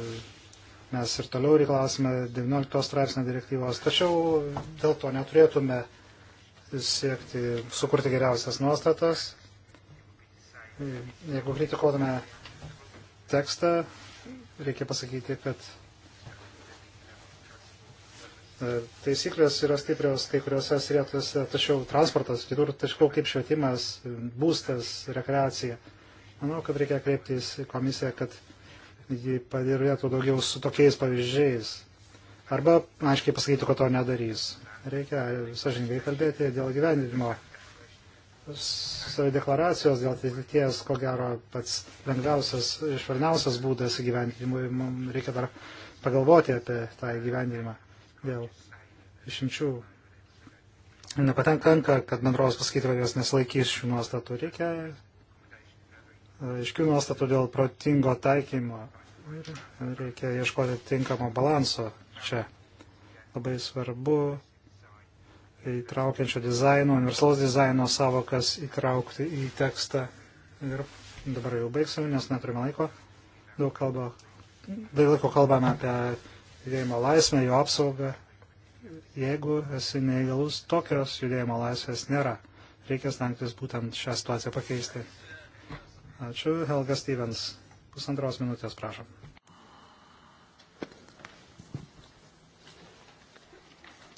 mes ir toliau reikalasime 19 straipsnio direktyvos, tačiau dėl to neturėtume siekti sukurti geriausias nuostatas. E, jeigu kritikuotume tekstą, reikia pasakyti, kad E, taisyklės yra stiprios kai kuriuose srityse, tačiau transportas, kitur, tačiau kaip švietimas, e, būstas, rekreacija. Manau, kad reikia kreiptis į komisiją, kad ji padirbėtų daugiau su tokiais pavyzdžiais. Arba aiškiai pasakytų, kad to nedarys. Reikia sažingai kalbėti dėl gyvenimo. Savo deklaracijos dėl ateities, ko gero, pats lengviausias, švelniausias būdas įgyvendinimui. Reikia dar pagalvoti apie tą įgyvendinimą dėl išimčių. Nepatenkanka, kad bendrovės paskaitovės nesilaikys šių nuostatų. Reikia e, iškių nuostatų dėl protingo taikymo ir reikia ieškoti tinkamo balanso čia. Labai svarbu įtraukiančio dizaino, universalaus dizaino savokas įtraukti į tekstą. Ir dabar jau baigsime, nes neturime laiko. Daug, kalba, daug laiko kalbame apie judėjimo laisvę, jo apsaugą. Jeigu esi neįgalus, tokios judėjimo laisvės nėra. Reikia stengtis būtent šią situaciją pakeisti. Ačiū, Helga Stevens. Pusantros minutės, prašom.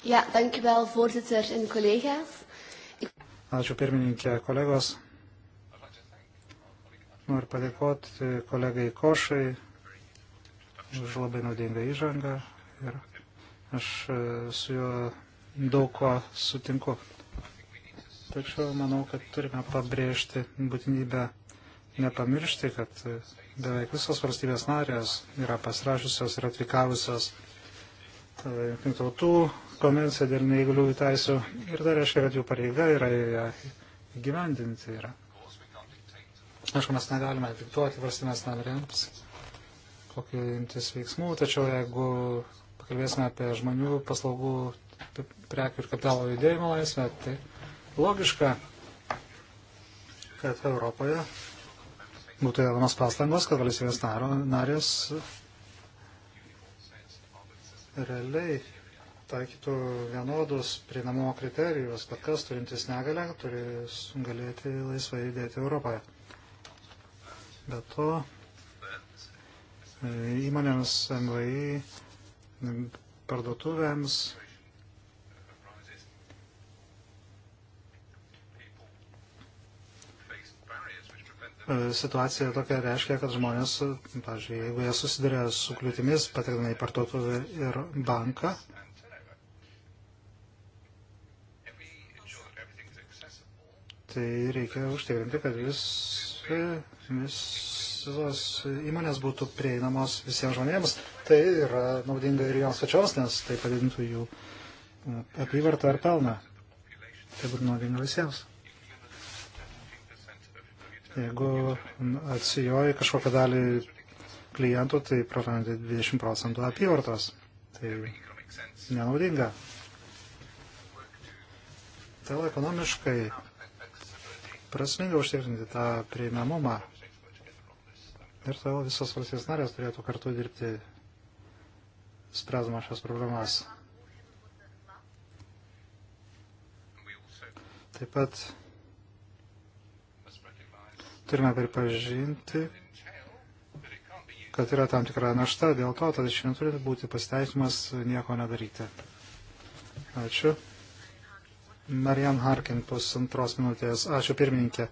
Ja, dankjewel voorzitter en collega's. Ik... Ačiū pirmininkė, kolegos. Noriu padėkoti kolegai Košai už labai naudingą įžangą ir aš e, su juo daug ko sutinku. Tačiau manau, kad turime pabrėžti būtinybę nepamiršti, kad e, beveik visos valstybės narės yra pasirašusios ir atvikavusios e, jungtinių tautų konvenciją dėl neįgaliųjų teisų ir dar tai reiškia, kad jų pareiga yra ją įgyvendinti. Yra. Aišku, mes negalime diktuoti valstybės narėms kokiu imtis veiksmų, tačiau jeigu pakalbėsime apie žmonių paslaugų, prekių ir kapitalo judėjimo laisvę, tai logiška, kad Europoje būtų dedamas pastangos, kad valstybės narės realiai taikytų vienodus prieinamumo kriterijus, bet kas turintis negalę turi galėti laisvai judėti Europoje. Be to, įmonėms, MVI, parduotuvėms. Situacija tokia reiškia, kad žmonės, pavyzdžiui, jeigu jie susiduria su kliūtimis, patekdami į parduotuvę ir banką, tai reikia užtikrinti, kad vis, vis visos įmonės būtų prieinamos visiems žmonėms, tai yra naudinga ir joms pačioms, nes tai padidintų jų e, apyvartą ar pelną. Tai būtų naudinga visiems. Jeigu atsijoji kažkokią dalį klientų, tai prarandi 20 procentų apyvartos. Tai nenaudinga. Todėl ekonomiškai prasminga užtikrinti tą prieinamumą. Ir todėl visos valstybės narės turėtų kartu dirbti, spręsdama šias problemas. Taip pat turime pripažinti, kad yra tam tikra našta, dėl to tada šiandien turėtų būti pasiteisimas nieko nedaryti. Ačiū. Marian Harkin pusantros minutės. Ačiū pirmininkė.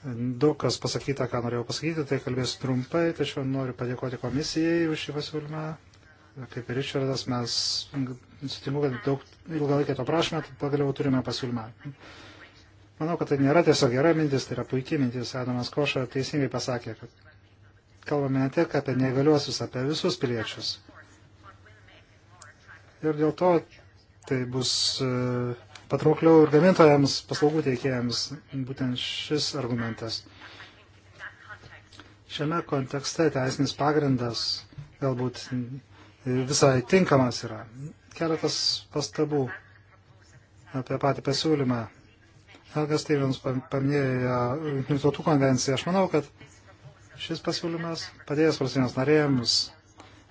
Daug kas pasakyta, ką norėjau pasakyti, tai kalbėsiu trumpai, tačiau noriu padėkoti komisijai už šį pasiūlymą. Kaip ir Richardas, mes sutinku, kad daug ilgalaikio to prašome, pagaliau turime pasiūlymą. Manau, kad tai nėra tiesiog gera mintis, tai yra puikiai mintis. Adamas Koša teisingai pasakė, kad kalbame ne tik apie negaliuosius, apie visus piliečius. Ir dėl to tai bus uh, patraukliau ir gamintojams, paslaugų teikėjams, būtent šis argumentas. Šiame kontekste teisinis pagrindas galbūt visai tinkamas yra. Keletas pastabų apie patį pasiūlymą. Helgas Stevens paminėjo Junktinių tautų konvenciją. Aš manau, kad šis pasiūlymas padės valstybėms narėjams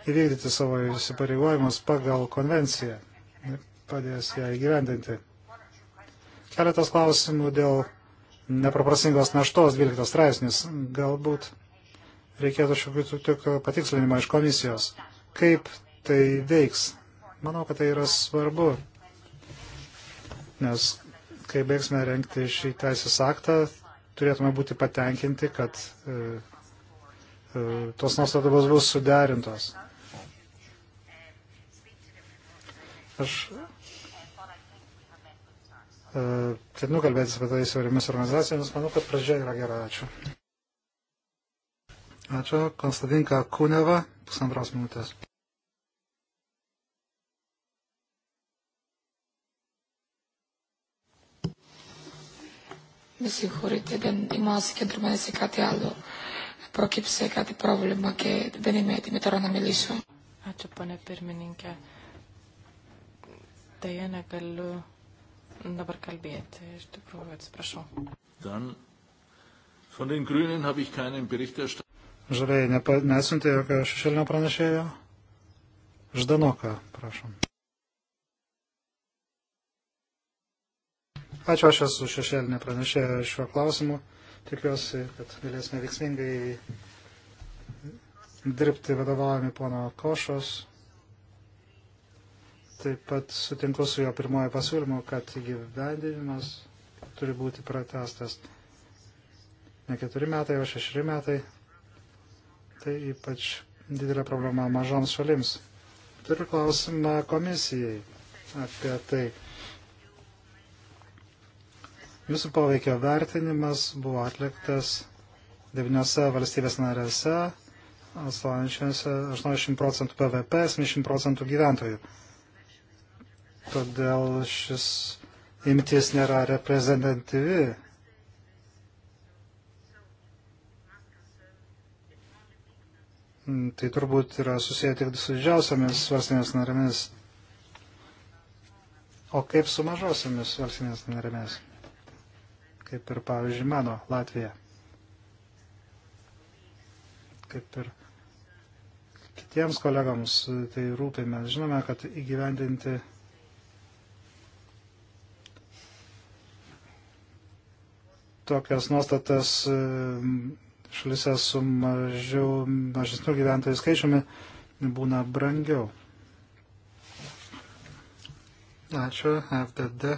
įvykdyti savo įsipareigojimus pagal konvenciją, padės ją įgyvendinti. Keletas klausimų dėl neproporcingos naštos 12 straipsnis. Galbūt reikėtų šiokių tokių patikslinimo iš komisijos. Kaip tai veiks? Manau, kad tai yra svarbu, nes kai baigsime renkti šį teisės aktą, turėtume būti patenkinti, kad e, e, tos nuostatos bus suderintos. Aš E, ketinu kalbėtis apie tai su įvairiomis organizacijomis. Manau, kad pradžia yra gera. Ačiū. Ačiū. Konstantinka Kuneva, pusantros minutės. Με συγχωρείτε, δεν είμαι συγκεντρωμένη σε κάτι άλλο. Πρόκειψε κάτι πρόβλημα και δεν είμαι έτοιμη τώρα να μιλήσω. Ačiū, ponė pirmininkė. Tai negaliu dabar kalbėti. Iš tikrųjų, atsiprašau. Dan. Von den Grünen habe ich keinen Berichterstatter. Žaliai, nesiuntė jokio šešėlinio pranešėjo. Ždanoka, prašom. Ačiū, aš esu šešėlinė pranešėja šiuo klausimu. Tikiuosi, kad galėsime veiksmingai dirbti vadovaujami pono Košos Taip pat sutinku su jo pirmojo pasiūlymu, kad įgyvendinimas turi būti pratestas ne keturi metai, o šešeri metai. Tai ypač didelė problema mažoms šalims. Turiu klausimą komisijai apie tai. Jūsų poveikio vertinimas buvo atliktas devyniose valstybės narėse, atstovančiose 80 procentų PVP, 70 procentų gyventojų todėl šis imtis nėra reprezentatyvi. Mm, tai turbūt yra susiję tik su didžiausiamis valstybės narėmis. O kaip su mažosiamis valstybės narėmis? Kaip ir, pavyzdžiui, mano Latvija. Kaip ir kitiems kolegams tai rūpime. Žinome, kad įgyvendinti tokias nuostatas e, šalise su mažiau, mažesnių gyventojų skaičiumi būna brangiau. Ačiū, FDD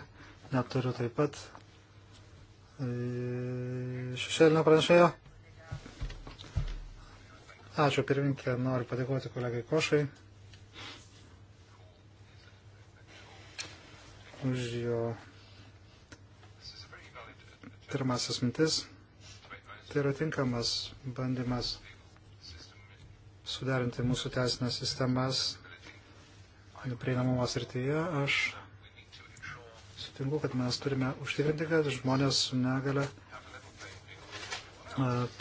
neturiu taip pat. E, šešėlinio pranešėjo. Ačiū pirminkė, noriu padėkoti kolegai Košai už jo pirmasis mintis. Tai yra tinkamas bandymas suderinti mūsų teisinės sistemas prieinamumo srityje. Aš sutinku, kad mes turime užtikrinti, kad žmonės su negale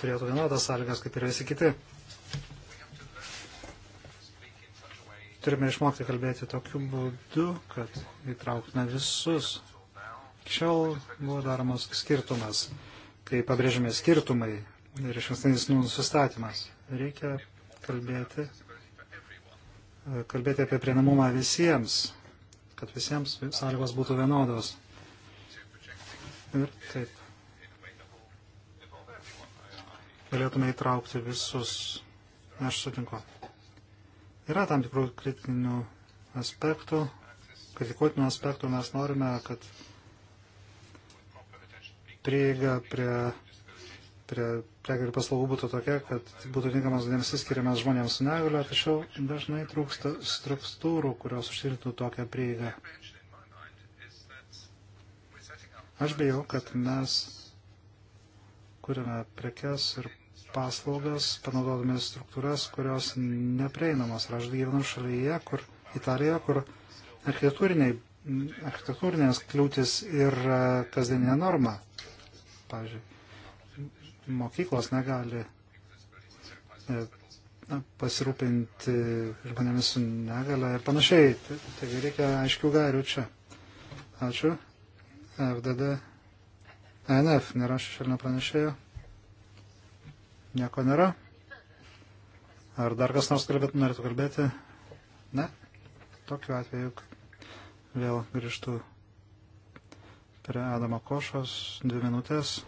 turėtų vienodas sąlygas kaip ir visi kiti. Turime išmokti kalbėti tokiu būdu, kad įtrauktume visus šiol buvo daromas skirtumas. Kai pabrėžiame skirtumai ir išankstinis nusistatymas, reikia kalbėti, kalbėti apie prieinamumą visiems, kad visiems sąlygos būtų vienodos. Ir taip. Galėtume įtraukti visus. Aš sutinku. Yra tam tikrų kritinių aspektų, kritikuotinų aspektų. Mes norime, kad prieiga prie, prie prekių ir paslaugų būtų tokia, kad būtų tinkamas dėmesys skiriamas žmonėms su negaliu, tačiau dažnai trūksta struktūrų, kurios užtikrintų tokią prieigą. Aš bijau, kad mes kuriame prekes ir paslaugas, panaudodami struktūras, kurios neprieinamos. Aš gyvenu šalyje, kur Italijoje, kur architektūriniai architektūrinės kliūtis ir e, kasdieninė norma pavyzdžiui, mokyklos negali e, na, pasirūpinti žmonėmis su negale ir panašiai. Taigi reikia aiškių gairių čia. Ačiū. FDD. NF nėra šešėlinio pranešėjo. Nieko nėra. Ar dar kas nors kalbėtų, norėtų kalbėti? Ne? Tokiu atveju vėl grįžtų Dr. Adama Košos, dvi minutės.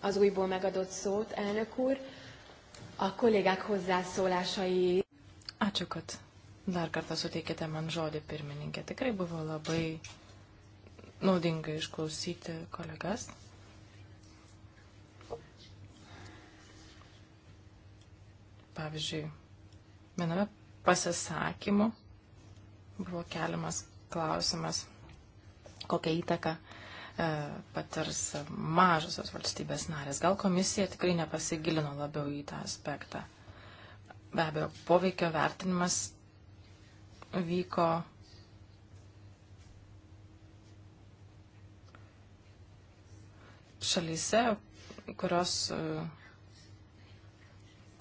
Az újból megadott szót, elnök úr, a kollégák hozzászólásai. Ačiū, kad dar kartą suteikėte man žodį, pirmininkė. Tikrai buvo labai naudinga išklausyti kolegas. Pavyzdžiui, viename pasisakymu buvo keliamas klausimas kokią įtaką e, patirs mažosios valstybės narės. Gal komisija tikrai nepasigilino labiau į tą aspektą. Be abejo, poveikio vertinimas vyko šalyse, kurios, e,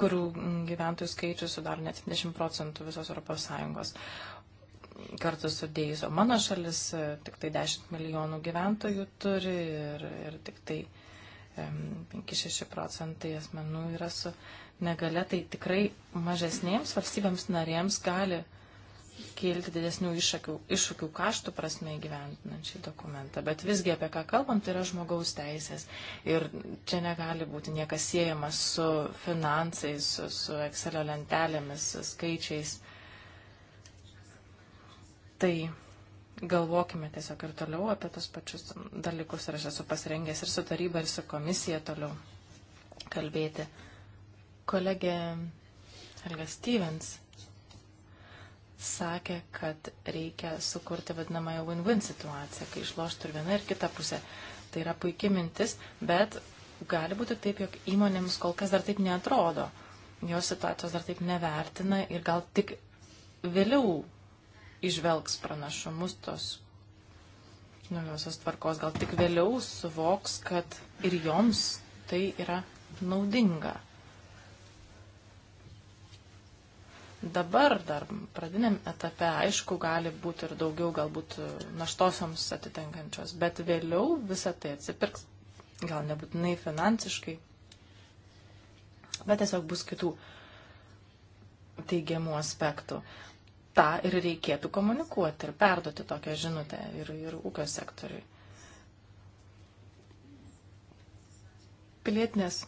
kurių gyventojų skaičius sudaro net 70 procentų visos Europos Sąjungos kartu sudėjus, o mano šalis e, tik tai 10 milijonų gyventojų turi ir, ir tik tai 5-6 procentai asmenų yra su negale, tai tikrai mažesnėms valstybėms narėms gali kilti didesnių iššūkių, iššūkių kaštų prasme įgyventinant šį dokumentą. Bet visgi apie ką kalbam, tai yra žmogaus teisės. Ir čia negali būti niekas siejamas su finansais, su, su Excelio lentelėmis, skaičiais. Tai galvokime tiesiog ir toliau apie tos pačius dalykus ir aš esu pasirengęs ir su taryba, ir su komisija toliau kalbėti. Kolegė Helga Stevens sakė, kad reikia sukurti vadinamąją win-win situaciją, kai išloštų ir viena ir kita pusė. Tai yra puikia mintis, bet gali būti taip, jog įmonėms kol kas dar taip neatrodo. Jos situacijos dar taip nevertina ir gal tik vėliau išvelgs pranašumus tos naujosios tvarkos, gal tik vėliau suvoks, kad ir joms tai yra naudinga. Dabar dar pradiniam etape, aišku, gali būti ir daugiau galbūt naštosioms atitenkančios, bet vėliau visą tai atsipirks, gal nebūtinai finansiškai, bet tiesiog bus kitų teigiamų aspektų tą ir reikėtų komunikuoti ir perduoti tokią žinutę ir, ir ūkio sektoriui. Pilietinės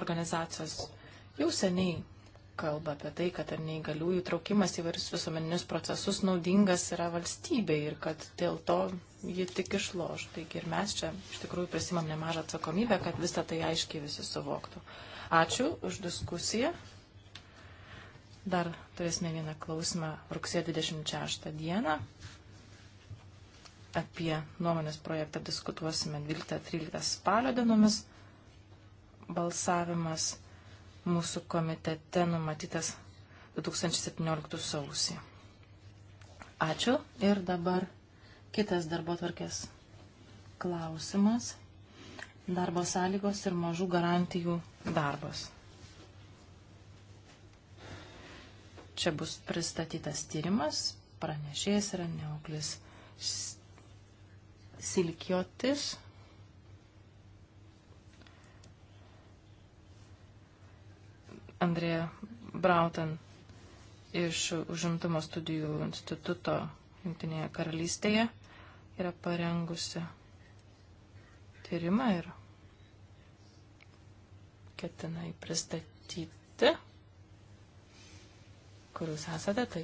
organizacijos jau seniai kalba apie tai, kad ir neįgaliųjų traukimas į varius visuomeninius procesus naudingas yra valstybei ir kad dėl to ji tik išloš. Taigi ir mes čia iš tikrųjų prisimam nemažą atsakomybę, kad visą tai aiškiai visi suvoktų. Ačiū už diskusiją. Dar turėsime vieną klausimą rugsėjo 26 dieną. Apie nuomonės projektą diskutuosime 12-13 spalio dienomis. Balsavimas mūsų komitete numatytas 2017 sausį. Ačiū. Ir dabar kitas darbo tvarkės klausimas. Darbo sąlygos ir mažų garantijų darbas. Čia bus pristatytas tyrimas, pranešėjas yra Neoklis Silkiotis. Andrėja Brautan iš Užimtumo studijų instituto Junktinėje karalystėje yra parengusi tyrimą ir ketina jį pristatyti kur jūs esate, tai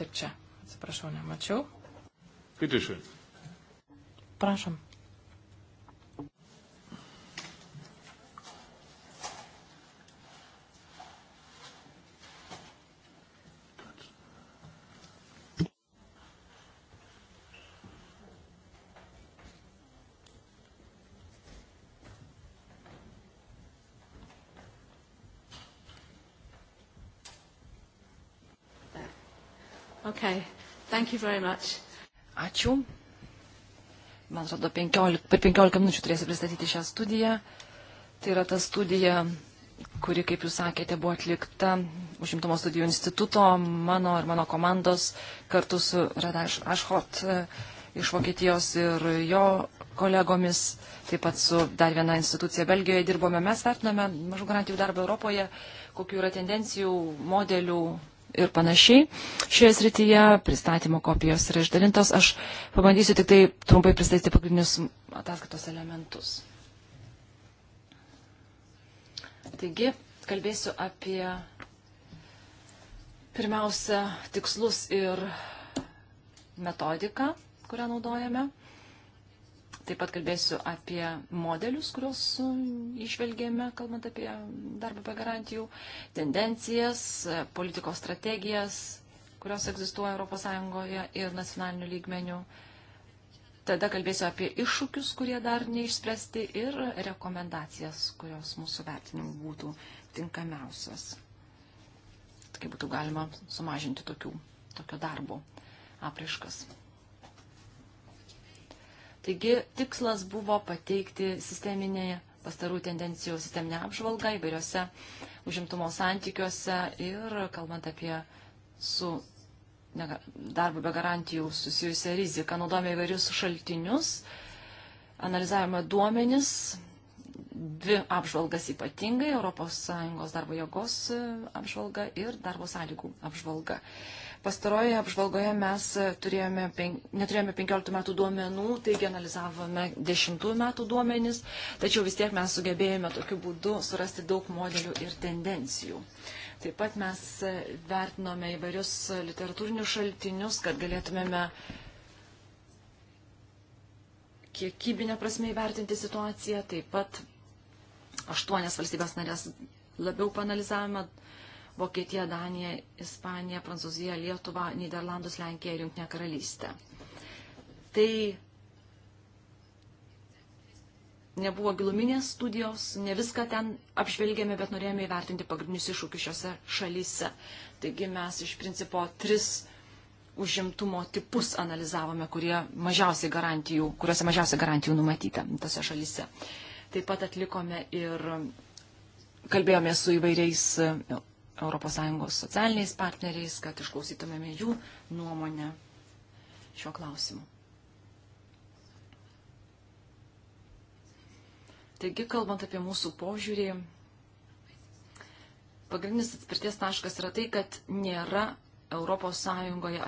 taip čia. Atsiprašau, nemačiau. Kaip išėjai? Prašom. Ačiū. Man atrodo, 15, per 15 minučių turėsiu pristatyti šią studiją. Tai yra ta studija, kuri, kaip jūs sakėte, buvo atlikta Užimtumo studijų instituto, mano ir mano komandos kartu su Radaš Ašhot e, iš Vokietijos ir jo kolegomis, taip pat su dar viena institucija Belgijoje dirbome. Mes vertiname mažų garantijų darbą Europoje, kokiu yra tendencijų, modelių, ir panašiai. Šioje srityje pristatymo kopijos yra išdalintos. Aš pabandysiu tik tai trumpai pristatyti pagrindinius ataskaitos elementus. Taigi, kalbėsiu apie pirmiausia tikslus ir metodiką, kurią naudojame. Taip pat kalbėsiu apie modelius, kuriuos um, išvelgėme, kalbant apie darbą be garantijų, tendencijas, politikos strategijas, kurios egzistuoja ES ir nacionaliniu lygmeniu. Tada kalbėsiu apie iššūkius, kurie dar neišspręsti ir rekomendacijas, kurios mūsų vertinimu būtų tinkamiausios. Taip būtų galima sumažinti tokių, tokio darbo apraiškas. Taigi tikslas buvo pateikti sisteminėje pastarų tendencijų sisteminę apžvalgą įvairiose užimtumo santykiuose ir kalbant apie su darbo be garantijų susijusią riziką. Naudojame įvairius šaltinius, analizavome duomenis, dvi apžvalgas ypatingai, ES darbo jėgos apžvalga ir darbo sąlygų apžvalga. Pastarojoje apžvalgoje mes e, turėjome, neturėjome 15 metų duomenų, taigi analizavome 10 metų duomenys, tačiau vis tiek mes sugebėjome tokiu būdu surasti daug modelių ir tendencijų. Taip pat mes e, vertinome įvairius literatūrinius šaltinius, kad galėtumėme kiekybinę prasme įvertinti situaciją, taip pat aštuonias valstybės narės labiau panalizavome, Vokietiją, Daniją, Ispaniją, Prancūziją, Lietuvą, Niderlandus, Lenkiją ir Junktinę karalystę. Tai nebuvo giluminės studijos, ne viską ten apžvelgėme, bet norėjome įvertinti pagrindinius iššūkius šiuose šalyse. Taigi mes iš principo tris užimtumo tipus analizavome, kurie mažiausiai garantijų, kuriuose mažiausiai garantijų numatyta tose šalyse. Taip pat atlikome ir kalbėjome su įvairiais ES socialiniais partneriais, kad išklausytumėme jų nuomonę šiuo klausimu. Taigi, kalbant apie mūsų požiūrį, pagrindinis atspirties taškas yra tai, kad nėra ES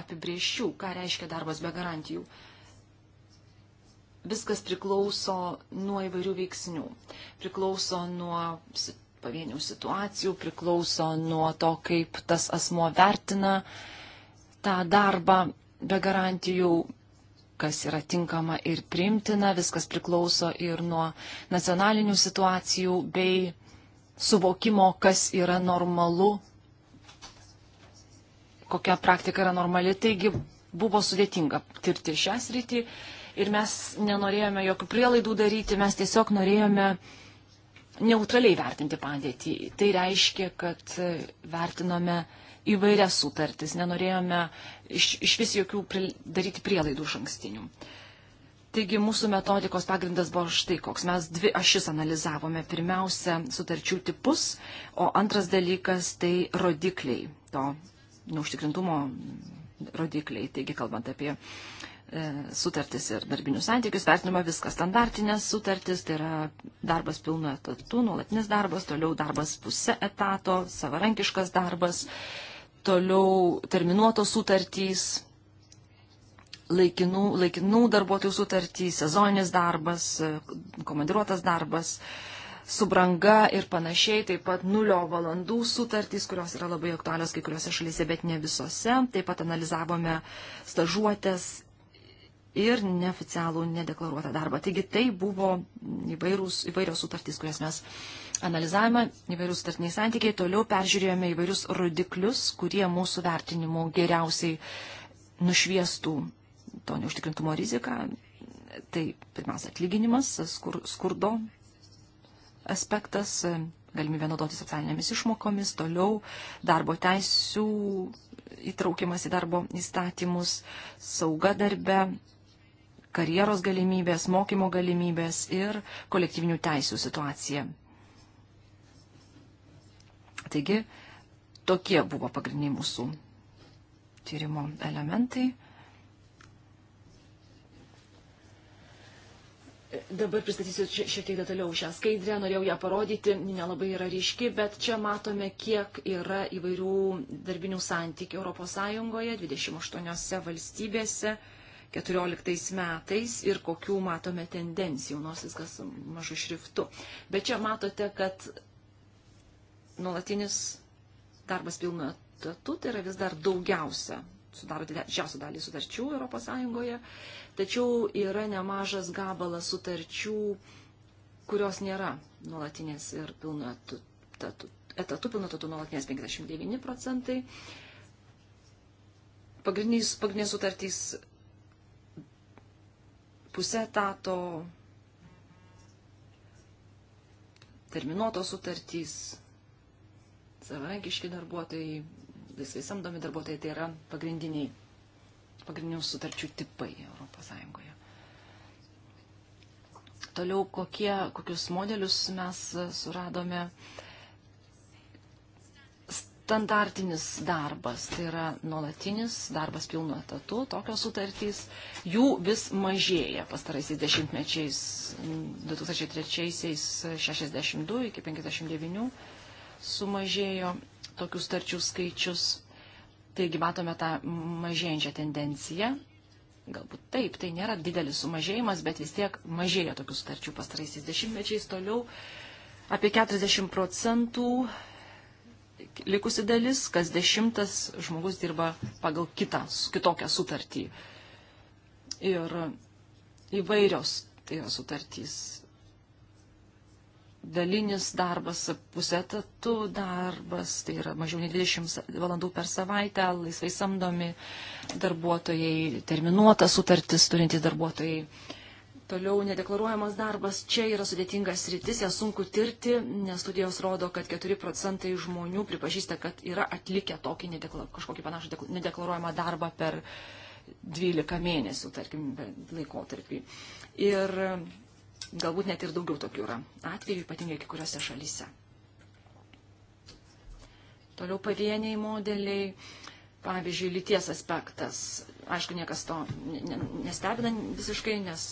apibriešių, ką reiškia darbas be garantijų. Viskas priklauso nuo įvairių veiksnių. Priklauso nuo pavienių situacijų, priklauso nuo to, kaip tas asmo vertina tą darbą be garantijų, kas yra tinkama ir primtina, viskas priklauso ir nuo nacionalinių situacijų bei suvokimo, kas yra normalu, kokia praktika yra normali. Taigi buvo sudėtinga tirti šią sritį ir mes nenorėjome jokių prielaidų daryti, mes tiesiog norėjome uh, neutraliai vertinti padėtį. Tai reiškia, kad vertinome įvairias sutartis, nenorėjome iš, iš vis jokių pri, daryti prielaidų šankstinių. Taigi mūsų metodikos pagrindas buvo štai koks. Mes dvi ašis analizavome. Pirmiausia, sutarčių tipus, o antras dalykas tai rodikliai, to neužtikrintumo rodikliai. Taigi, kalbant apie E, sutartis ir darbinius santykius, vertinama viskas standartinės sutartis, tai yra darbas pilnu etatu, nuolatinis darbas, toliau darbas puse etato, savarankiškas darbas, toliau terminuotos sutartys, laikinų, laikinų darbuotojų sutartys, sezoninis darbas, e, komandiruotas darbas subranga ir panašiai, taip pat nulio valandų sutartys, kurios yra labai aktualios kai kuriuose šalyse, bet ne visose. Taip pat analizavome stažuotės ir neoficialų, nedeklaruotą darbą. Taigi tai buvo įvairūs, įvairios sutartys, kurias mes analizavome, įvairius sutartiniai santykiai, toliau peržiūrėjome įvairius rodiklius, kurie mūsų vertinimu geriausiai nušviestų to neužtikrintumo riziką. Tai pirmiausia atlyginimas, skur, skurdo aspektas, galimybė naudotis socialinėmis išmokomis, toliau darbo teisų įtraukimas į darbo įstatymus, sauga darbe, karjeros galimybės, mokymo galimybės ir kolektyvinių teisų situacija. Taigi, tokie buvo pagrindiniai mūsų tyrimo elementai. Dabar pristatysiu šiek tiek detaliau šią skaidrę, norėjau ją parodyti, nelabai yra ryški, bet čia matome, kiek yra įvairių darbinių santykių ES, 28 valstybėse 2014 metais ir kokių matome tendencijų, nors viskas mažu šriftu. Bet čia matote, kad nuolatinis darbas pilnu etatu tai yra vis dar daugiausia sudaro didžiausią dalį sutarčių ES, tačiau yra nemažas gabalas sutarčių, kurios nėra nuolatinės ir pilno etatų, etatų pilno etatų nuolatinės 59 procentai. Pagrindinės sutartys pusę etato, terminuotos sutartys, savarankiški darbuotojai, laisvai samdomi darbuotojai, tai yra pagrindiniai, pagrindinių sutarčių tipai ES. Toliau, kokie, kokius modelius mes suradome. Uh, standartinis darbas, tai yra nuolatinis darbas pilnu etatu, tokios sutartys, jų vis mažėja pastaraisiais dešimtmečiais, 2003-62 mm, iki 59 sumažėjo tokių starčių skaičius. Taigi matome tą mažėjančią tendenciją. Galbūt taip, tai nėra didelis sumažėjimas, bet vis tiek mažėja tokių starčių pastaraisiais dešimtmečiais toliau. Apie 40 procentų likusi dalis, kas dešimtas žmogus dirba pagal kitą, kitokią sutartį. Ir įvairios tai yra sutartys. Dalinis darbas, pusetatų darbas, tai yra mažiau nei 20 valandų per savaitę, laisvai samdomi darbuotojai, terminuotas sutartis turintys darbuotojai Toliau nedeklaruojamas darbas. Čia yra sudėtingas rytis, ją sunku tirti, nes studijos rodo, kad 4 procentai žmonių pripažįsta, kad yra atlikę tokį nedeklar... kažkokį panašų nedeklaruojamą darbą per 12 mėnesių, tarkim, laikotarpį. Ir galbūt net ir daugiau tokių yra atvejų, ypatingai kai kuriuose šalyse. Toliau pavieniai modeliai, pavyzdžiui, lyties aspektas. Aišku, niekas to nestebina visiškai, nes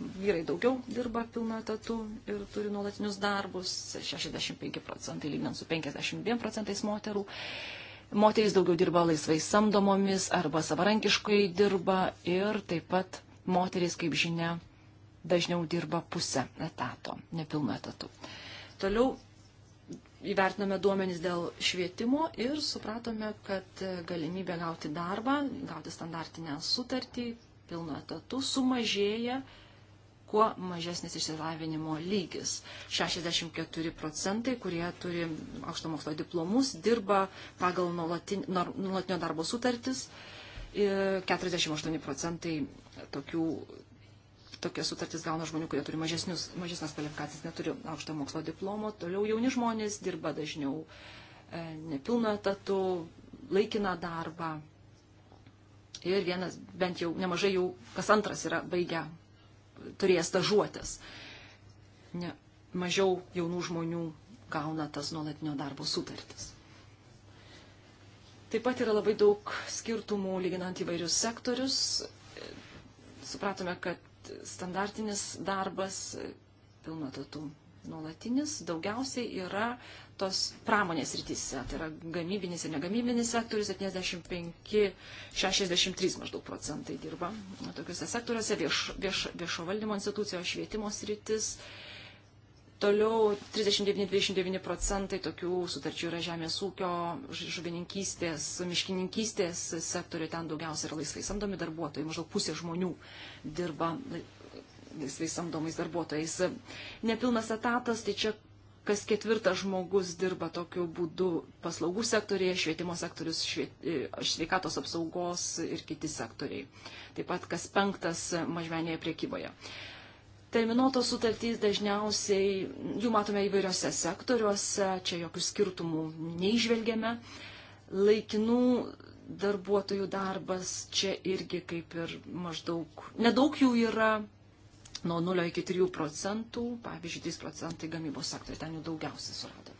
vyrai daugiau dirba pilno etatu ir turi nuolatinius darbus, 65 procentai lyginant su 52 procentais moterų. Moterys daugiau dirba laisvai samdomomis arba savarankiškai dirba ir taip pat moterys, kaip žinia, dažniau dirba pusę etato, nepilno etatu. Toliau įvertinome duomenys dėl švietimo ir supratome, kad galimybė gauti darbą, gauti standartinę sutartį pilno etatu sumažėja kuo mažesnis išsilavinimo lygis. 64 procentai, kurie turi aukšto mokslo diplomus, dirba pagal nuolatinio darbo sutartis. 48 procentai tokių, tokias sutartis gauna žmonių, kurie turi mažesnius, mažesnės kvalifikacijas, neturi aukšto mokslo diplomo. Toliau jauni žmonės dirba dažniau e, nepilno etatu, laikiną darbą. Ir vienas, bent jau nemažai jau kas antras yra baigę turėję stažuotės. Ne, mažiau jaunų žmonių gauna tas nuolatinio darbo sutartis. Taip pat yra labai daug skirtumų lyginant įvairius sektorius. Supratome, kad standartinis darbas, pilno tatų nuolatinis, daugiausiai yra tos pramonės rytise, tai yra gamybinis ir negamybinis sektorius, 75-63 maždaug procentai dirba tokiuose sektoriuose, vieš, vieš, viešo valdymo institucijos, švietimo sritis. Toliau 39-29 procentai tokių sutarčių yra žemės ūkio, žuvininkystės, miškininkystės sektoriuje, ten daugiausia yra laisvai samdomi darbuotojai, maždaug pusė žmonių dirba laisvai samdomais darbuotojais. Nepilnas etatas, tai čia kas ketvirtas žmogus dirba tokiu būdu paslaugų sektorėje, švietimo sektorius, e, sveikatos apsaugos ir kiti sektoriai. Taip pat kas penktas mažmenėje priekyboje. Terminuotos sutartys dažniausiai, jų matome įvairiose sektoriuose, čia jokių skirtumų neižvelgiame. Laikinų darbuotojų darbas čia irgi kaip ir maždaug, nedaug jų yra, nuo 0 iki 3 procentų, pavyzdžiui, 3 procentai gamybos sektoriai, ten jų daugiausiai suradome.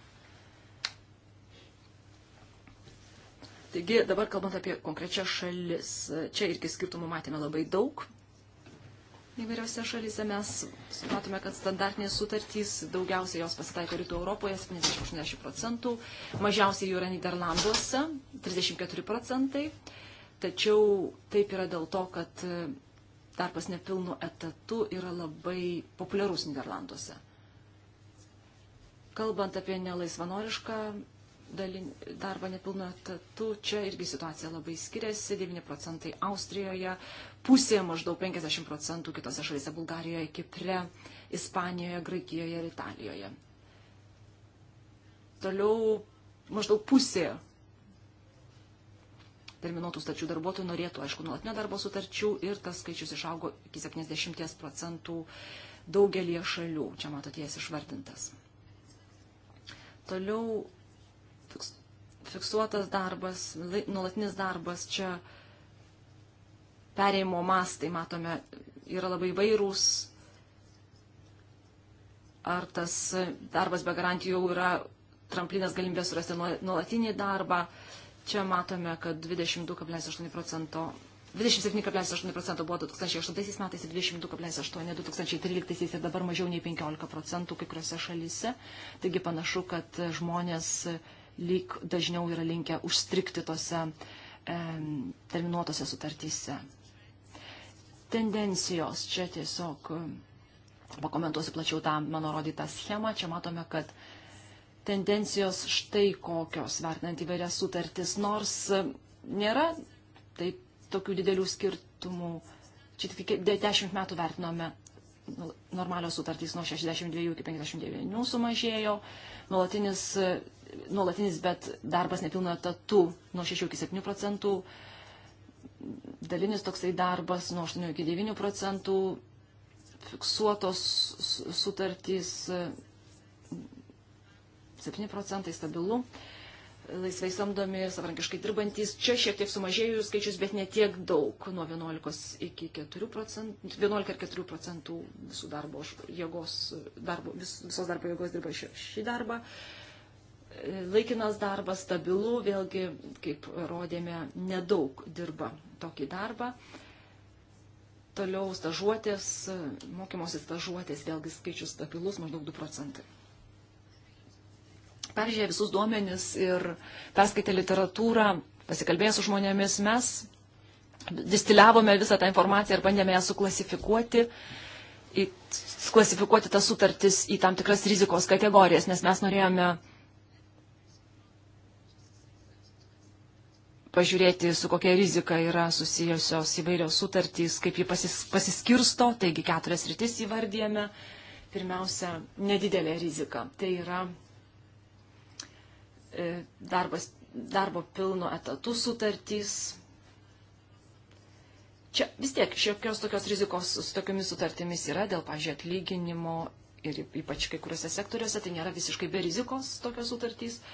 Taigi, dabar kalbant apie konkrečią šalis, čia irgi skirtumų matėme labai daug. Įvairiose šalyse mes supratome, kad standartinės sutartys daugiausiai jos pasitaiko rytų Europoje 70-80 procentų, mažiausiai jų yra Niderlanduose 34 procentai. Tačiau taip yra dėl to, kad darbas nepilnu etatu yra labai populiarus Niderlanduose. Kalbant apie nelaisvanorišką dalin, darbą nepilnu etatu, čia irgi situacija labai skiriasi. 9 procentai Austrijoje, pusė maždaug 50 procentų kitose šalyse - Bulgarijoje, Kipre, Ispanijoje, Graikijoje ir Italijoje. Toliau maždaug pusė terminuotų starčių darbuotojų norėtų, aišku, nuolatinio darbo sutarčių ir tas skaičius išaugo iki 70 procentų daugelie šalių. Čia matote, jas išvardintas. Toliau fiksuotas darbas, nuolatinis darbas, čia perėjimo mastai, matome, yra labai vairūs. Ar tas darbas be garantijų yra tramplinas galimybės surasti nuolatinį darbą, Čia matome, kad 22,8 procento 27,8 procento buvo 2008 metais ir 22,8 2013 ir dabar mažiau nei 15 procentų kai kuriuose šalyse. Taigi panašu, kad žmonės lyg dažniau yra linkę užstrikti tose e, terminuotose sutartyse. Tendencijos čia tiesiog pakomentuosiu plačiau tą mano rodytą schemą. Čia matome, kad e, tendencijos štai kokios, vertinant įvairias sutartis, nors e, nėra taip tokių didelių skirtumų. Čia tik 10 metų vertinome normalios sutartys nuo 62 iki 59 sumažėjo, nuolatinis, e, nuolatinis bet darbas nepilno etatų nuo 6 iki 7 procentų, dalinis toksai darbas nuo 8 iki 9 procentų, fiksuotos sutartys e, 7 procentai stabilu, laisvai samdomi, savarankiškai dirbantys. Čia šiek tiek sumažėjo skaičius, bet ne tiek daug, nuo 11 iki 4 procentų, 11 ir 4 procentų visų darbo jėgos, darbo, vis, visos darbo jėgos dirba šį, šį darbą. Laikinas darbas stabilu, vėlgi, kaip rodėme, nedaug dirba tokį darbą. Toliau stažuotės, mokymosi stažuotės, vėlgi skaičius stabilus, maždaug 2 procentai peržiūrėję visus duomenis ir perskaitę literatūrą, pasikalbėję su žmonėmis, mes distiliavome visą tą informaciją ir bandėme ją suklasifikuoti, į, suklasifikuoti tas sutartis į tam tikras rizikos kategorijas, nes mes norėjome pažiūrėti, su kokia rizika yra susijusios įvairios sutartys, kaip ji pasis, pasiskirsto, taigi keturias rytis įvardėjame. Pirmiausia, nedidelė rizika. Tai yra E, darbas, darbo pilno etatų sutartys. Čia vis tiek šiokios tokios rizikos su tokiamis sutartimis yra dėl, pažiūrėjau, atlyginimo ir ypač kai kuriuose sektoriuose tai nėra visiškai be rizikos tokios sutartys. Uh,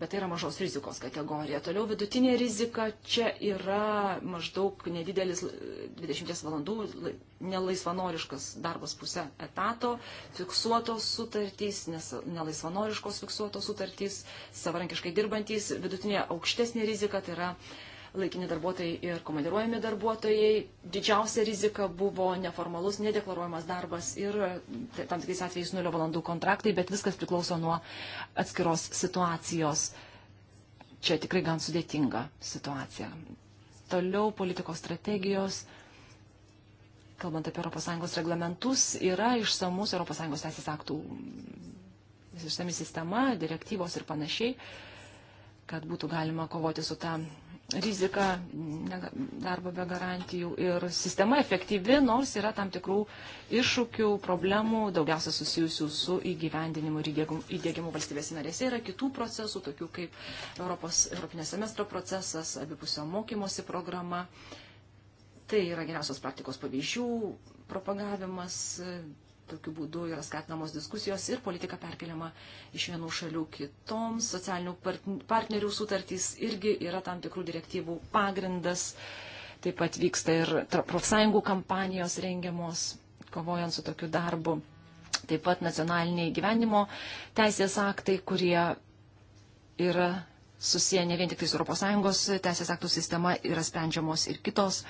bet tai yra mažos rizikos kategorija. Toliau vidutinė rizika čia yra maždaug nedidelis 20 e, valandų nelaisvanoriškas darbas pusę etato, fiksuotos sutartys, nes nelaisvanoriškos fiksuotos sutartys, savarankiškai dirbantys, vidutinė aukštesnė rizika tai yra laikini darbuotojai ir komandiruojami darbuotojai. Didžiausia rizika buvo neformalus, nedeklaruojamas darbas ir tam tikrais atvejais nulio valandų kontraktai, bet viskas priklauso nuo atskiros situacijos. Čia tikrai gan sudėtinga situacija. Toliau politikos strategijos kalbant apie ES reglamentus, yra išsamus ES teisės aktų išsami sistema, direktyvos ir panašiai, kad būtų galima kovoti su tą rizika, darbo be garantijų ir sistema efektyvi, nors yra tam tikrų iššūkių, problemų, daugiausia susijusių su įgyvendinimu ir įdėgimu valstybės narėse. Yra kitų procesų, tokių kaip Europos, Europinės semestro procesas, abipusio mokymosi programa. Tai yra geriausios praktikos pavyzdžių propagavimas, Tokiu būdu yra skatinamos diskusijos ir politika perkeliama iš vienų šalių kitoms. Socialinių partnerių sutartys irgi yra tam tikrų direktyvų pagrindas. Taip pat vyksta ir profsąjungų kampanijos rengiamos, kovojant su tokiu darbu. Taip pat nacionaliniai gyvenimo teisės aktai, kurie yra susiję ne vien tik tai su ES teisės aktų sistema, yra sprendžiamos ir kitos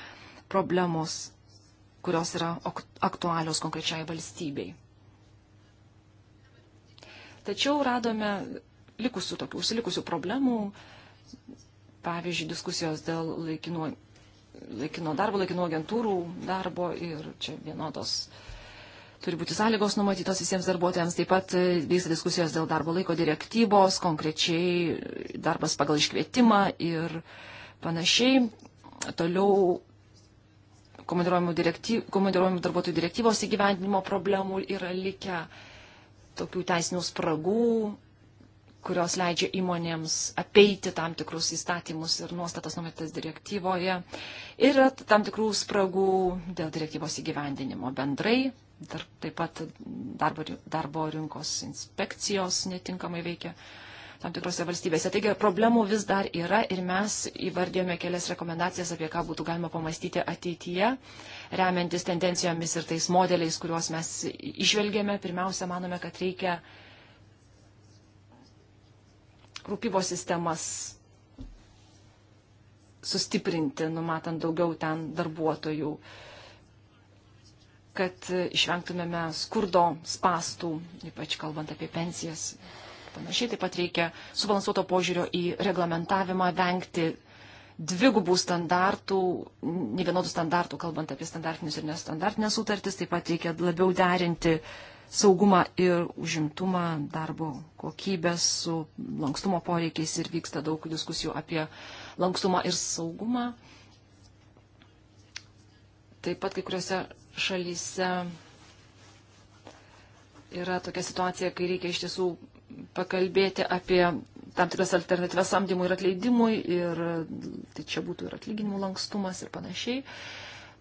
problemos kurios yra aktualios konkrečiai valstybei. Tačiau radome likusių tokių užsilikusių problemų, pavyzdžiui, diskusijos dėl laikino, laikino darbo, laikino agentūrų darbo ir čia vienodos turi būti sąlygos numatytos visiems darbuotojams. Taip pat e, vyksta diskusijos dėl darbo laiko direktyvos, konkrečiai darbas pagal iškvietimą ir panašiai. Toliau komandiruojamų, direktyv, komandiruojamų darbuotojų direktyvos įgyvendinimo problemų yra likę tokių teisinių spragų, kurios leidžia įmonėms apeiti tam tikrus įstatymus ir nuostatas numatytas direktyvoje. Ir tam tikrų spragų dėl direktyvos įgyvendinimo bendrai. Dar, taip pat darbo, darbo rinkos inspekcijos netinkamai veikia tam tikrose valstybėse. Taigi problemų vis dar yra ir mes įvardėjome kelias rekomendacijas, apie ką būtų galima pamastyti ateityje, remiantis tendencijomis ir tais modeliais, kuriuos mes išvelgėme. Pirmiausia, manome, kad reikia rūpybos sistemas sustiprinti, numatant daugiau ten darbuotojų, kad išvengtumėme skurdo spastų, ypač kalbant apie pensijas panašiai. Taip pat reikia subalansuoto požiūrio į reglamentavimą, vengti dvigubų standartų, ne vienodų standartų, kalbant apie standartinius ir nestandartinės sutartis. Taip pat reikia labiau derinti saugumą ir užimtumą, darbo kokybę su lankstumo poreikiais ir vyksta daug diskusijų apie lankstumą ir saugumą. Taip pat kai kuriuose šalyse yra tokia situacija, kai reikia iš tiesų pakalbėti apie tam tikras alternatyvas samdymui ir atleidimui, ir tai čia būtų ir atlyginimų lankstumas ir panašiai.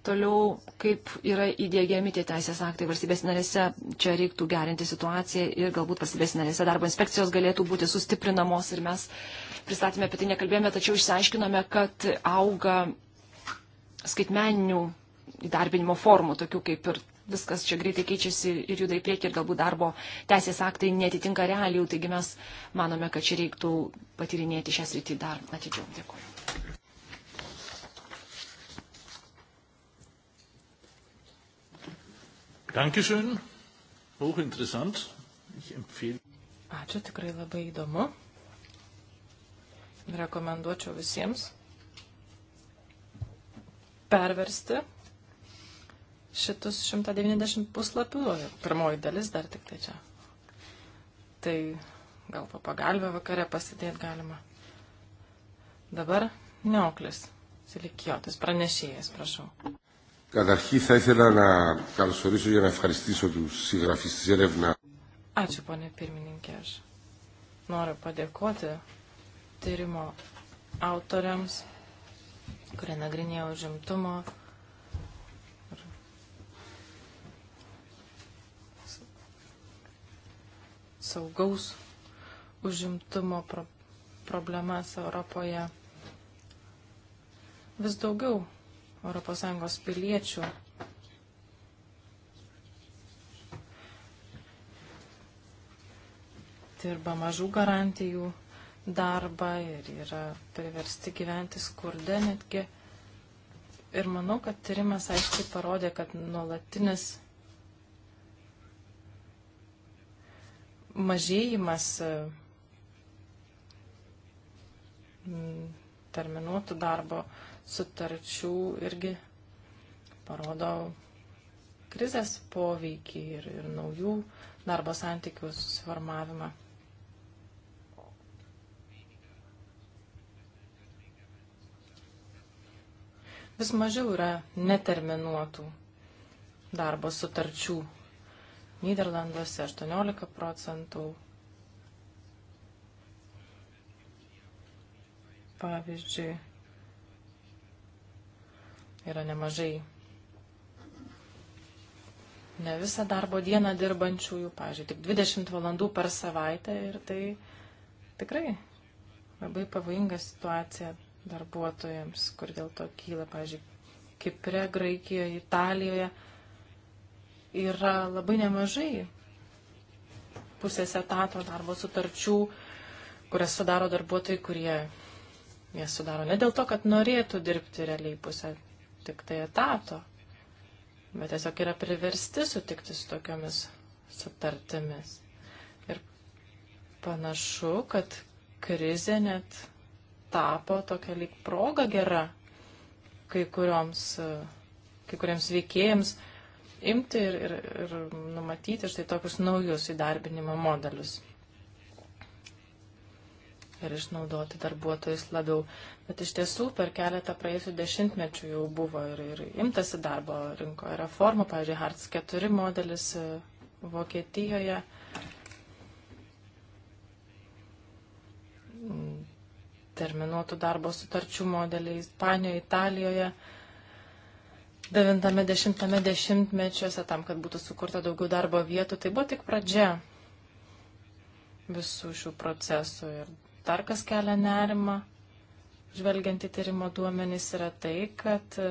Toliau, kaip yra įdėgiami tie teisės aktai valstybės narėse, čia reiktų gerinti situaciją ir galbūt valstybės narėse darbo inspekcijos galėtų būti sustiprinamos ir mes pristatymė apie tai nekalbėjome, tačiau išsiaiškinome, kad auga skaitmeninių įdarbinimo formų, tokių kaip ir viskas čia greitai keičiasi ir juda į priekį ir galbūt darbo teisės aktai netitinka realijų, taigi mes manome, kad čia reiktų patyrinėti šią sritį dar atidžiau. Dėkuoju. Dankeschön. Hochinteressant. Ich empfehle. Ačiū, tikrai labai įdomu. Rekomenduočiau visiems perversti šitus 190 puslapių, pirmoji dalis dar tik tai čia. Tai gal po pagalbę vakare pasidėti galima. Dabar neoklis, silikiotis, pranešėjas, prašau. Καταρχήν θα ήθελα να καλωσορίσω για να ευχαριστήσω τους συγγραφείς της έρευνα. Ačiū, ponė pirmininkė, aš noriu padėkoti tyrimo autoriams, kurie nagrinėjo užimtumo saugaus užimtumo pro problemas Europoje. Vis daugiau ES piliečių dirba mažų garantijų darbą ir yra priversti gyventi skurde netgi. Ir manau, kad tyrimas aiškiai parodė, kad nuolatinis mažėjimas e, terminuotų darbo sutarčių irgi parodo krizės poveikį ir, ir naujų darbo santykių susiformavimą. Vis mažiau yra neterminuotų darbo sutarčių Niderlanduose 18 procentų. Pavyzdžiui, yra nemažai ne visą darbo dieną dirbančiųjų, pavyzdžiui, tik 20 valandų per savaitę ir tai tikrai labai pavojinga situacija darbuotojams, kur dėl to kyla, pavyzdžiui, Kipre, Graikijoje, Italijoje yra labai nemažai pusės etato darbo sutarčių, kurias sudaro darbuotojai, kurie jas sudaro ne dėl to, kad norėtų dirbti realiai pusę tik tai etato, bet tiesiog yra priversti sutikti su tokiamis sutartimis. Ir panašu, kad krizė net tapo tokia lyg proga gera kai, kurioms, kai kuriems veikėjams imti ir, ir, ir numatyti štai tokius naujus įdarbinimo modelius. Ir išnaudoti darbuotojus labiau. Bet iš tiesų per keletą praėjusių dešimtmečių jau buvo ir, ir imtasi darbo rinkoje reformų, pavyzdžiui, Hartz 4 modelis e, Vokietijoje. Mm, terminuotų darbo sutarčių modeliai Ispanijoje, Italijoje 90-me dešimtmečiuose tam, kad būtų sukurta daugiau darbo vietų. Tai buvo tik pradžia visų šių procesų. Ir dar kas kelia nerima, žvelgiant į tyrimo duomenys, yra tai, kad e,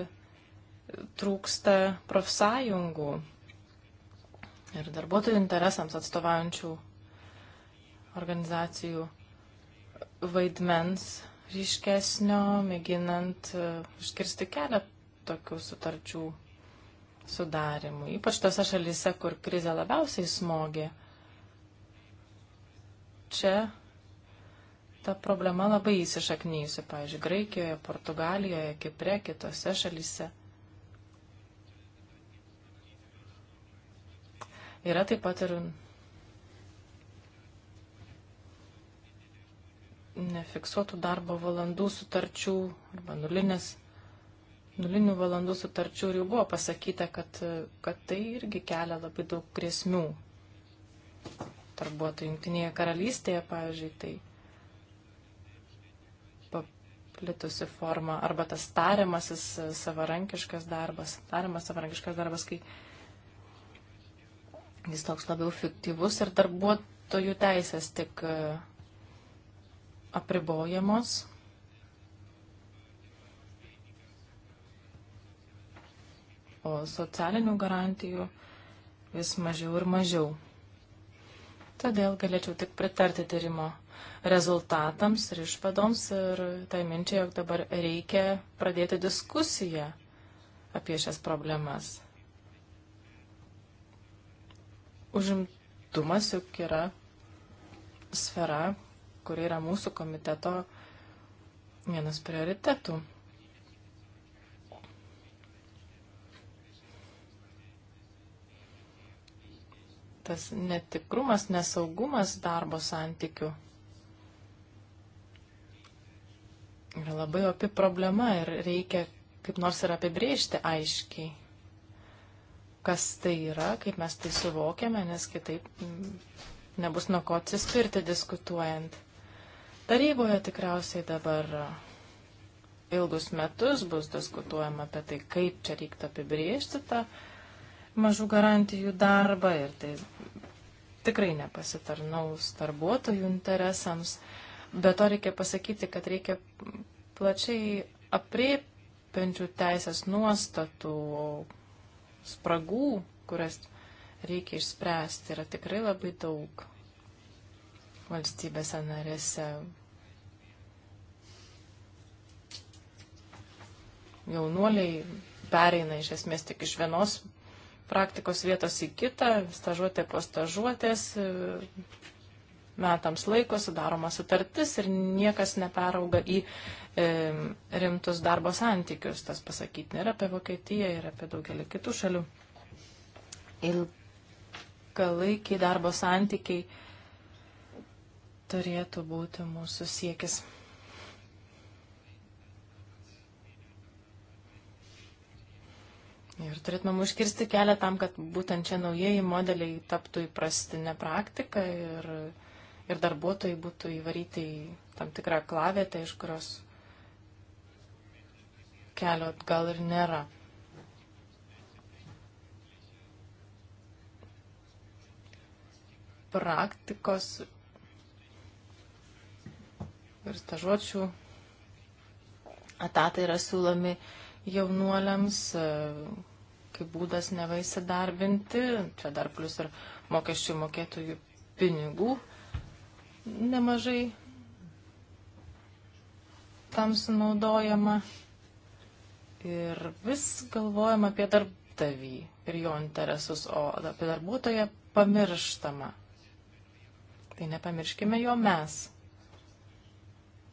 trūksta profsąjungų ir darbuotojų interesams atstovaujančių organizacijų vaidmens ryškesnio, mėginant iškirsti e, kelią tokių sutarčių sudarimui, ypač tose šalise, kur krizė labiausiai smogė. Čia ta problema labai įsišaknyjusi, pavyzdžiui, Graikijoje, Portugalijoje, Kipre, kitose šalise. Yra taip pat ir nefiksuotų darbo valandų sutarčių arba nulinės nulinių valandų sutarčių ir jau buvo pasakyta, kad, kad tai irgi kelia labai daug grėsmių. Darbuotojų jungtinėje karalystėje, pavyzdžiui, tai paplitusi forma arba tas tariamasis savarankiškas darbas, tariamas savarankiškas darbas, kai jis toks labiau fiktyvus ir darbuotojų teisės tik e, apribojamos o socialinių garantijų vis mažiau ir mažiau. Todėl galėčiau tik pritarti tyrimo rezultatams ir išvadoms ir tai minčiai, jog dabar reikia pradėti diskusiją apie šias problemas. Užimtumas juk yra sfera, kuri yra mūsų komiteto vienas prioritetų. tas netikrumas, nesaugumas darbo santykių yra labai opi problema ir reikia kaip nors ir apibrėžti aiškiai, kas tai yra, kaip mes tai suvokiame, nes kitaip mm, nebus nuo ko atsispirti diskutuojant. Taryboje tikriausiai dabar ilgus metus bus diskutuojama apie tai, kaip čia reiktų apibriežti tą ta mažų garantijų darbą ir tai tikrai nepasitarnaus darbuotojų interesams. Be to reikia pasakyti, kad reikia plačiai apriepiančių teisės nuostatų spragų, kurias reikia išspręsti, yra tikrai labai daug valstybėse narėse. Jaunuoliai pereina iš esmės tik iš vienos praktikos vietos į kitą, stažuotė po stažuotės, metams laiko sudaroma sutartis ir niekas neperauga į e, rimtus darbo santykius. Tas pasakyti nėra apie Vokietiją ir apie daugelį kitų šalių. Ilgalaikiai darbo santykiai turėtų būti mūsų siekis. Ir turėtumėm užkirsti kelią tam, kad būtent čia naujieji modeliai taptų įprastinę praktiką ir, ir darbuotojai būtų įvaryti į tam tikrą klavietę, iš kurios kelio gal ir nėra. Praktikos ir stažuočių etatai yra siūlomi jaunuoliams, kaip būdas neva įsidarbinti, čia dar plus ir mokesčių mokėtojų pinigų nemažai tam sunaudojama. Ir vis galvojam apie darbdavį ir jo interesus, o apie darbuotoją pamirštama. Tai nepamirškime jo mes.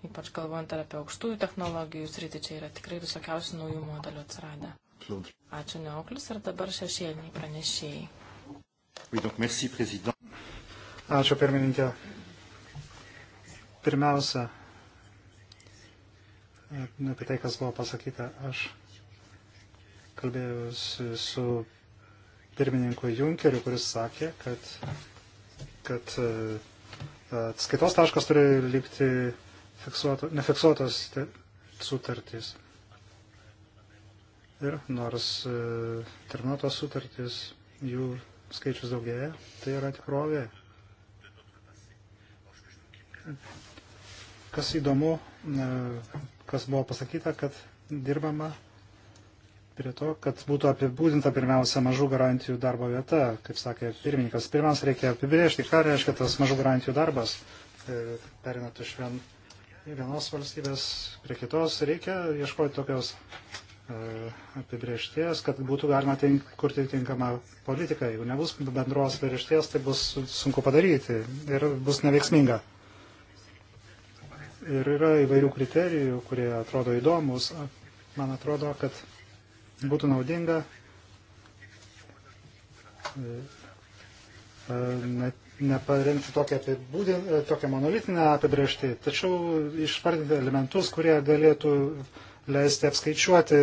Ypač galvojant apie aukštųjų technologijų sritį, čia yra tikrai visokiausių naujų modelių atsiradę. Claude. Ačiū Neoklius ir dabar šešėliniai pranešėjai. Oui, donc, merci, président. Ačiū pirmininkė. Pirmiausia, apie tai, kas buvo pasakyta, aš kalbėjausi su pirmininku Junkeriu, kuris sakė, kad, kad e, atskaitos taškas turi likti fiksuoto, nefiksuotos sutartys. Ir nors e, terminuotos sutartys, jų skaičius daugėja, tai yra tikrovė. Kas įdomu, e, kas buvo pasakyta, kad dirbama prie to, kad būtų apibūdinta pirmiausia mažų garantijų darbo vieta, kaip sakė pirmininkas. Pirmiausia, reikia apibrėžti, ką reiškia tas mažų garantijų darbas, e, perinat iš vien, vienos valstybės prie kitos, reikia ieškoti tokios apibriešties, kad būtų galima tink, kurti tinkamą politiką. Jeigu nebus bendros apibriešties, tai bus sunku padaryti ir bus neveiksminga. Ir yra įvairių kriterijų, kurie atrodo įdomus. Man atrodo, kad būtų naudinga e, ne, neparengti tokią, tokią monolitinę apibriežtį, tačiau išvardinti elementus, kurie galėtų uh, leisti apskaičiuoti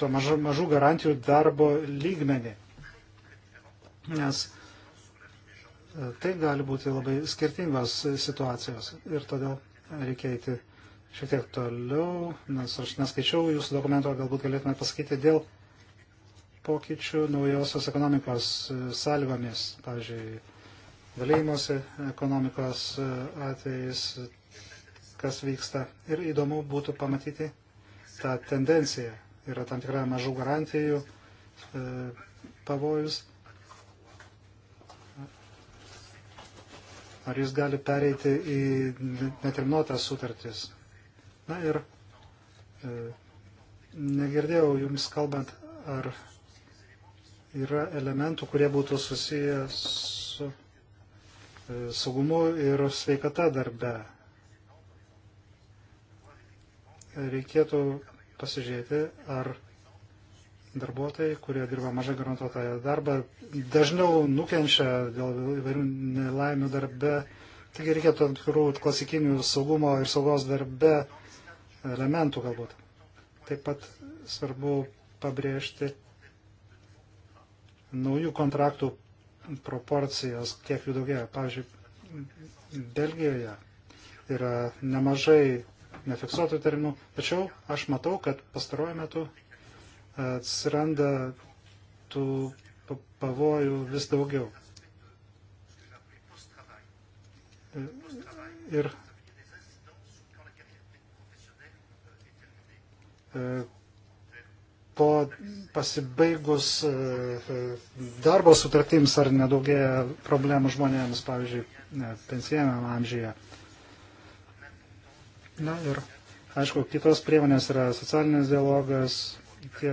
to mažų, mažų garantijų darbo lygmenį. Nes e, tai gali būti labai skirtingos situacijos ir todėl reikia eiti šiek tiek toliau, nes aš neskaičiau jūsų dokumento, galbūt galėtume pasakyti dėl pokyčių naujosios ekonomikos e, sąlygomis, pavyzdžiui, dalymosi ekonomikos e, atvejais, kas vyksta. Ir įdomu būtų pamatyti, tą tendenciją. Yra tam tikra mažų garantijų e, pavojus. Ar jis gali pereiti į neterminuotas sutartis. Na ir e, negirdėjau jums kalbant, ar yra elementų, kurie būtų susiję su e, saugumu ir sveikata darbe. Reikėtų pasižiūrėti, ar darbuotojai, kurie dirba mažai garantuotą darbą, dažniau nukenčia dėl įvairių nelaimių darbe. Taigi reikėtų tam tikrų klasikinių saugumo ir saugos darbe elementų galbūt. Taip pat svarbu pabrėžti naujų kontraktų proporcijas, kiek jų daugėja. Pavyzdžiui, Belgijoje yra nemažai nefiksuotų terminų. Tačiau aš matau, kad pastaruoju metu e, atsiranda tų pavojų vis daugiau. E, ir e, po pasibaigus darbo sutartims ar nedaugėja problemų žmonėms, pavyzdžiui, pensijame amžyje. Na ir, aišku, kitos priemonės yra socialinis dialogas, tie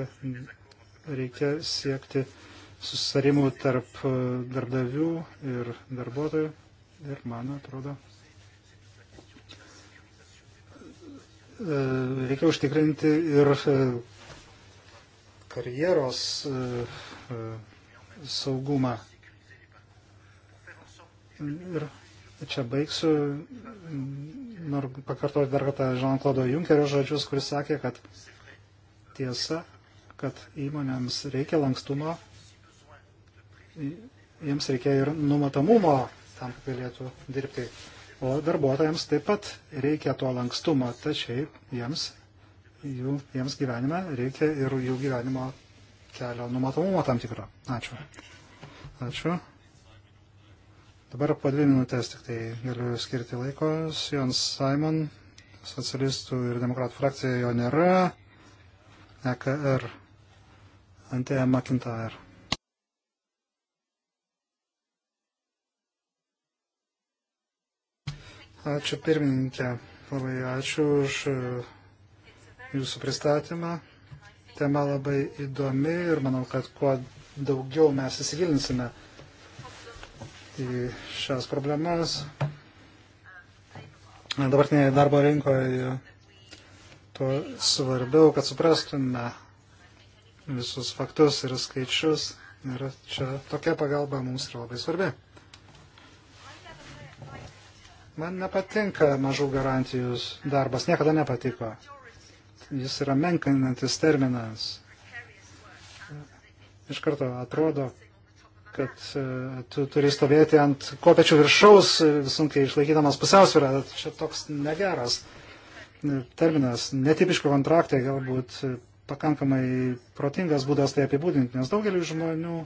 reikia siekti susitarimų tarp e, darbdavių ir darbuotojų. Ir man atrodo, e, reikia užtikrinti ir e, karjeros saugumą. Ir čia baigsiu. Noriu pakartoti dar kartą Žanklodo Junkerio žodžius, kuris sakė, kad tiesa, kad įmonėms reikia lankstumo, jiems reikia ir numatomumo tam, kad galėtų dirbti. O darbuotojams taip pat reikia to lankstumo, tačiau jiems, jų, jiems gyvenime reikia ir jų gyvenimo kelio numatomumo tam tikro. Ačiū. Ačiū. Dabar po dvi minutės tik tai galiu skirti laiko. Jon Simon, socialistų ir demokratų frakcija jo nėra. EKR, er, Antėja McIntyre. Ačiū pirmininkė. Labai ačiū už e, jūsų pristatymą. Tema labai įdomi ir manau, kad kuo daugiau mes įsigilinsime į šias problemas. Dabartinėje darbo rinkoje tuo svarbiau, kad suprastume visus faktus ir skaičius. Ir čia tokia pagalba mums yra labai svarbi. Man nepatinka mažų garantijų darbas, niekada nepatiko. Jis yra menkinantis terminas. Iš karto atrodo, kad e, tu turi stovėti ant kopečių viršaus, e, sunkiai išlaikydamas pusiausvyrą. Čia toks negeras e, terminas, netipiški kontraktai galbūt pakankamai protingas būdas tai apibūdinti, nes daugeliu žmonių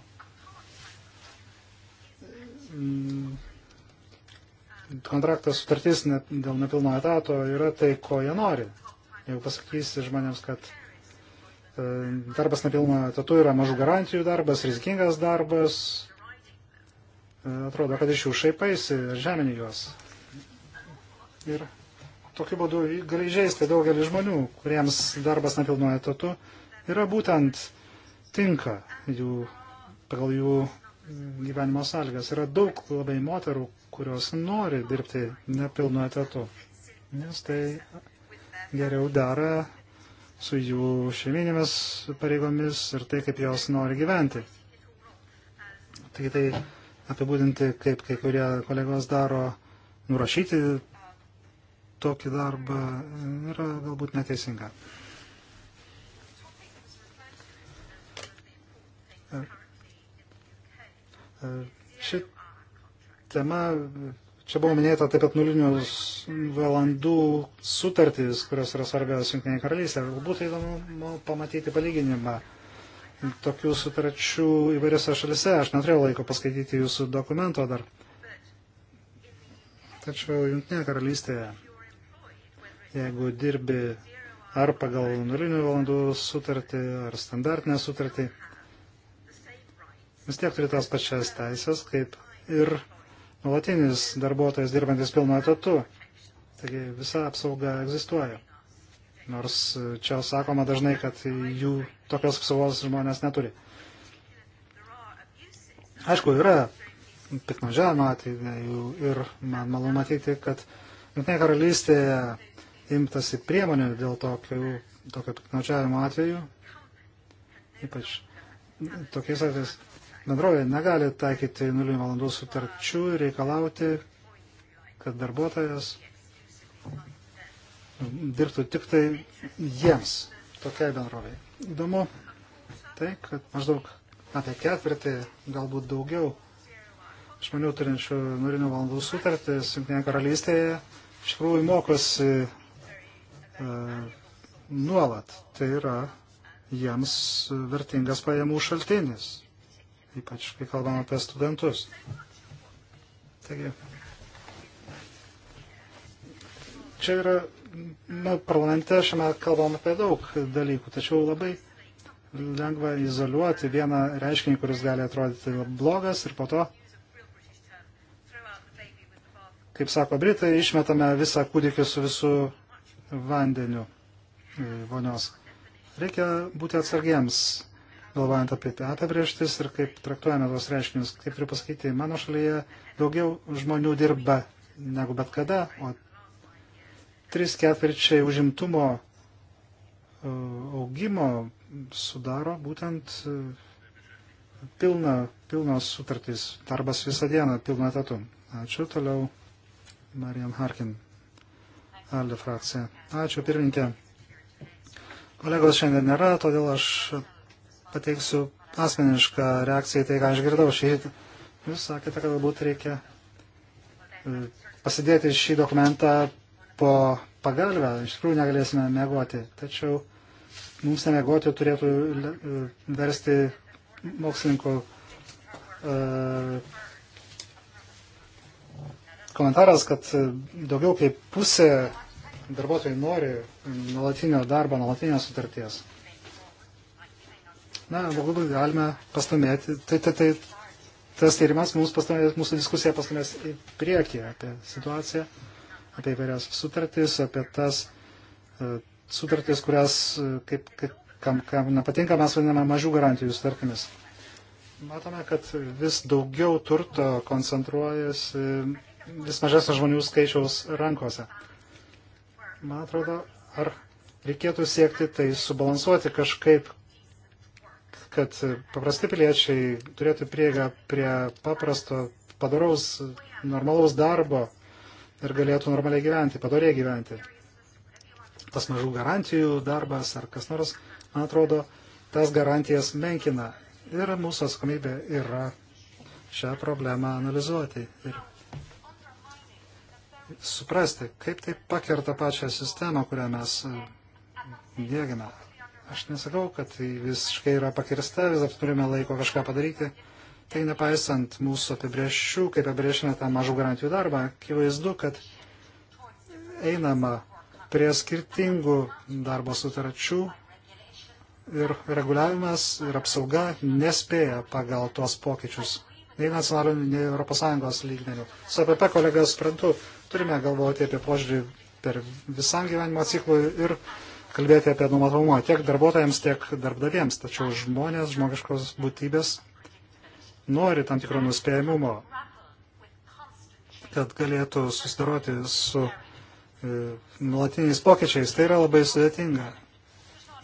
mm, kontraktas sutartis net dėl nepilno etato yra tai, ko jie nori. Jeigu pasakysi žmonėms, kad E, darbas nepilno etatu yra mažų garantijų darbas, rizikingas darbas. E, atrodo, kad iš jų šaipaisi ir žemini juos. Ir tokiu būdu gali žaisti daugelį žmonių, kuriems darbas nepilno etatu yra būtent tinka jų, pagal jų gyvenimo sąlygas. Yra daug labai moterų, kurios nori dirbti nepilnu etatu, nes tai geriau dera su jų šeiminėmis pareigomis ir tai, kaip jos nori gyventi. Tai tai apibūdinti, kaip kai kurie kolegos daro, nurašyti tokį darbą yra galbūt neteisinga. Ši tema Čia buvo minėta taip pat nulinių valandų sutartys, kurios yra svarbios Junktiniai karalystė. Būtų įdomu pamatyti palyginimą tokių sutarčių įvairiose šalise. Aš neturėjau laiko paskaityti jūsų dokumento dar. Tačiau Junktinėje karalystėje, jeigu dirbi ar pagal nulinių valandų sutartį, ar standartinę sutartį, vis tiek turi tas pačias teisės, kaip ir nuolatinis darbuotojas dirbantis pilnu etatu. Taigi visa apsauga egzistuoja. Nors čia sakoma dažnai, kad jų tokios apsaugos žmonės neturi. Aišku, yra piknaudžiavimo atveju ir man malonu matyti, kad Junktinė karalystė imtasi priemonių dėl tokio, tokio piknaudžiavimo atveju. Ypač tokiais atvejais Bendrovė negali taikyti 0 valandų sutarčių ir reikalauti, kad darbuotojas dirbtų tik tai jiems, tokiai bendroviai. Įdomu tai, kad maždaug apie ketvirtį, galbūt daugiau žmonių turinčių nulinių valandų sutartis Junktinėje karalystėje iš tikrųjų mokosi e, nuolat. Tai yra jiems vertingas pajamų šaltinis ypač kai kalbam apie studentus. Taigi, čia yra, na, nu, parlamente šiame kalbam apie daug dalykų, tačiau labai lengva izoliuoti vieną reiškinį, kuris gali atrodyti blogas ir po to, kaip sako Britai, išmetame visą kūdikį su visu vandeniu vonios. Reikia būti atsargiems galvojant apie apibrieštis ir kaip traktuojame tos reiškinius. Kaip turiu pasakyti, mano šalyje daugiau žmonių dirba negu bet kada, o tris ketvirčiai užimtumo e, augimo sudaro būtent e, pilna, pilnos sutartys, darbas visą dieną pilna tatu. Ačiū toliau, Marian Harkin, Alde frakcija. Ačiū pirmininkė. Kolegos šiandien nėra, todėl aš pateiksiu asmenišką reakciją į tai, ką aš girdau šį. Jūs sakėte, kad galbūt reikia e, pasidėti šį dokumentą po pagalbę, iš tikrųjų negalėsime mėgoti. Tačiau mums nemėgoti turėtų e, versti mokslininkų e, komentaras, kad daugiau kaip pusė darbuotojai nori nuolatinio darbo, nuolatinės sutarties. Na, galbūt galime pastumėti, tai, tai, tai tas tyrimas mums pastumės, mūsų diskusija pastumės į priekį apie situaciją, apie įvairias sutartys, apie tas uh, e, sutartys, kurias, e, kaip, kaip, kam, kam nepatinka, mes vadiname mažų garantijų sutartimis. Matome, kad vis daugiau turto koncentruojasi vis mažesnio žmonių skaičiaus rankose. Man atrodo, ar reikėtų siekti tai subalansuoti kažkaip, kad paprasti piliečiai turėtų prieigą prie paprasto, padaraus, normalaus darbo ir galėtų normaliai gyventi, padoriai gyventi. Tas mažų garantijų darbas ar kas nors, man atrodo, tas garantijas menkina. Ir mūsų atsakomybė yra šią problemą analizuoti ir suprasti, kaip tai pakerta pačią sistemą, kurią mes dėgiame. Aš nesakau, kad tai visiškai yra pakirsta, vis dar turime laiko kažką padaryti. Tai nepaisant mūsų apibrėžčių, kaip apibrėžime tą mažų garantijų darbą, akivaizdu, kad einama prie skirtingų darbo sutarčių ir reguliavimas ir apsauga nespėja pagal tuos pokyčius nei nacionalinių, nei Europos Sąjungos lygmenių. Su APP kolega suprantu, turime galvoti apie požiūrį per visam gyvenimo ciklui ir kalbėti apie numatomumą tiek darbuotojams, tiek darbdavėms. Tačiau žmonės, žmogiškos būtybės nori tam tikro nuspėjimumo, kad galėtų susidaroti su e, nulatiniais pokyčiais. Tai yra labai sudėtinga.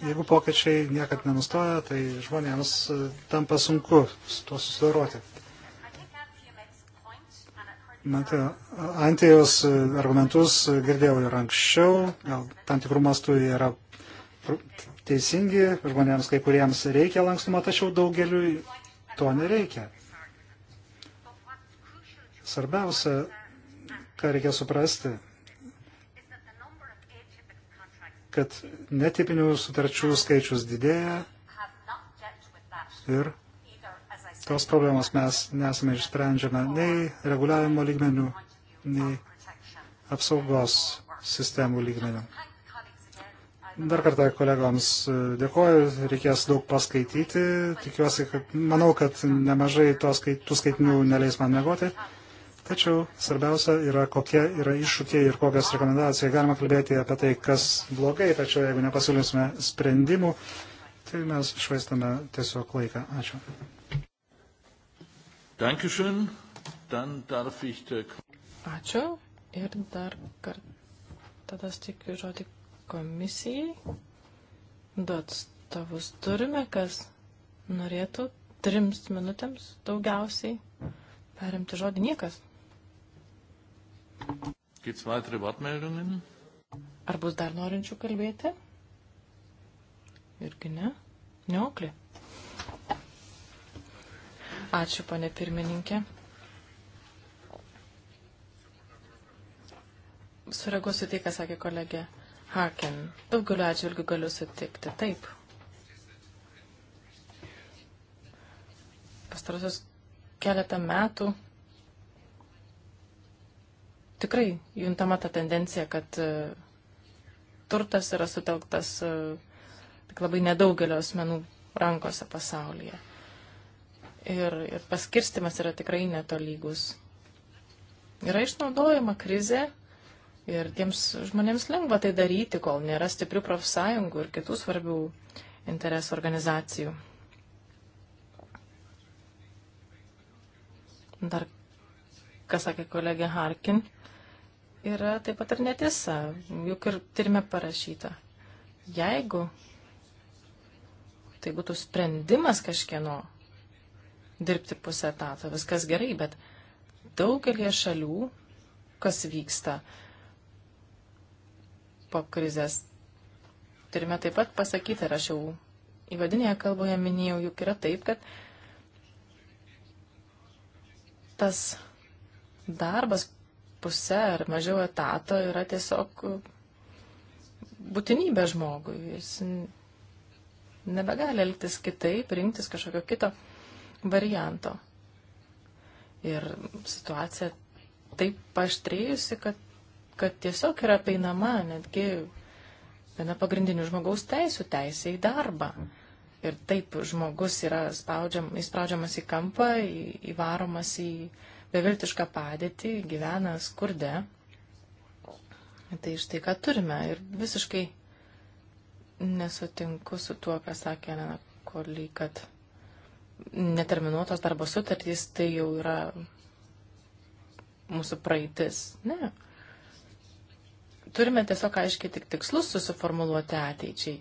Jeigu pokyčiai niekad nenustoja, tai žmonėms e, tampa sunku su to susidaroti. Antijos argumentus girdėjau ir anksčiau, gal tam tikrų mastų yra teisingi, žmonėms kai kuriems reikia lankstumo, tačiau daugeliu to nereikia. Svarbiausia, ką reikia suprasti, kad netipinių sutarčių skaičius didėja ir tos problemos mes nesame išsprendžiame nei reguliavimo lygmenių, nei apsaugos sistemų lygmenių. Dar kartą kolegoms e, dėkoju, reikės daug paskaityti, tikiuosi, kad manau, kad nemažai skait, tų skaitinių neleis man mėgoti, tačiau svarbiausia yra, kokie yra iššūkiai ir kokias rekomendacijas. Galima kalbėti apie tai, kas blogai, tačiau jeigu nepasiūlysime sprendimų, tai mes išvaistame tiesiog laiką. Ačiū. Dankeschön. Dann darf ich der... Ačiū. Ir dar kartą tada stikiu žodį komisijai. Du atstovus turime, kas norėtų trims minutėms daugiausiai perimti žodį niekas. Geht's weitere Wortmeldungen? Ar bus dar norinčių kalbėti? Irgi ne. Neoklė. Ačiū, ponė pirmininkė. Sureaguosiu tai, ką sakė kolegė Haken. Daugeliu atžvilgių galiu sutikti. Taip. Pastarosius keletą metų tikrai juntama ta tendencija, kad e, turtas yra sutelktas e, tik labai nedaugelio asmenų rankose pasaulyje ir, ir paskirstimas yra tikrai netolygus. Yra išnaudojama krizė ir tiems žmonėms lengva tai daryti, kol nėra stiprių profsąjungų ir kitų svarbių interesų organizacijų. Dar, kas sakė kolegė Harkin, yra taip pat ir netiesa, juk ir tyrime parašyta. Jeigu tai būtų sprendimas kažkieno dirbti pusę etato, viskas gerai, bet daugelie šalių, kas vyksta po krizės, turime taip pat pasakyti, ir aš jau įvadinėje kalboje minėjau, juk yra taip, kad tas darbas pusę ar mažiau etato yra tiesiog būtinybė žmogui. Jis nebegali elgtis kitaip, rinktis kažkokio kito varianto. Ir situacija taip paštrėjusi, kad, kad tiesiog yra peinama netgi viena pagrindinių žmogaus teisų teisė į darbą. Ir taip žmogus yra spaudžiam, įspaudžiamas į kampą, į, įvaromas į beviltišką padėtį, gyvena skurde. Tai štai ką turime. Ir visiškai nesutinku su tuo, ką sakė Nena Kolį, kad neterminuotos darbo sutartys tai jau yra mūsų praeitis. Ne. Turime tiesiog aiškiai tik tikslus susiformuluoti ateičiai.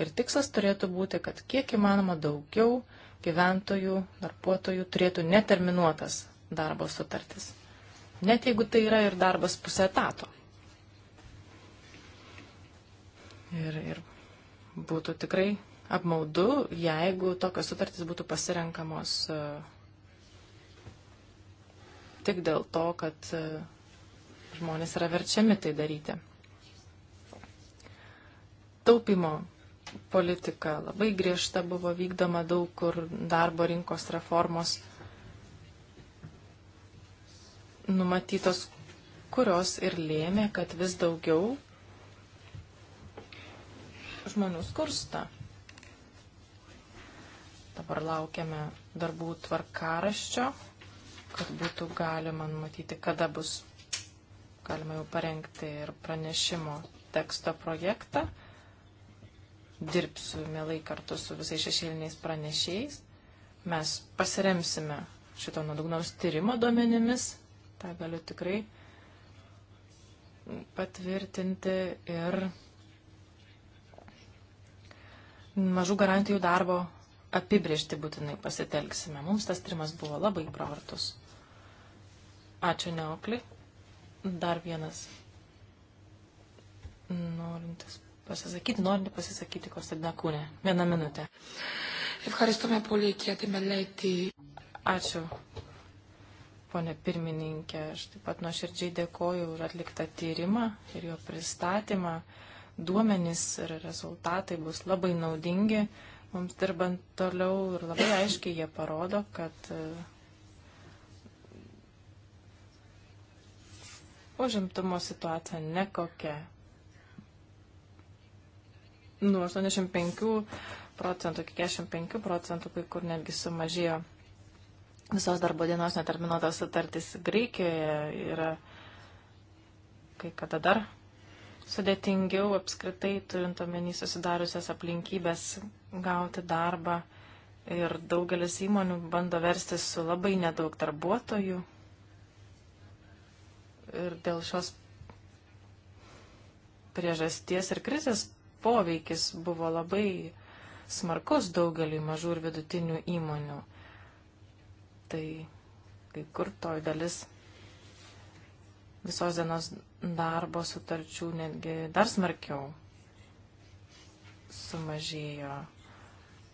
Ir tikslas turėtų būti, kad kiek įmanoma daugiau gyventojų, darbuotojų turėtų neterminuotas darbo sutartis. Net jeigu tai yra ir darbas pusę etato. Ir, ir būtų tikrai apmaudu, jeigu tokios sutartys būtų pasirenkamos e, tik dėl to, kad e, žmonės yra verčiami tai daryti. Taupimo politika labai griežta buvo vykdoma daug kur darbo rinkos reformos numatytos, kurios ir lėmė, kad vis daugiau žmonių skursta. Dabar laukiame darbų tvarkaraščio, kad būtų galima matyti, kada bus galima jau parengti ir pranešimo teksto projektą. Dirbsiu mielai kartu su visais šešėliniais pranešėjais. Mes pasiremsime šito nuodugnaus tyrimo duomenimis, tą galiu tikrai patvirtinti ir mažų garantijų darbo apibriežti būtinai pasitelksime. Mums tas trimas buvo labai pravartus. Ačiū Neokli. Dar vienas norintis pasisakyti, norinti pasisakyti Kostina Kūnė. Vieną minutę. Ευχαριστούμε πολύ για τη μελέτη. Ačiū, ponė pirmininkė. Aš taip pat nuoširdžiai dėkoju už atliktą tyrimą ir jo pristatymą. Duomenys ir rezultatai bus labai naudingi mums dirbant toliau ir labai aiškiai jie parodo, kad e, užimtumo situacija nekokia. Nuo 85 procentų iki 45 procentų kai kur netgi sumažėjo visos darbo dienos neterminuotos sutartys Graikijoje yra kai kada dar sudėtingiau apskritai turint omeny susidariusias aplinkybės gauti darbą ir daugelis įmonių bando verstis su labai nedaug darbuotojų. Ir dėl šios priežasties ir krizės poveikis buvo labai smarkus daugeliui mažų ir vidutinių įmonių. Tai kai kur toj dalis visos dienos darbo sutarčių netgi dar smarkiau sumažėjo.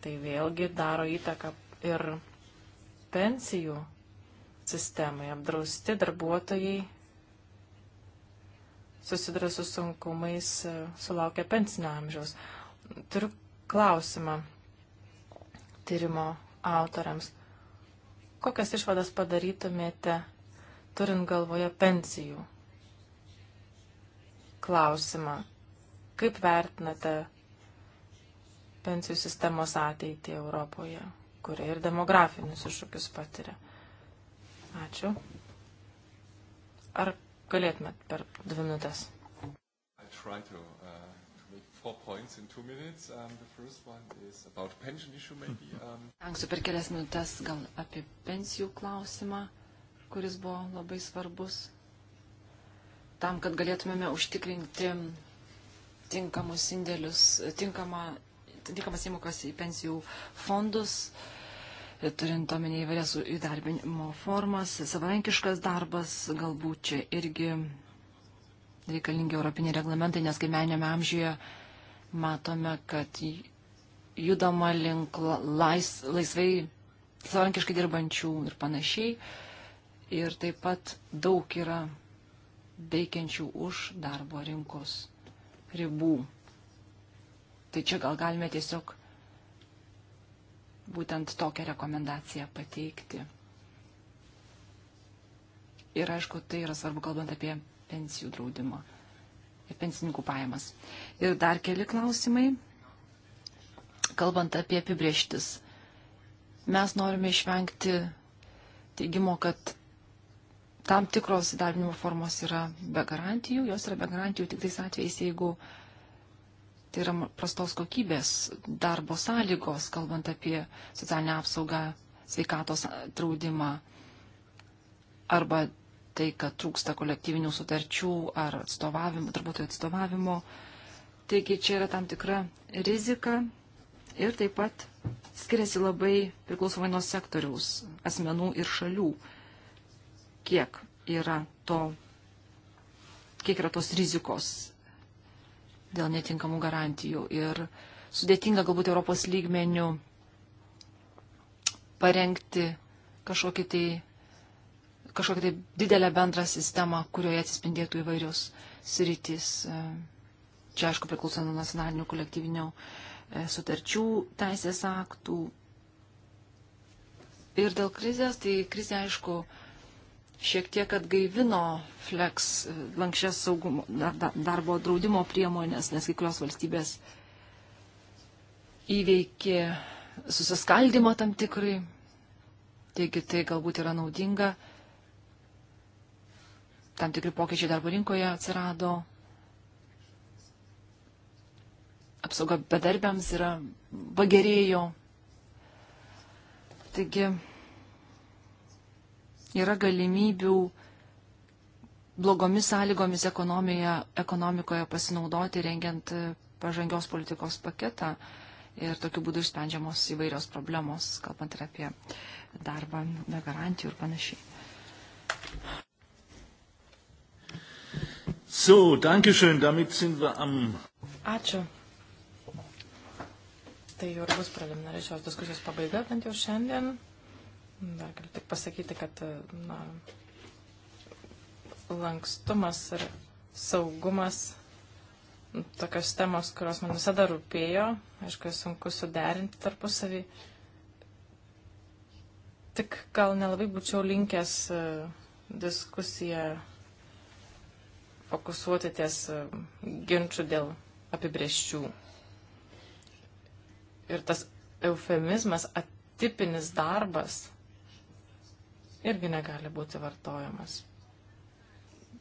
Tai vėlgi daro įtaką ir pensijų sistemai. Apdrausti darbuotojai susiduria su sunkumais, e, sulaukia pensinio amžiaus. Turiu klausimą tyrimo autoriams. Kokias išvadas padarytumėte turint galvoje pensijų klausimą. Kaip vertinate pensijų sistemos ateitį Europoje, kurie ir demografinius iššūkius patiria? Ačiū. Ar galėtumėt per dvi minutės? To, uh, minutes, um, Anksčiau um, per kelias minutės gal apie pensijų klausimą kuris buvo labai svarbus tam, kad galėtumėme užtikrinti tinkamus indėlius, tinkamą, tinkamas įmokas į pensijų fondus, turint omenyje įvairias įdarbinimo formas, savarankiškas darbas, galbūt čia irgi reikalingi europiniai reglamentai, nes kaimenėme amžiuje matome, kad judama link lais, laisvai savarankiškai dirbančių ir panašiai ir taip pat daug yra veikiančių už darbo rinkos ribų. Tai čia gal galime tiesiog būtent tokią rekomendaciją pateikti. Ir aišku, tai yra svarbu kalbant apie pensijų draudimą ir pensininkų pajamas. Ir dar keli klausimai, kalbant apie apibrieštis. Mes norime išvengti teigimo, kad tam tikros įdarbinimo formos yra be garantijų, jos yra be garantijų tik tais atvejais, jeigu tai yra prastos kokybės darbo sąlygos, kalbant apie socialinę apsaugą, sveikatos draudimą arba tai, kad trūksta kolektyvinių sutarčių ar atstovavimo, darbuotojų atstovavimo. Taigi čia yra tam tikra rizika ir taip pat skiriasi labai priklausomai nuo sektoriaus, asmenų ir šalių kiek yra to, kiek yra tos rizikos dėl netinkamų garantijų. Ir sudėtinga galbūt Europos lygmenių parengti kažkokį tai kažkokią tai didelę bendrą sistemą, kurioje atsispindėtų įvairios sritys. Čia, aišku, priklauso nuo nacionalinių kolektyvinių e, sutarčių teisės aktų. Ir dėl krizės, tai krizė, aišku, šiek tiek atgaivino flex e, lankščias saugumo darbo draudimo priemonės, nes kai kurios valstybės įveikė susiskaldimą tam tikrai. Taigi tai galbūt yra naudinga. Tam tikri pokyčiai darbo rinkoje atsirado. Apsauga bedarbiams yra pagerėjo. Taigi yra galimybių blogomis sąlygomis ekonomikoje pasinaudoti, rengiant e, pažangios politikos paketą. Ir tokiu būdu išsprendžiamos įvairios problemos, kalbant ir apie darbą be garantijų ir panašiai. So, dankeschön, damit sind wir am. Ačiū. Tai jau ir bus preliminari šios diskusijos pabaiga, bent jau šiandien. Dar galiu tik pasakyti, kad na, lankstumas ir saugumas tokios temos, kurios man visada rūpėjo, aišku, sunku suderinti tarpusavį. Tik gal nelabai būčiau linkęs e, diskusiją fokusuoti ties e, ginčių dėl apibrieščių. Ir tas eufemizmas, atipinis darbas, irgi negali būti vartojamas.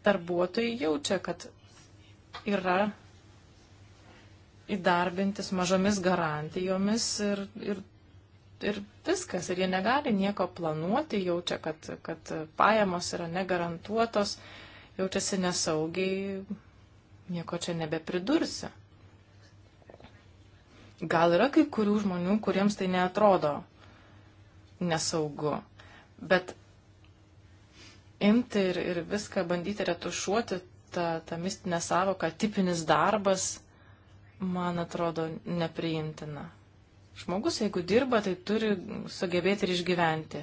Darbuotojai jaučia, kad yra įdarbintis mažomis garantijomis ir, ir, ir viskas. Ir jie negali nieko planuoti, jaučia, kad, kad pajamos yra negarantuotos, jaučiasi nesaugiai, nieko čia nebepridursi. Gal yra kai kurių žmonių, kuriems tai neatrodo nesaugu, bet imti ir, ir viską bandyti retušuoti, tą, tą mistinę savoką, tipinis darbas, man atrodo nepriimtina. Žmogus, jeigu dirba, tai turi sugebėti ir išgyventi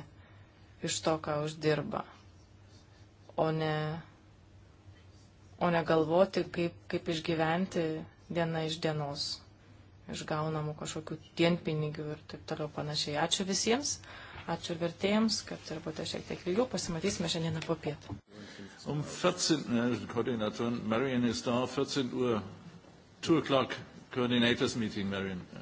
iš to, ką uždirba, o ne, o ne galvoti, kaip, kaip išgyventi diena iš dienos, išgaunamų kažkokių dienpinigių ir taip toliau panašiai. Ačiū visiems. Ačiū ir vertėjams, kad dirbote šiek tiek ilgiau. Pasimatysime šiandieną po pietų. Um 14 Uhr, äh, Koordinatorin, Marion ist da, 14 Uhr, 2 o'clock Coordinators Meeting, Marion.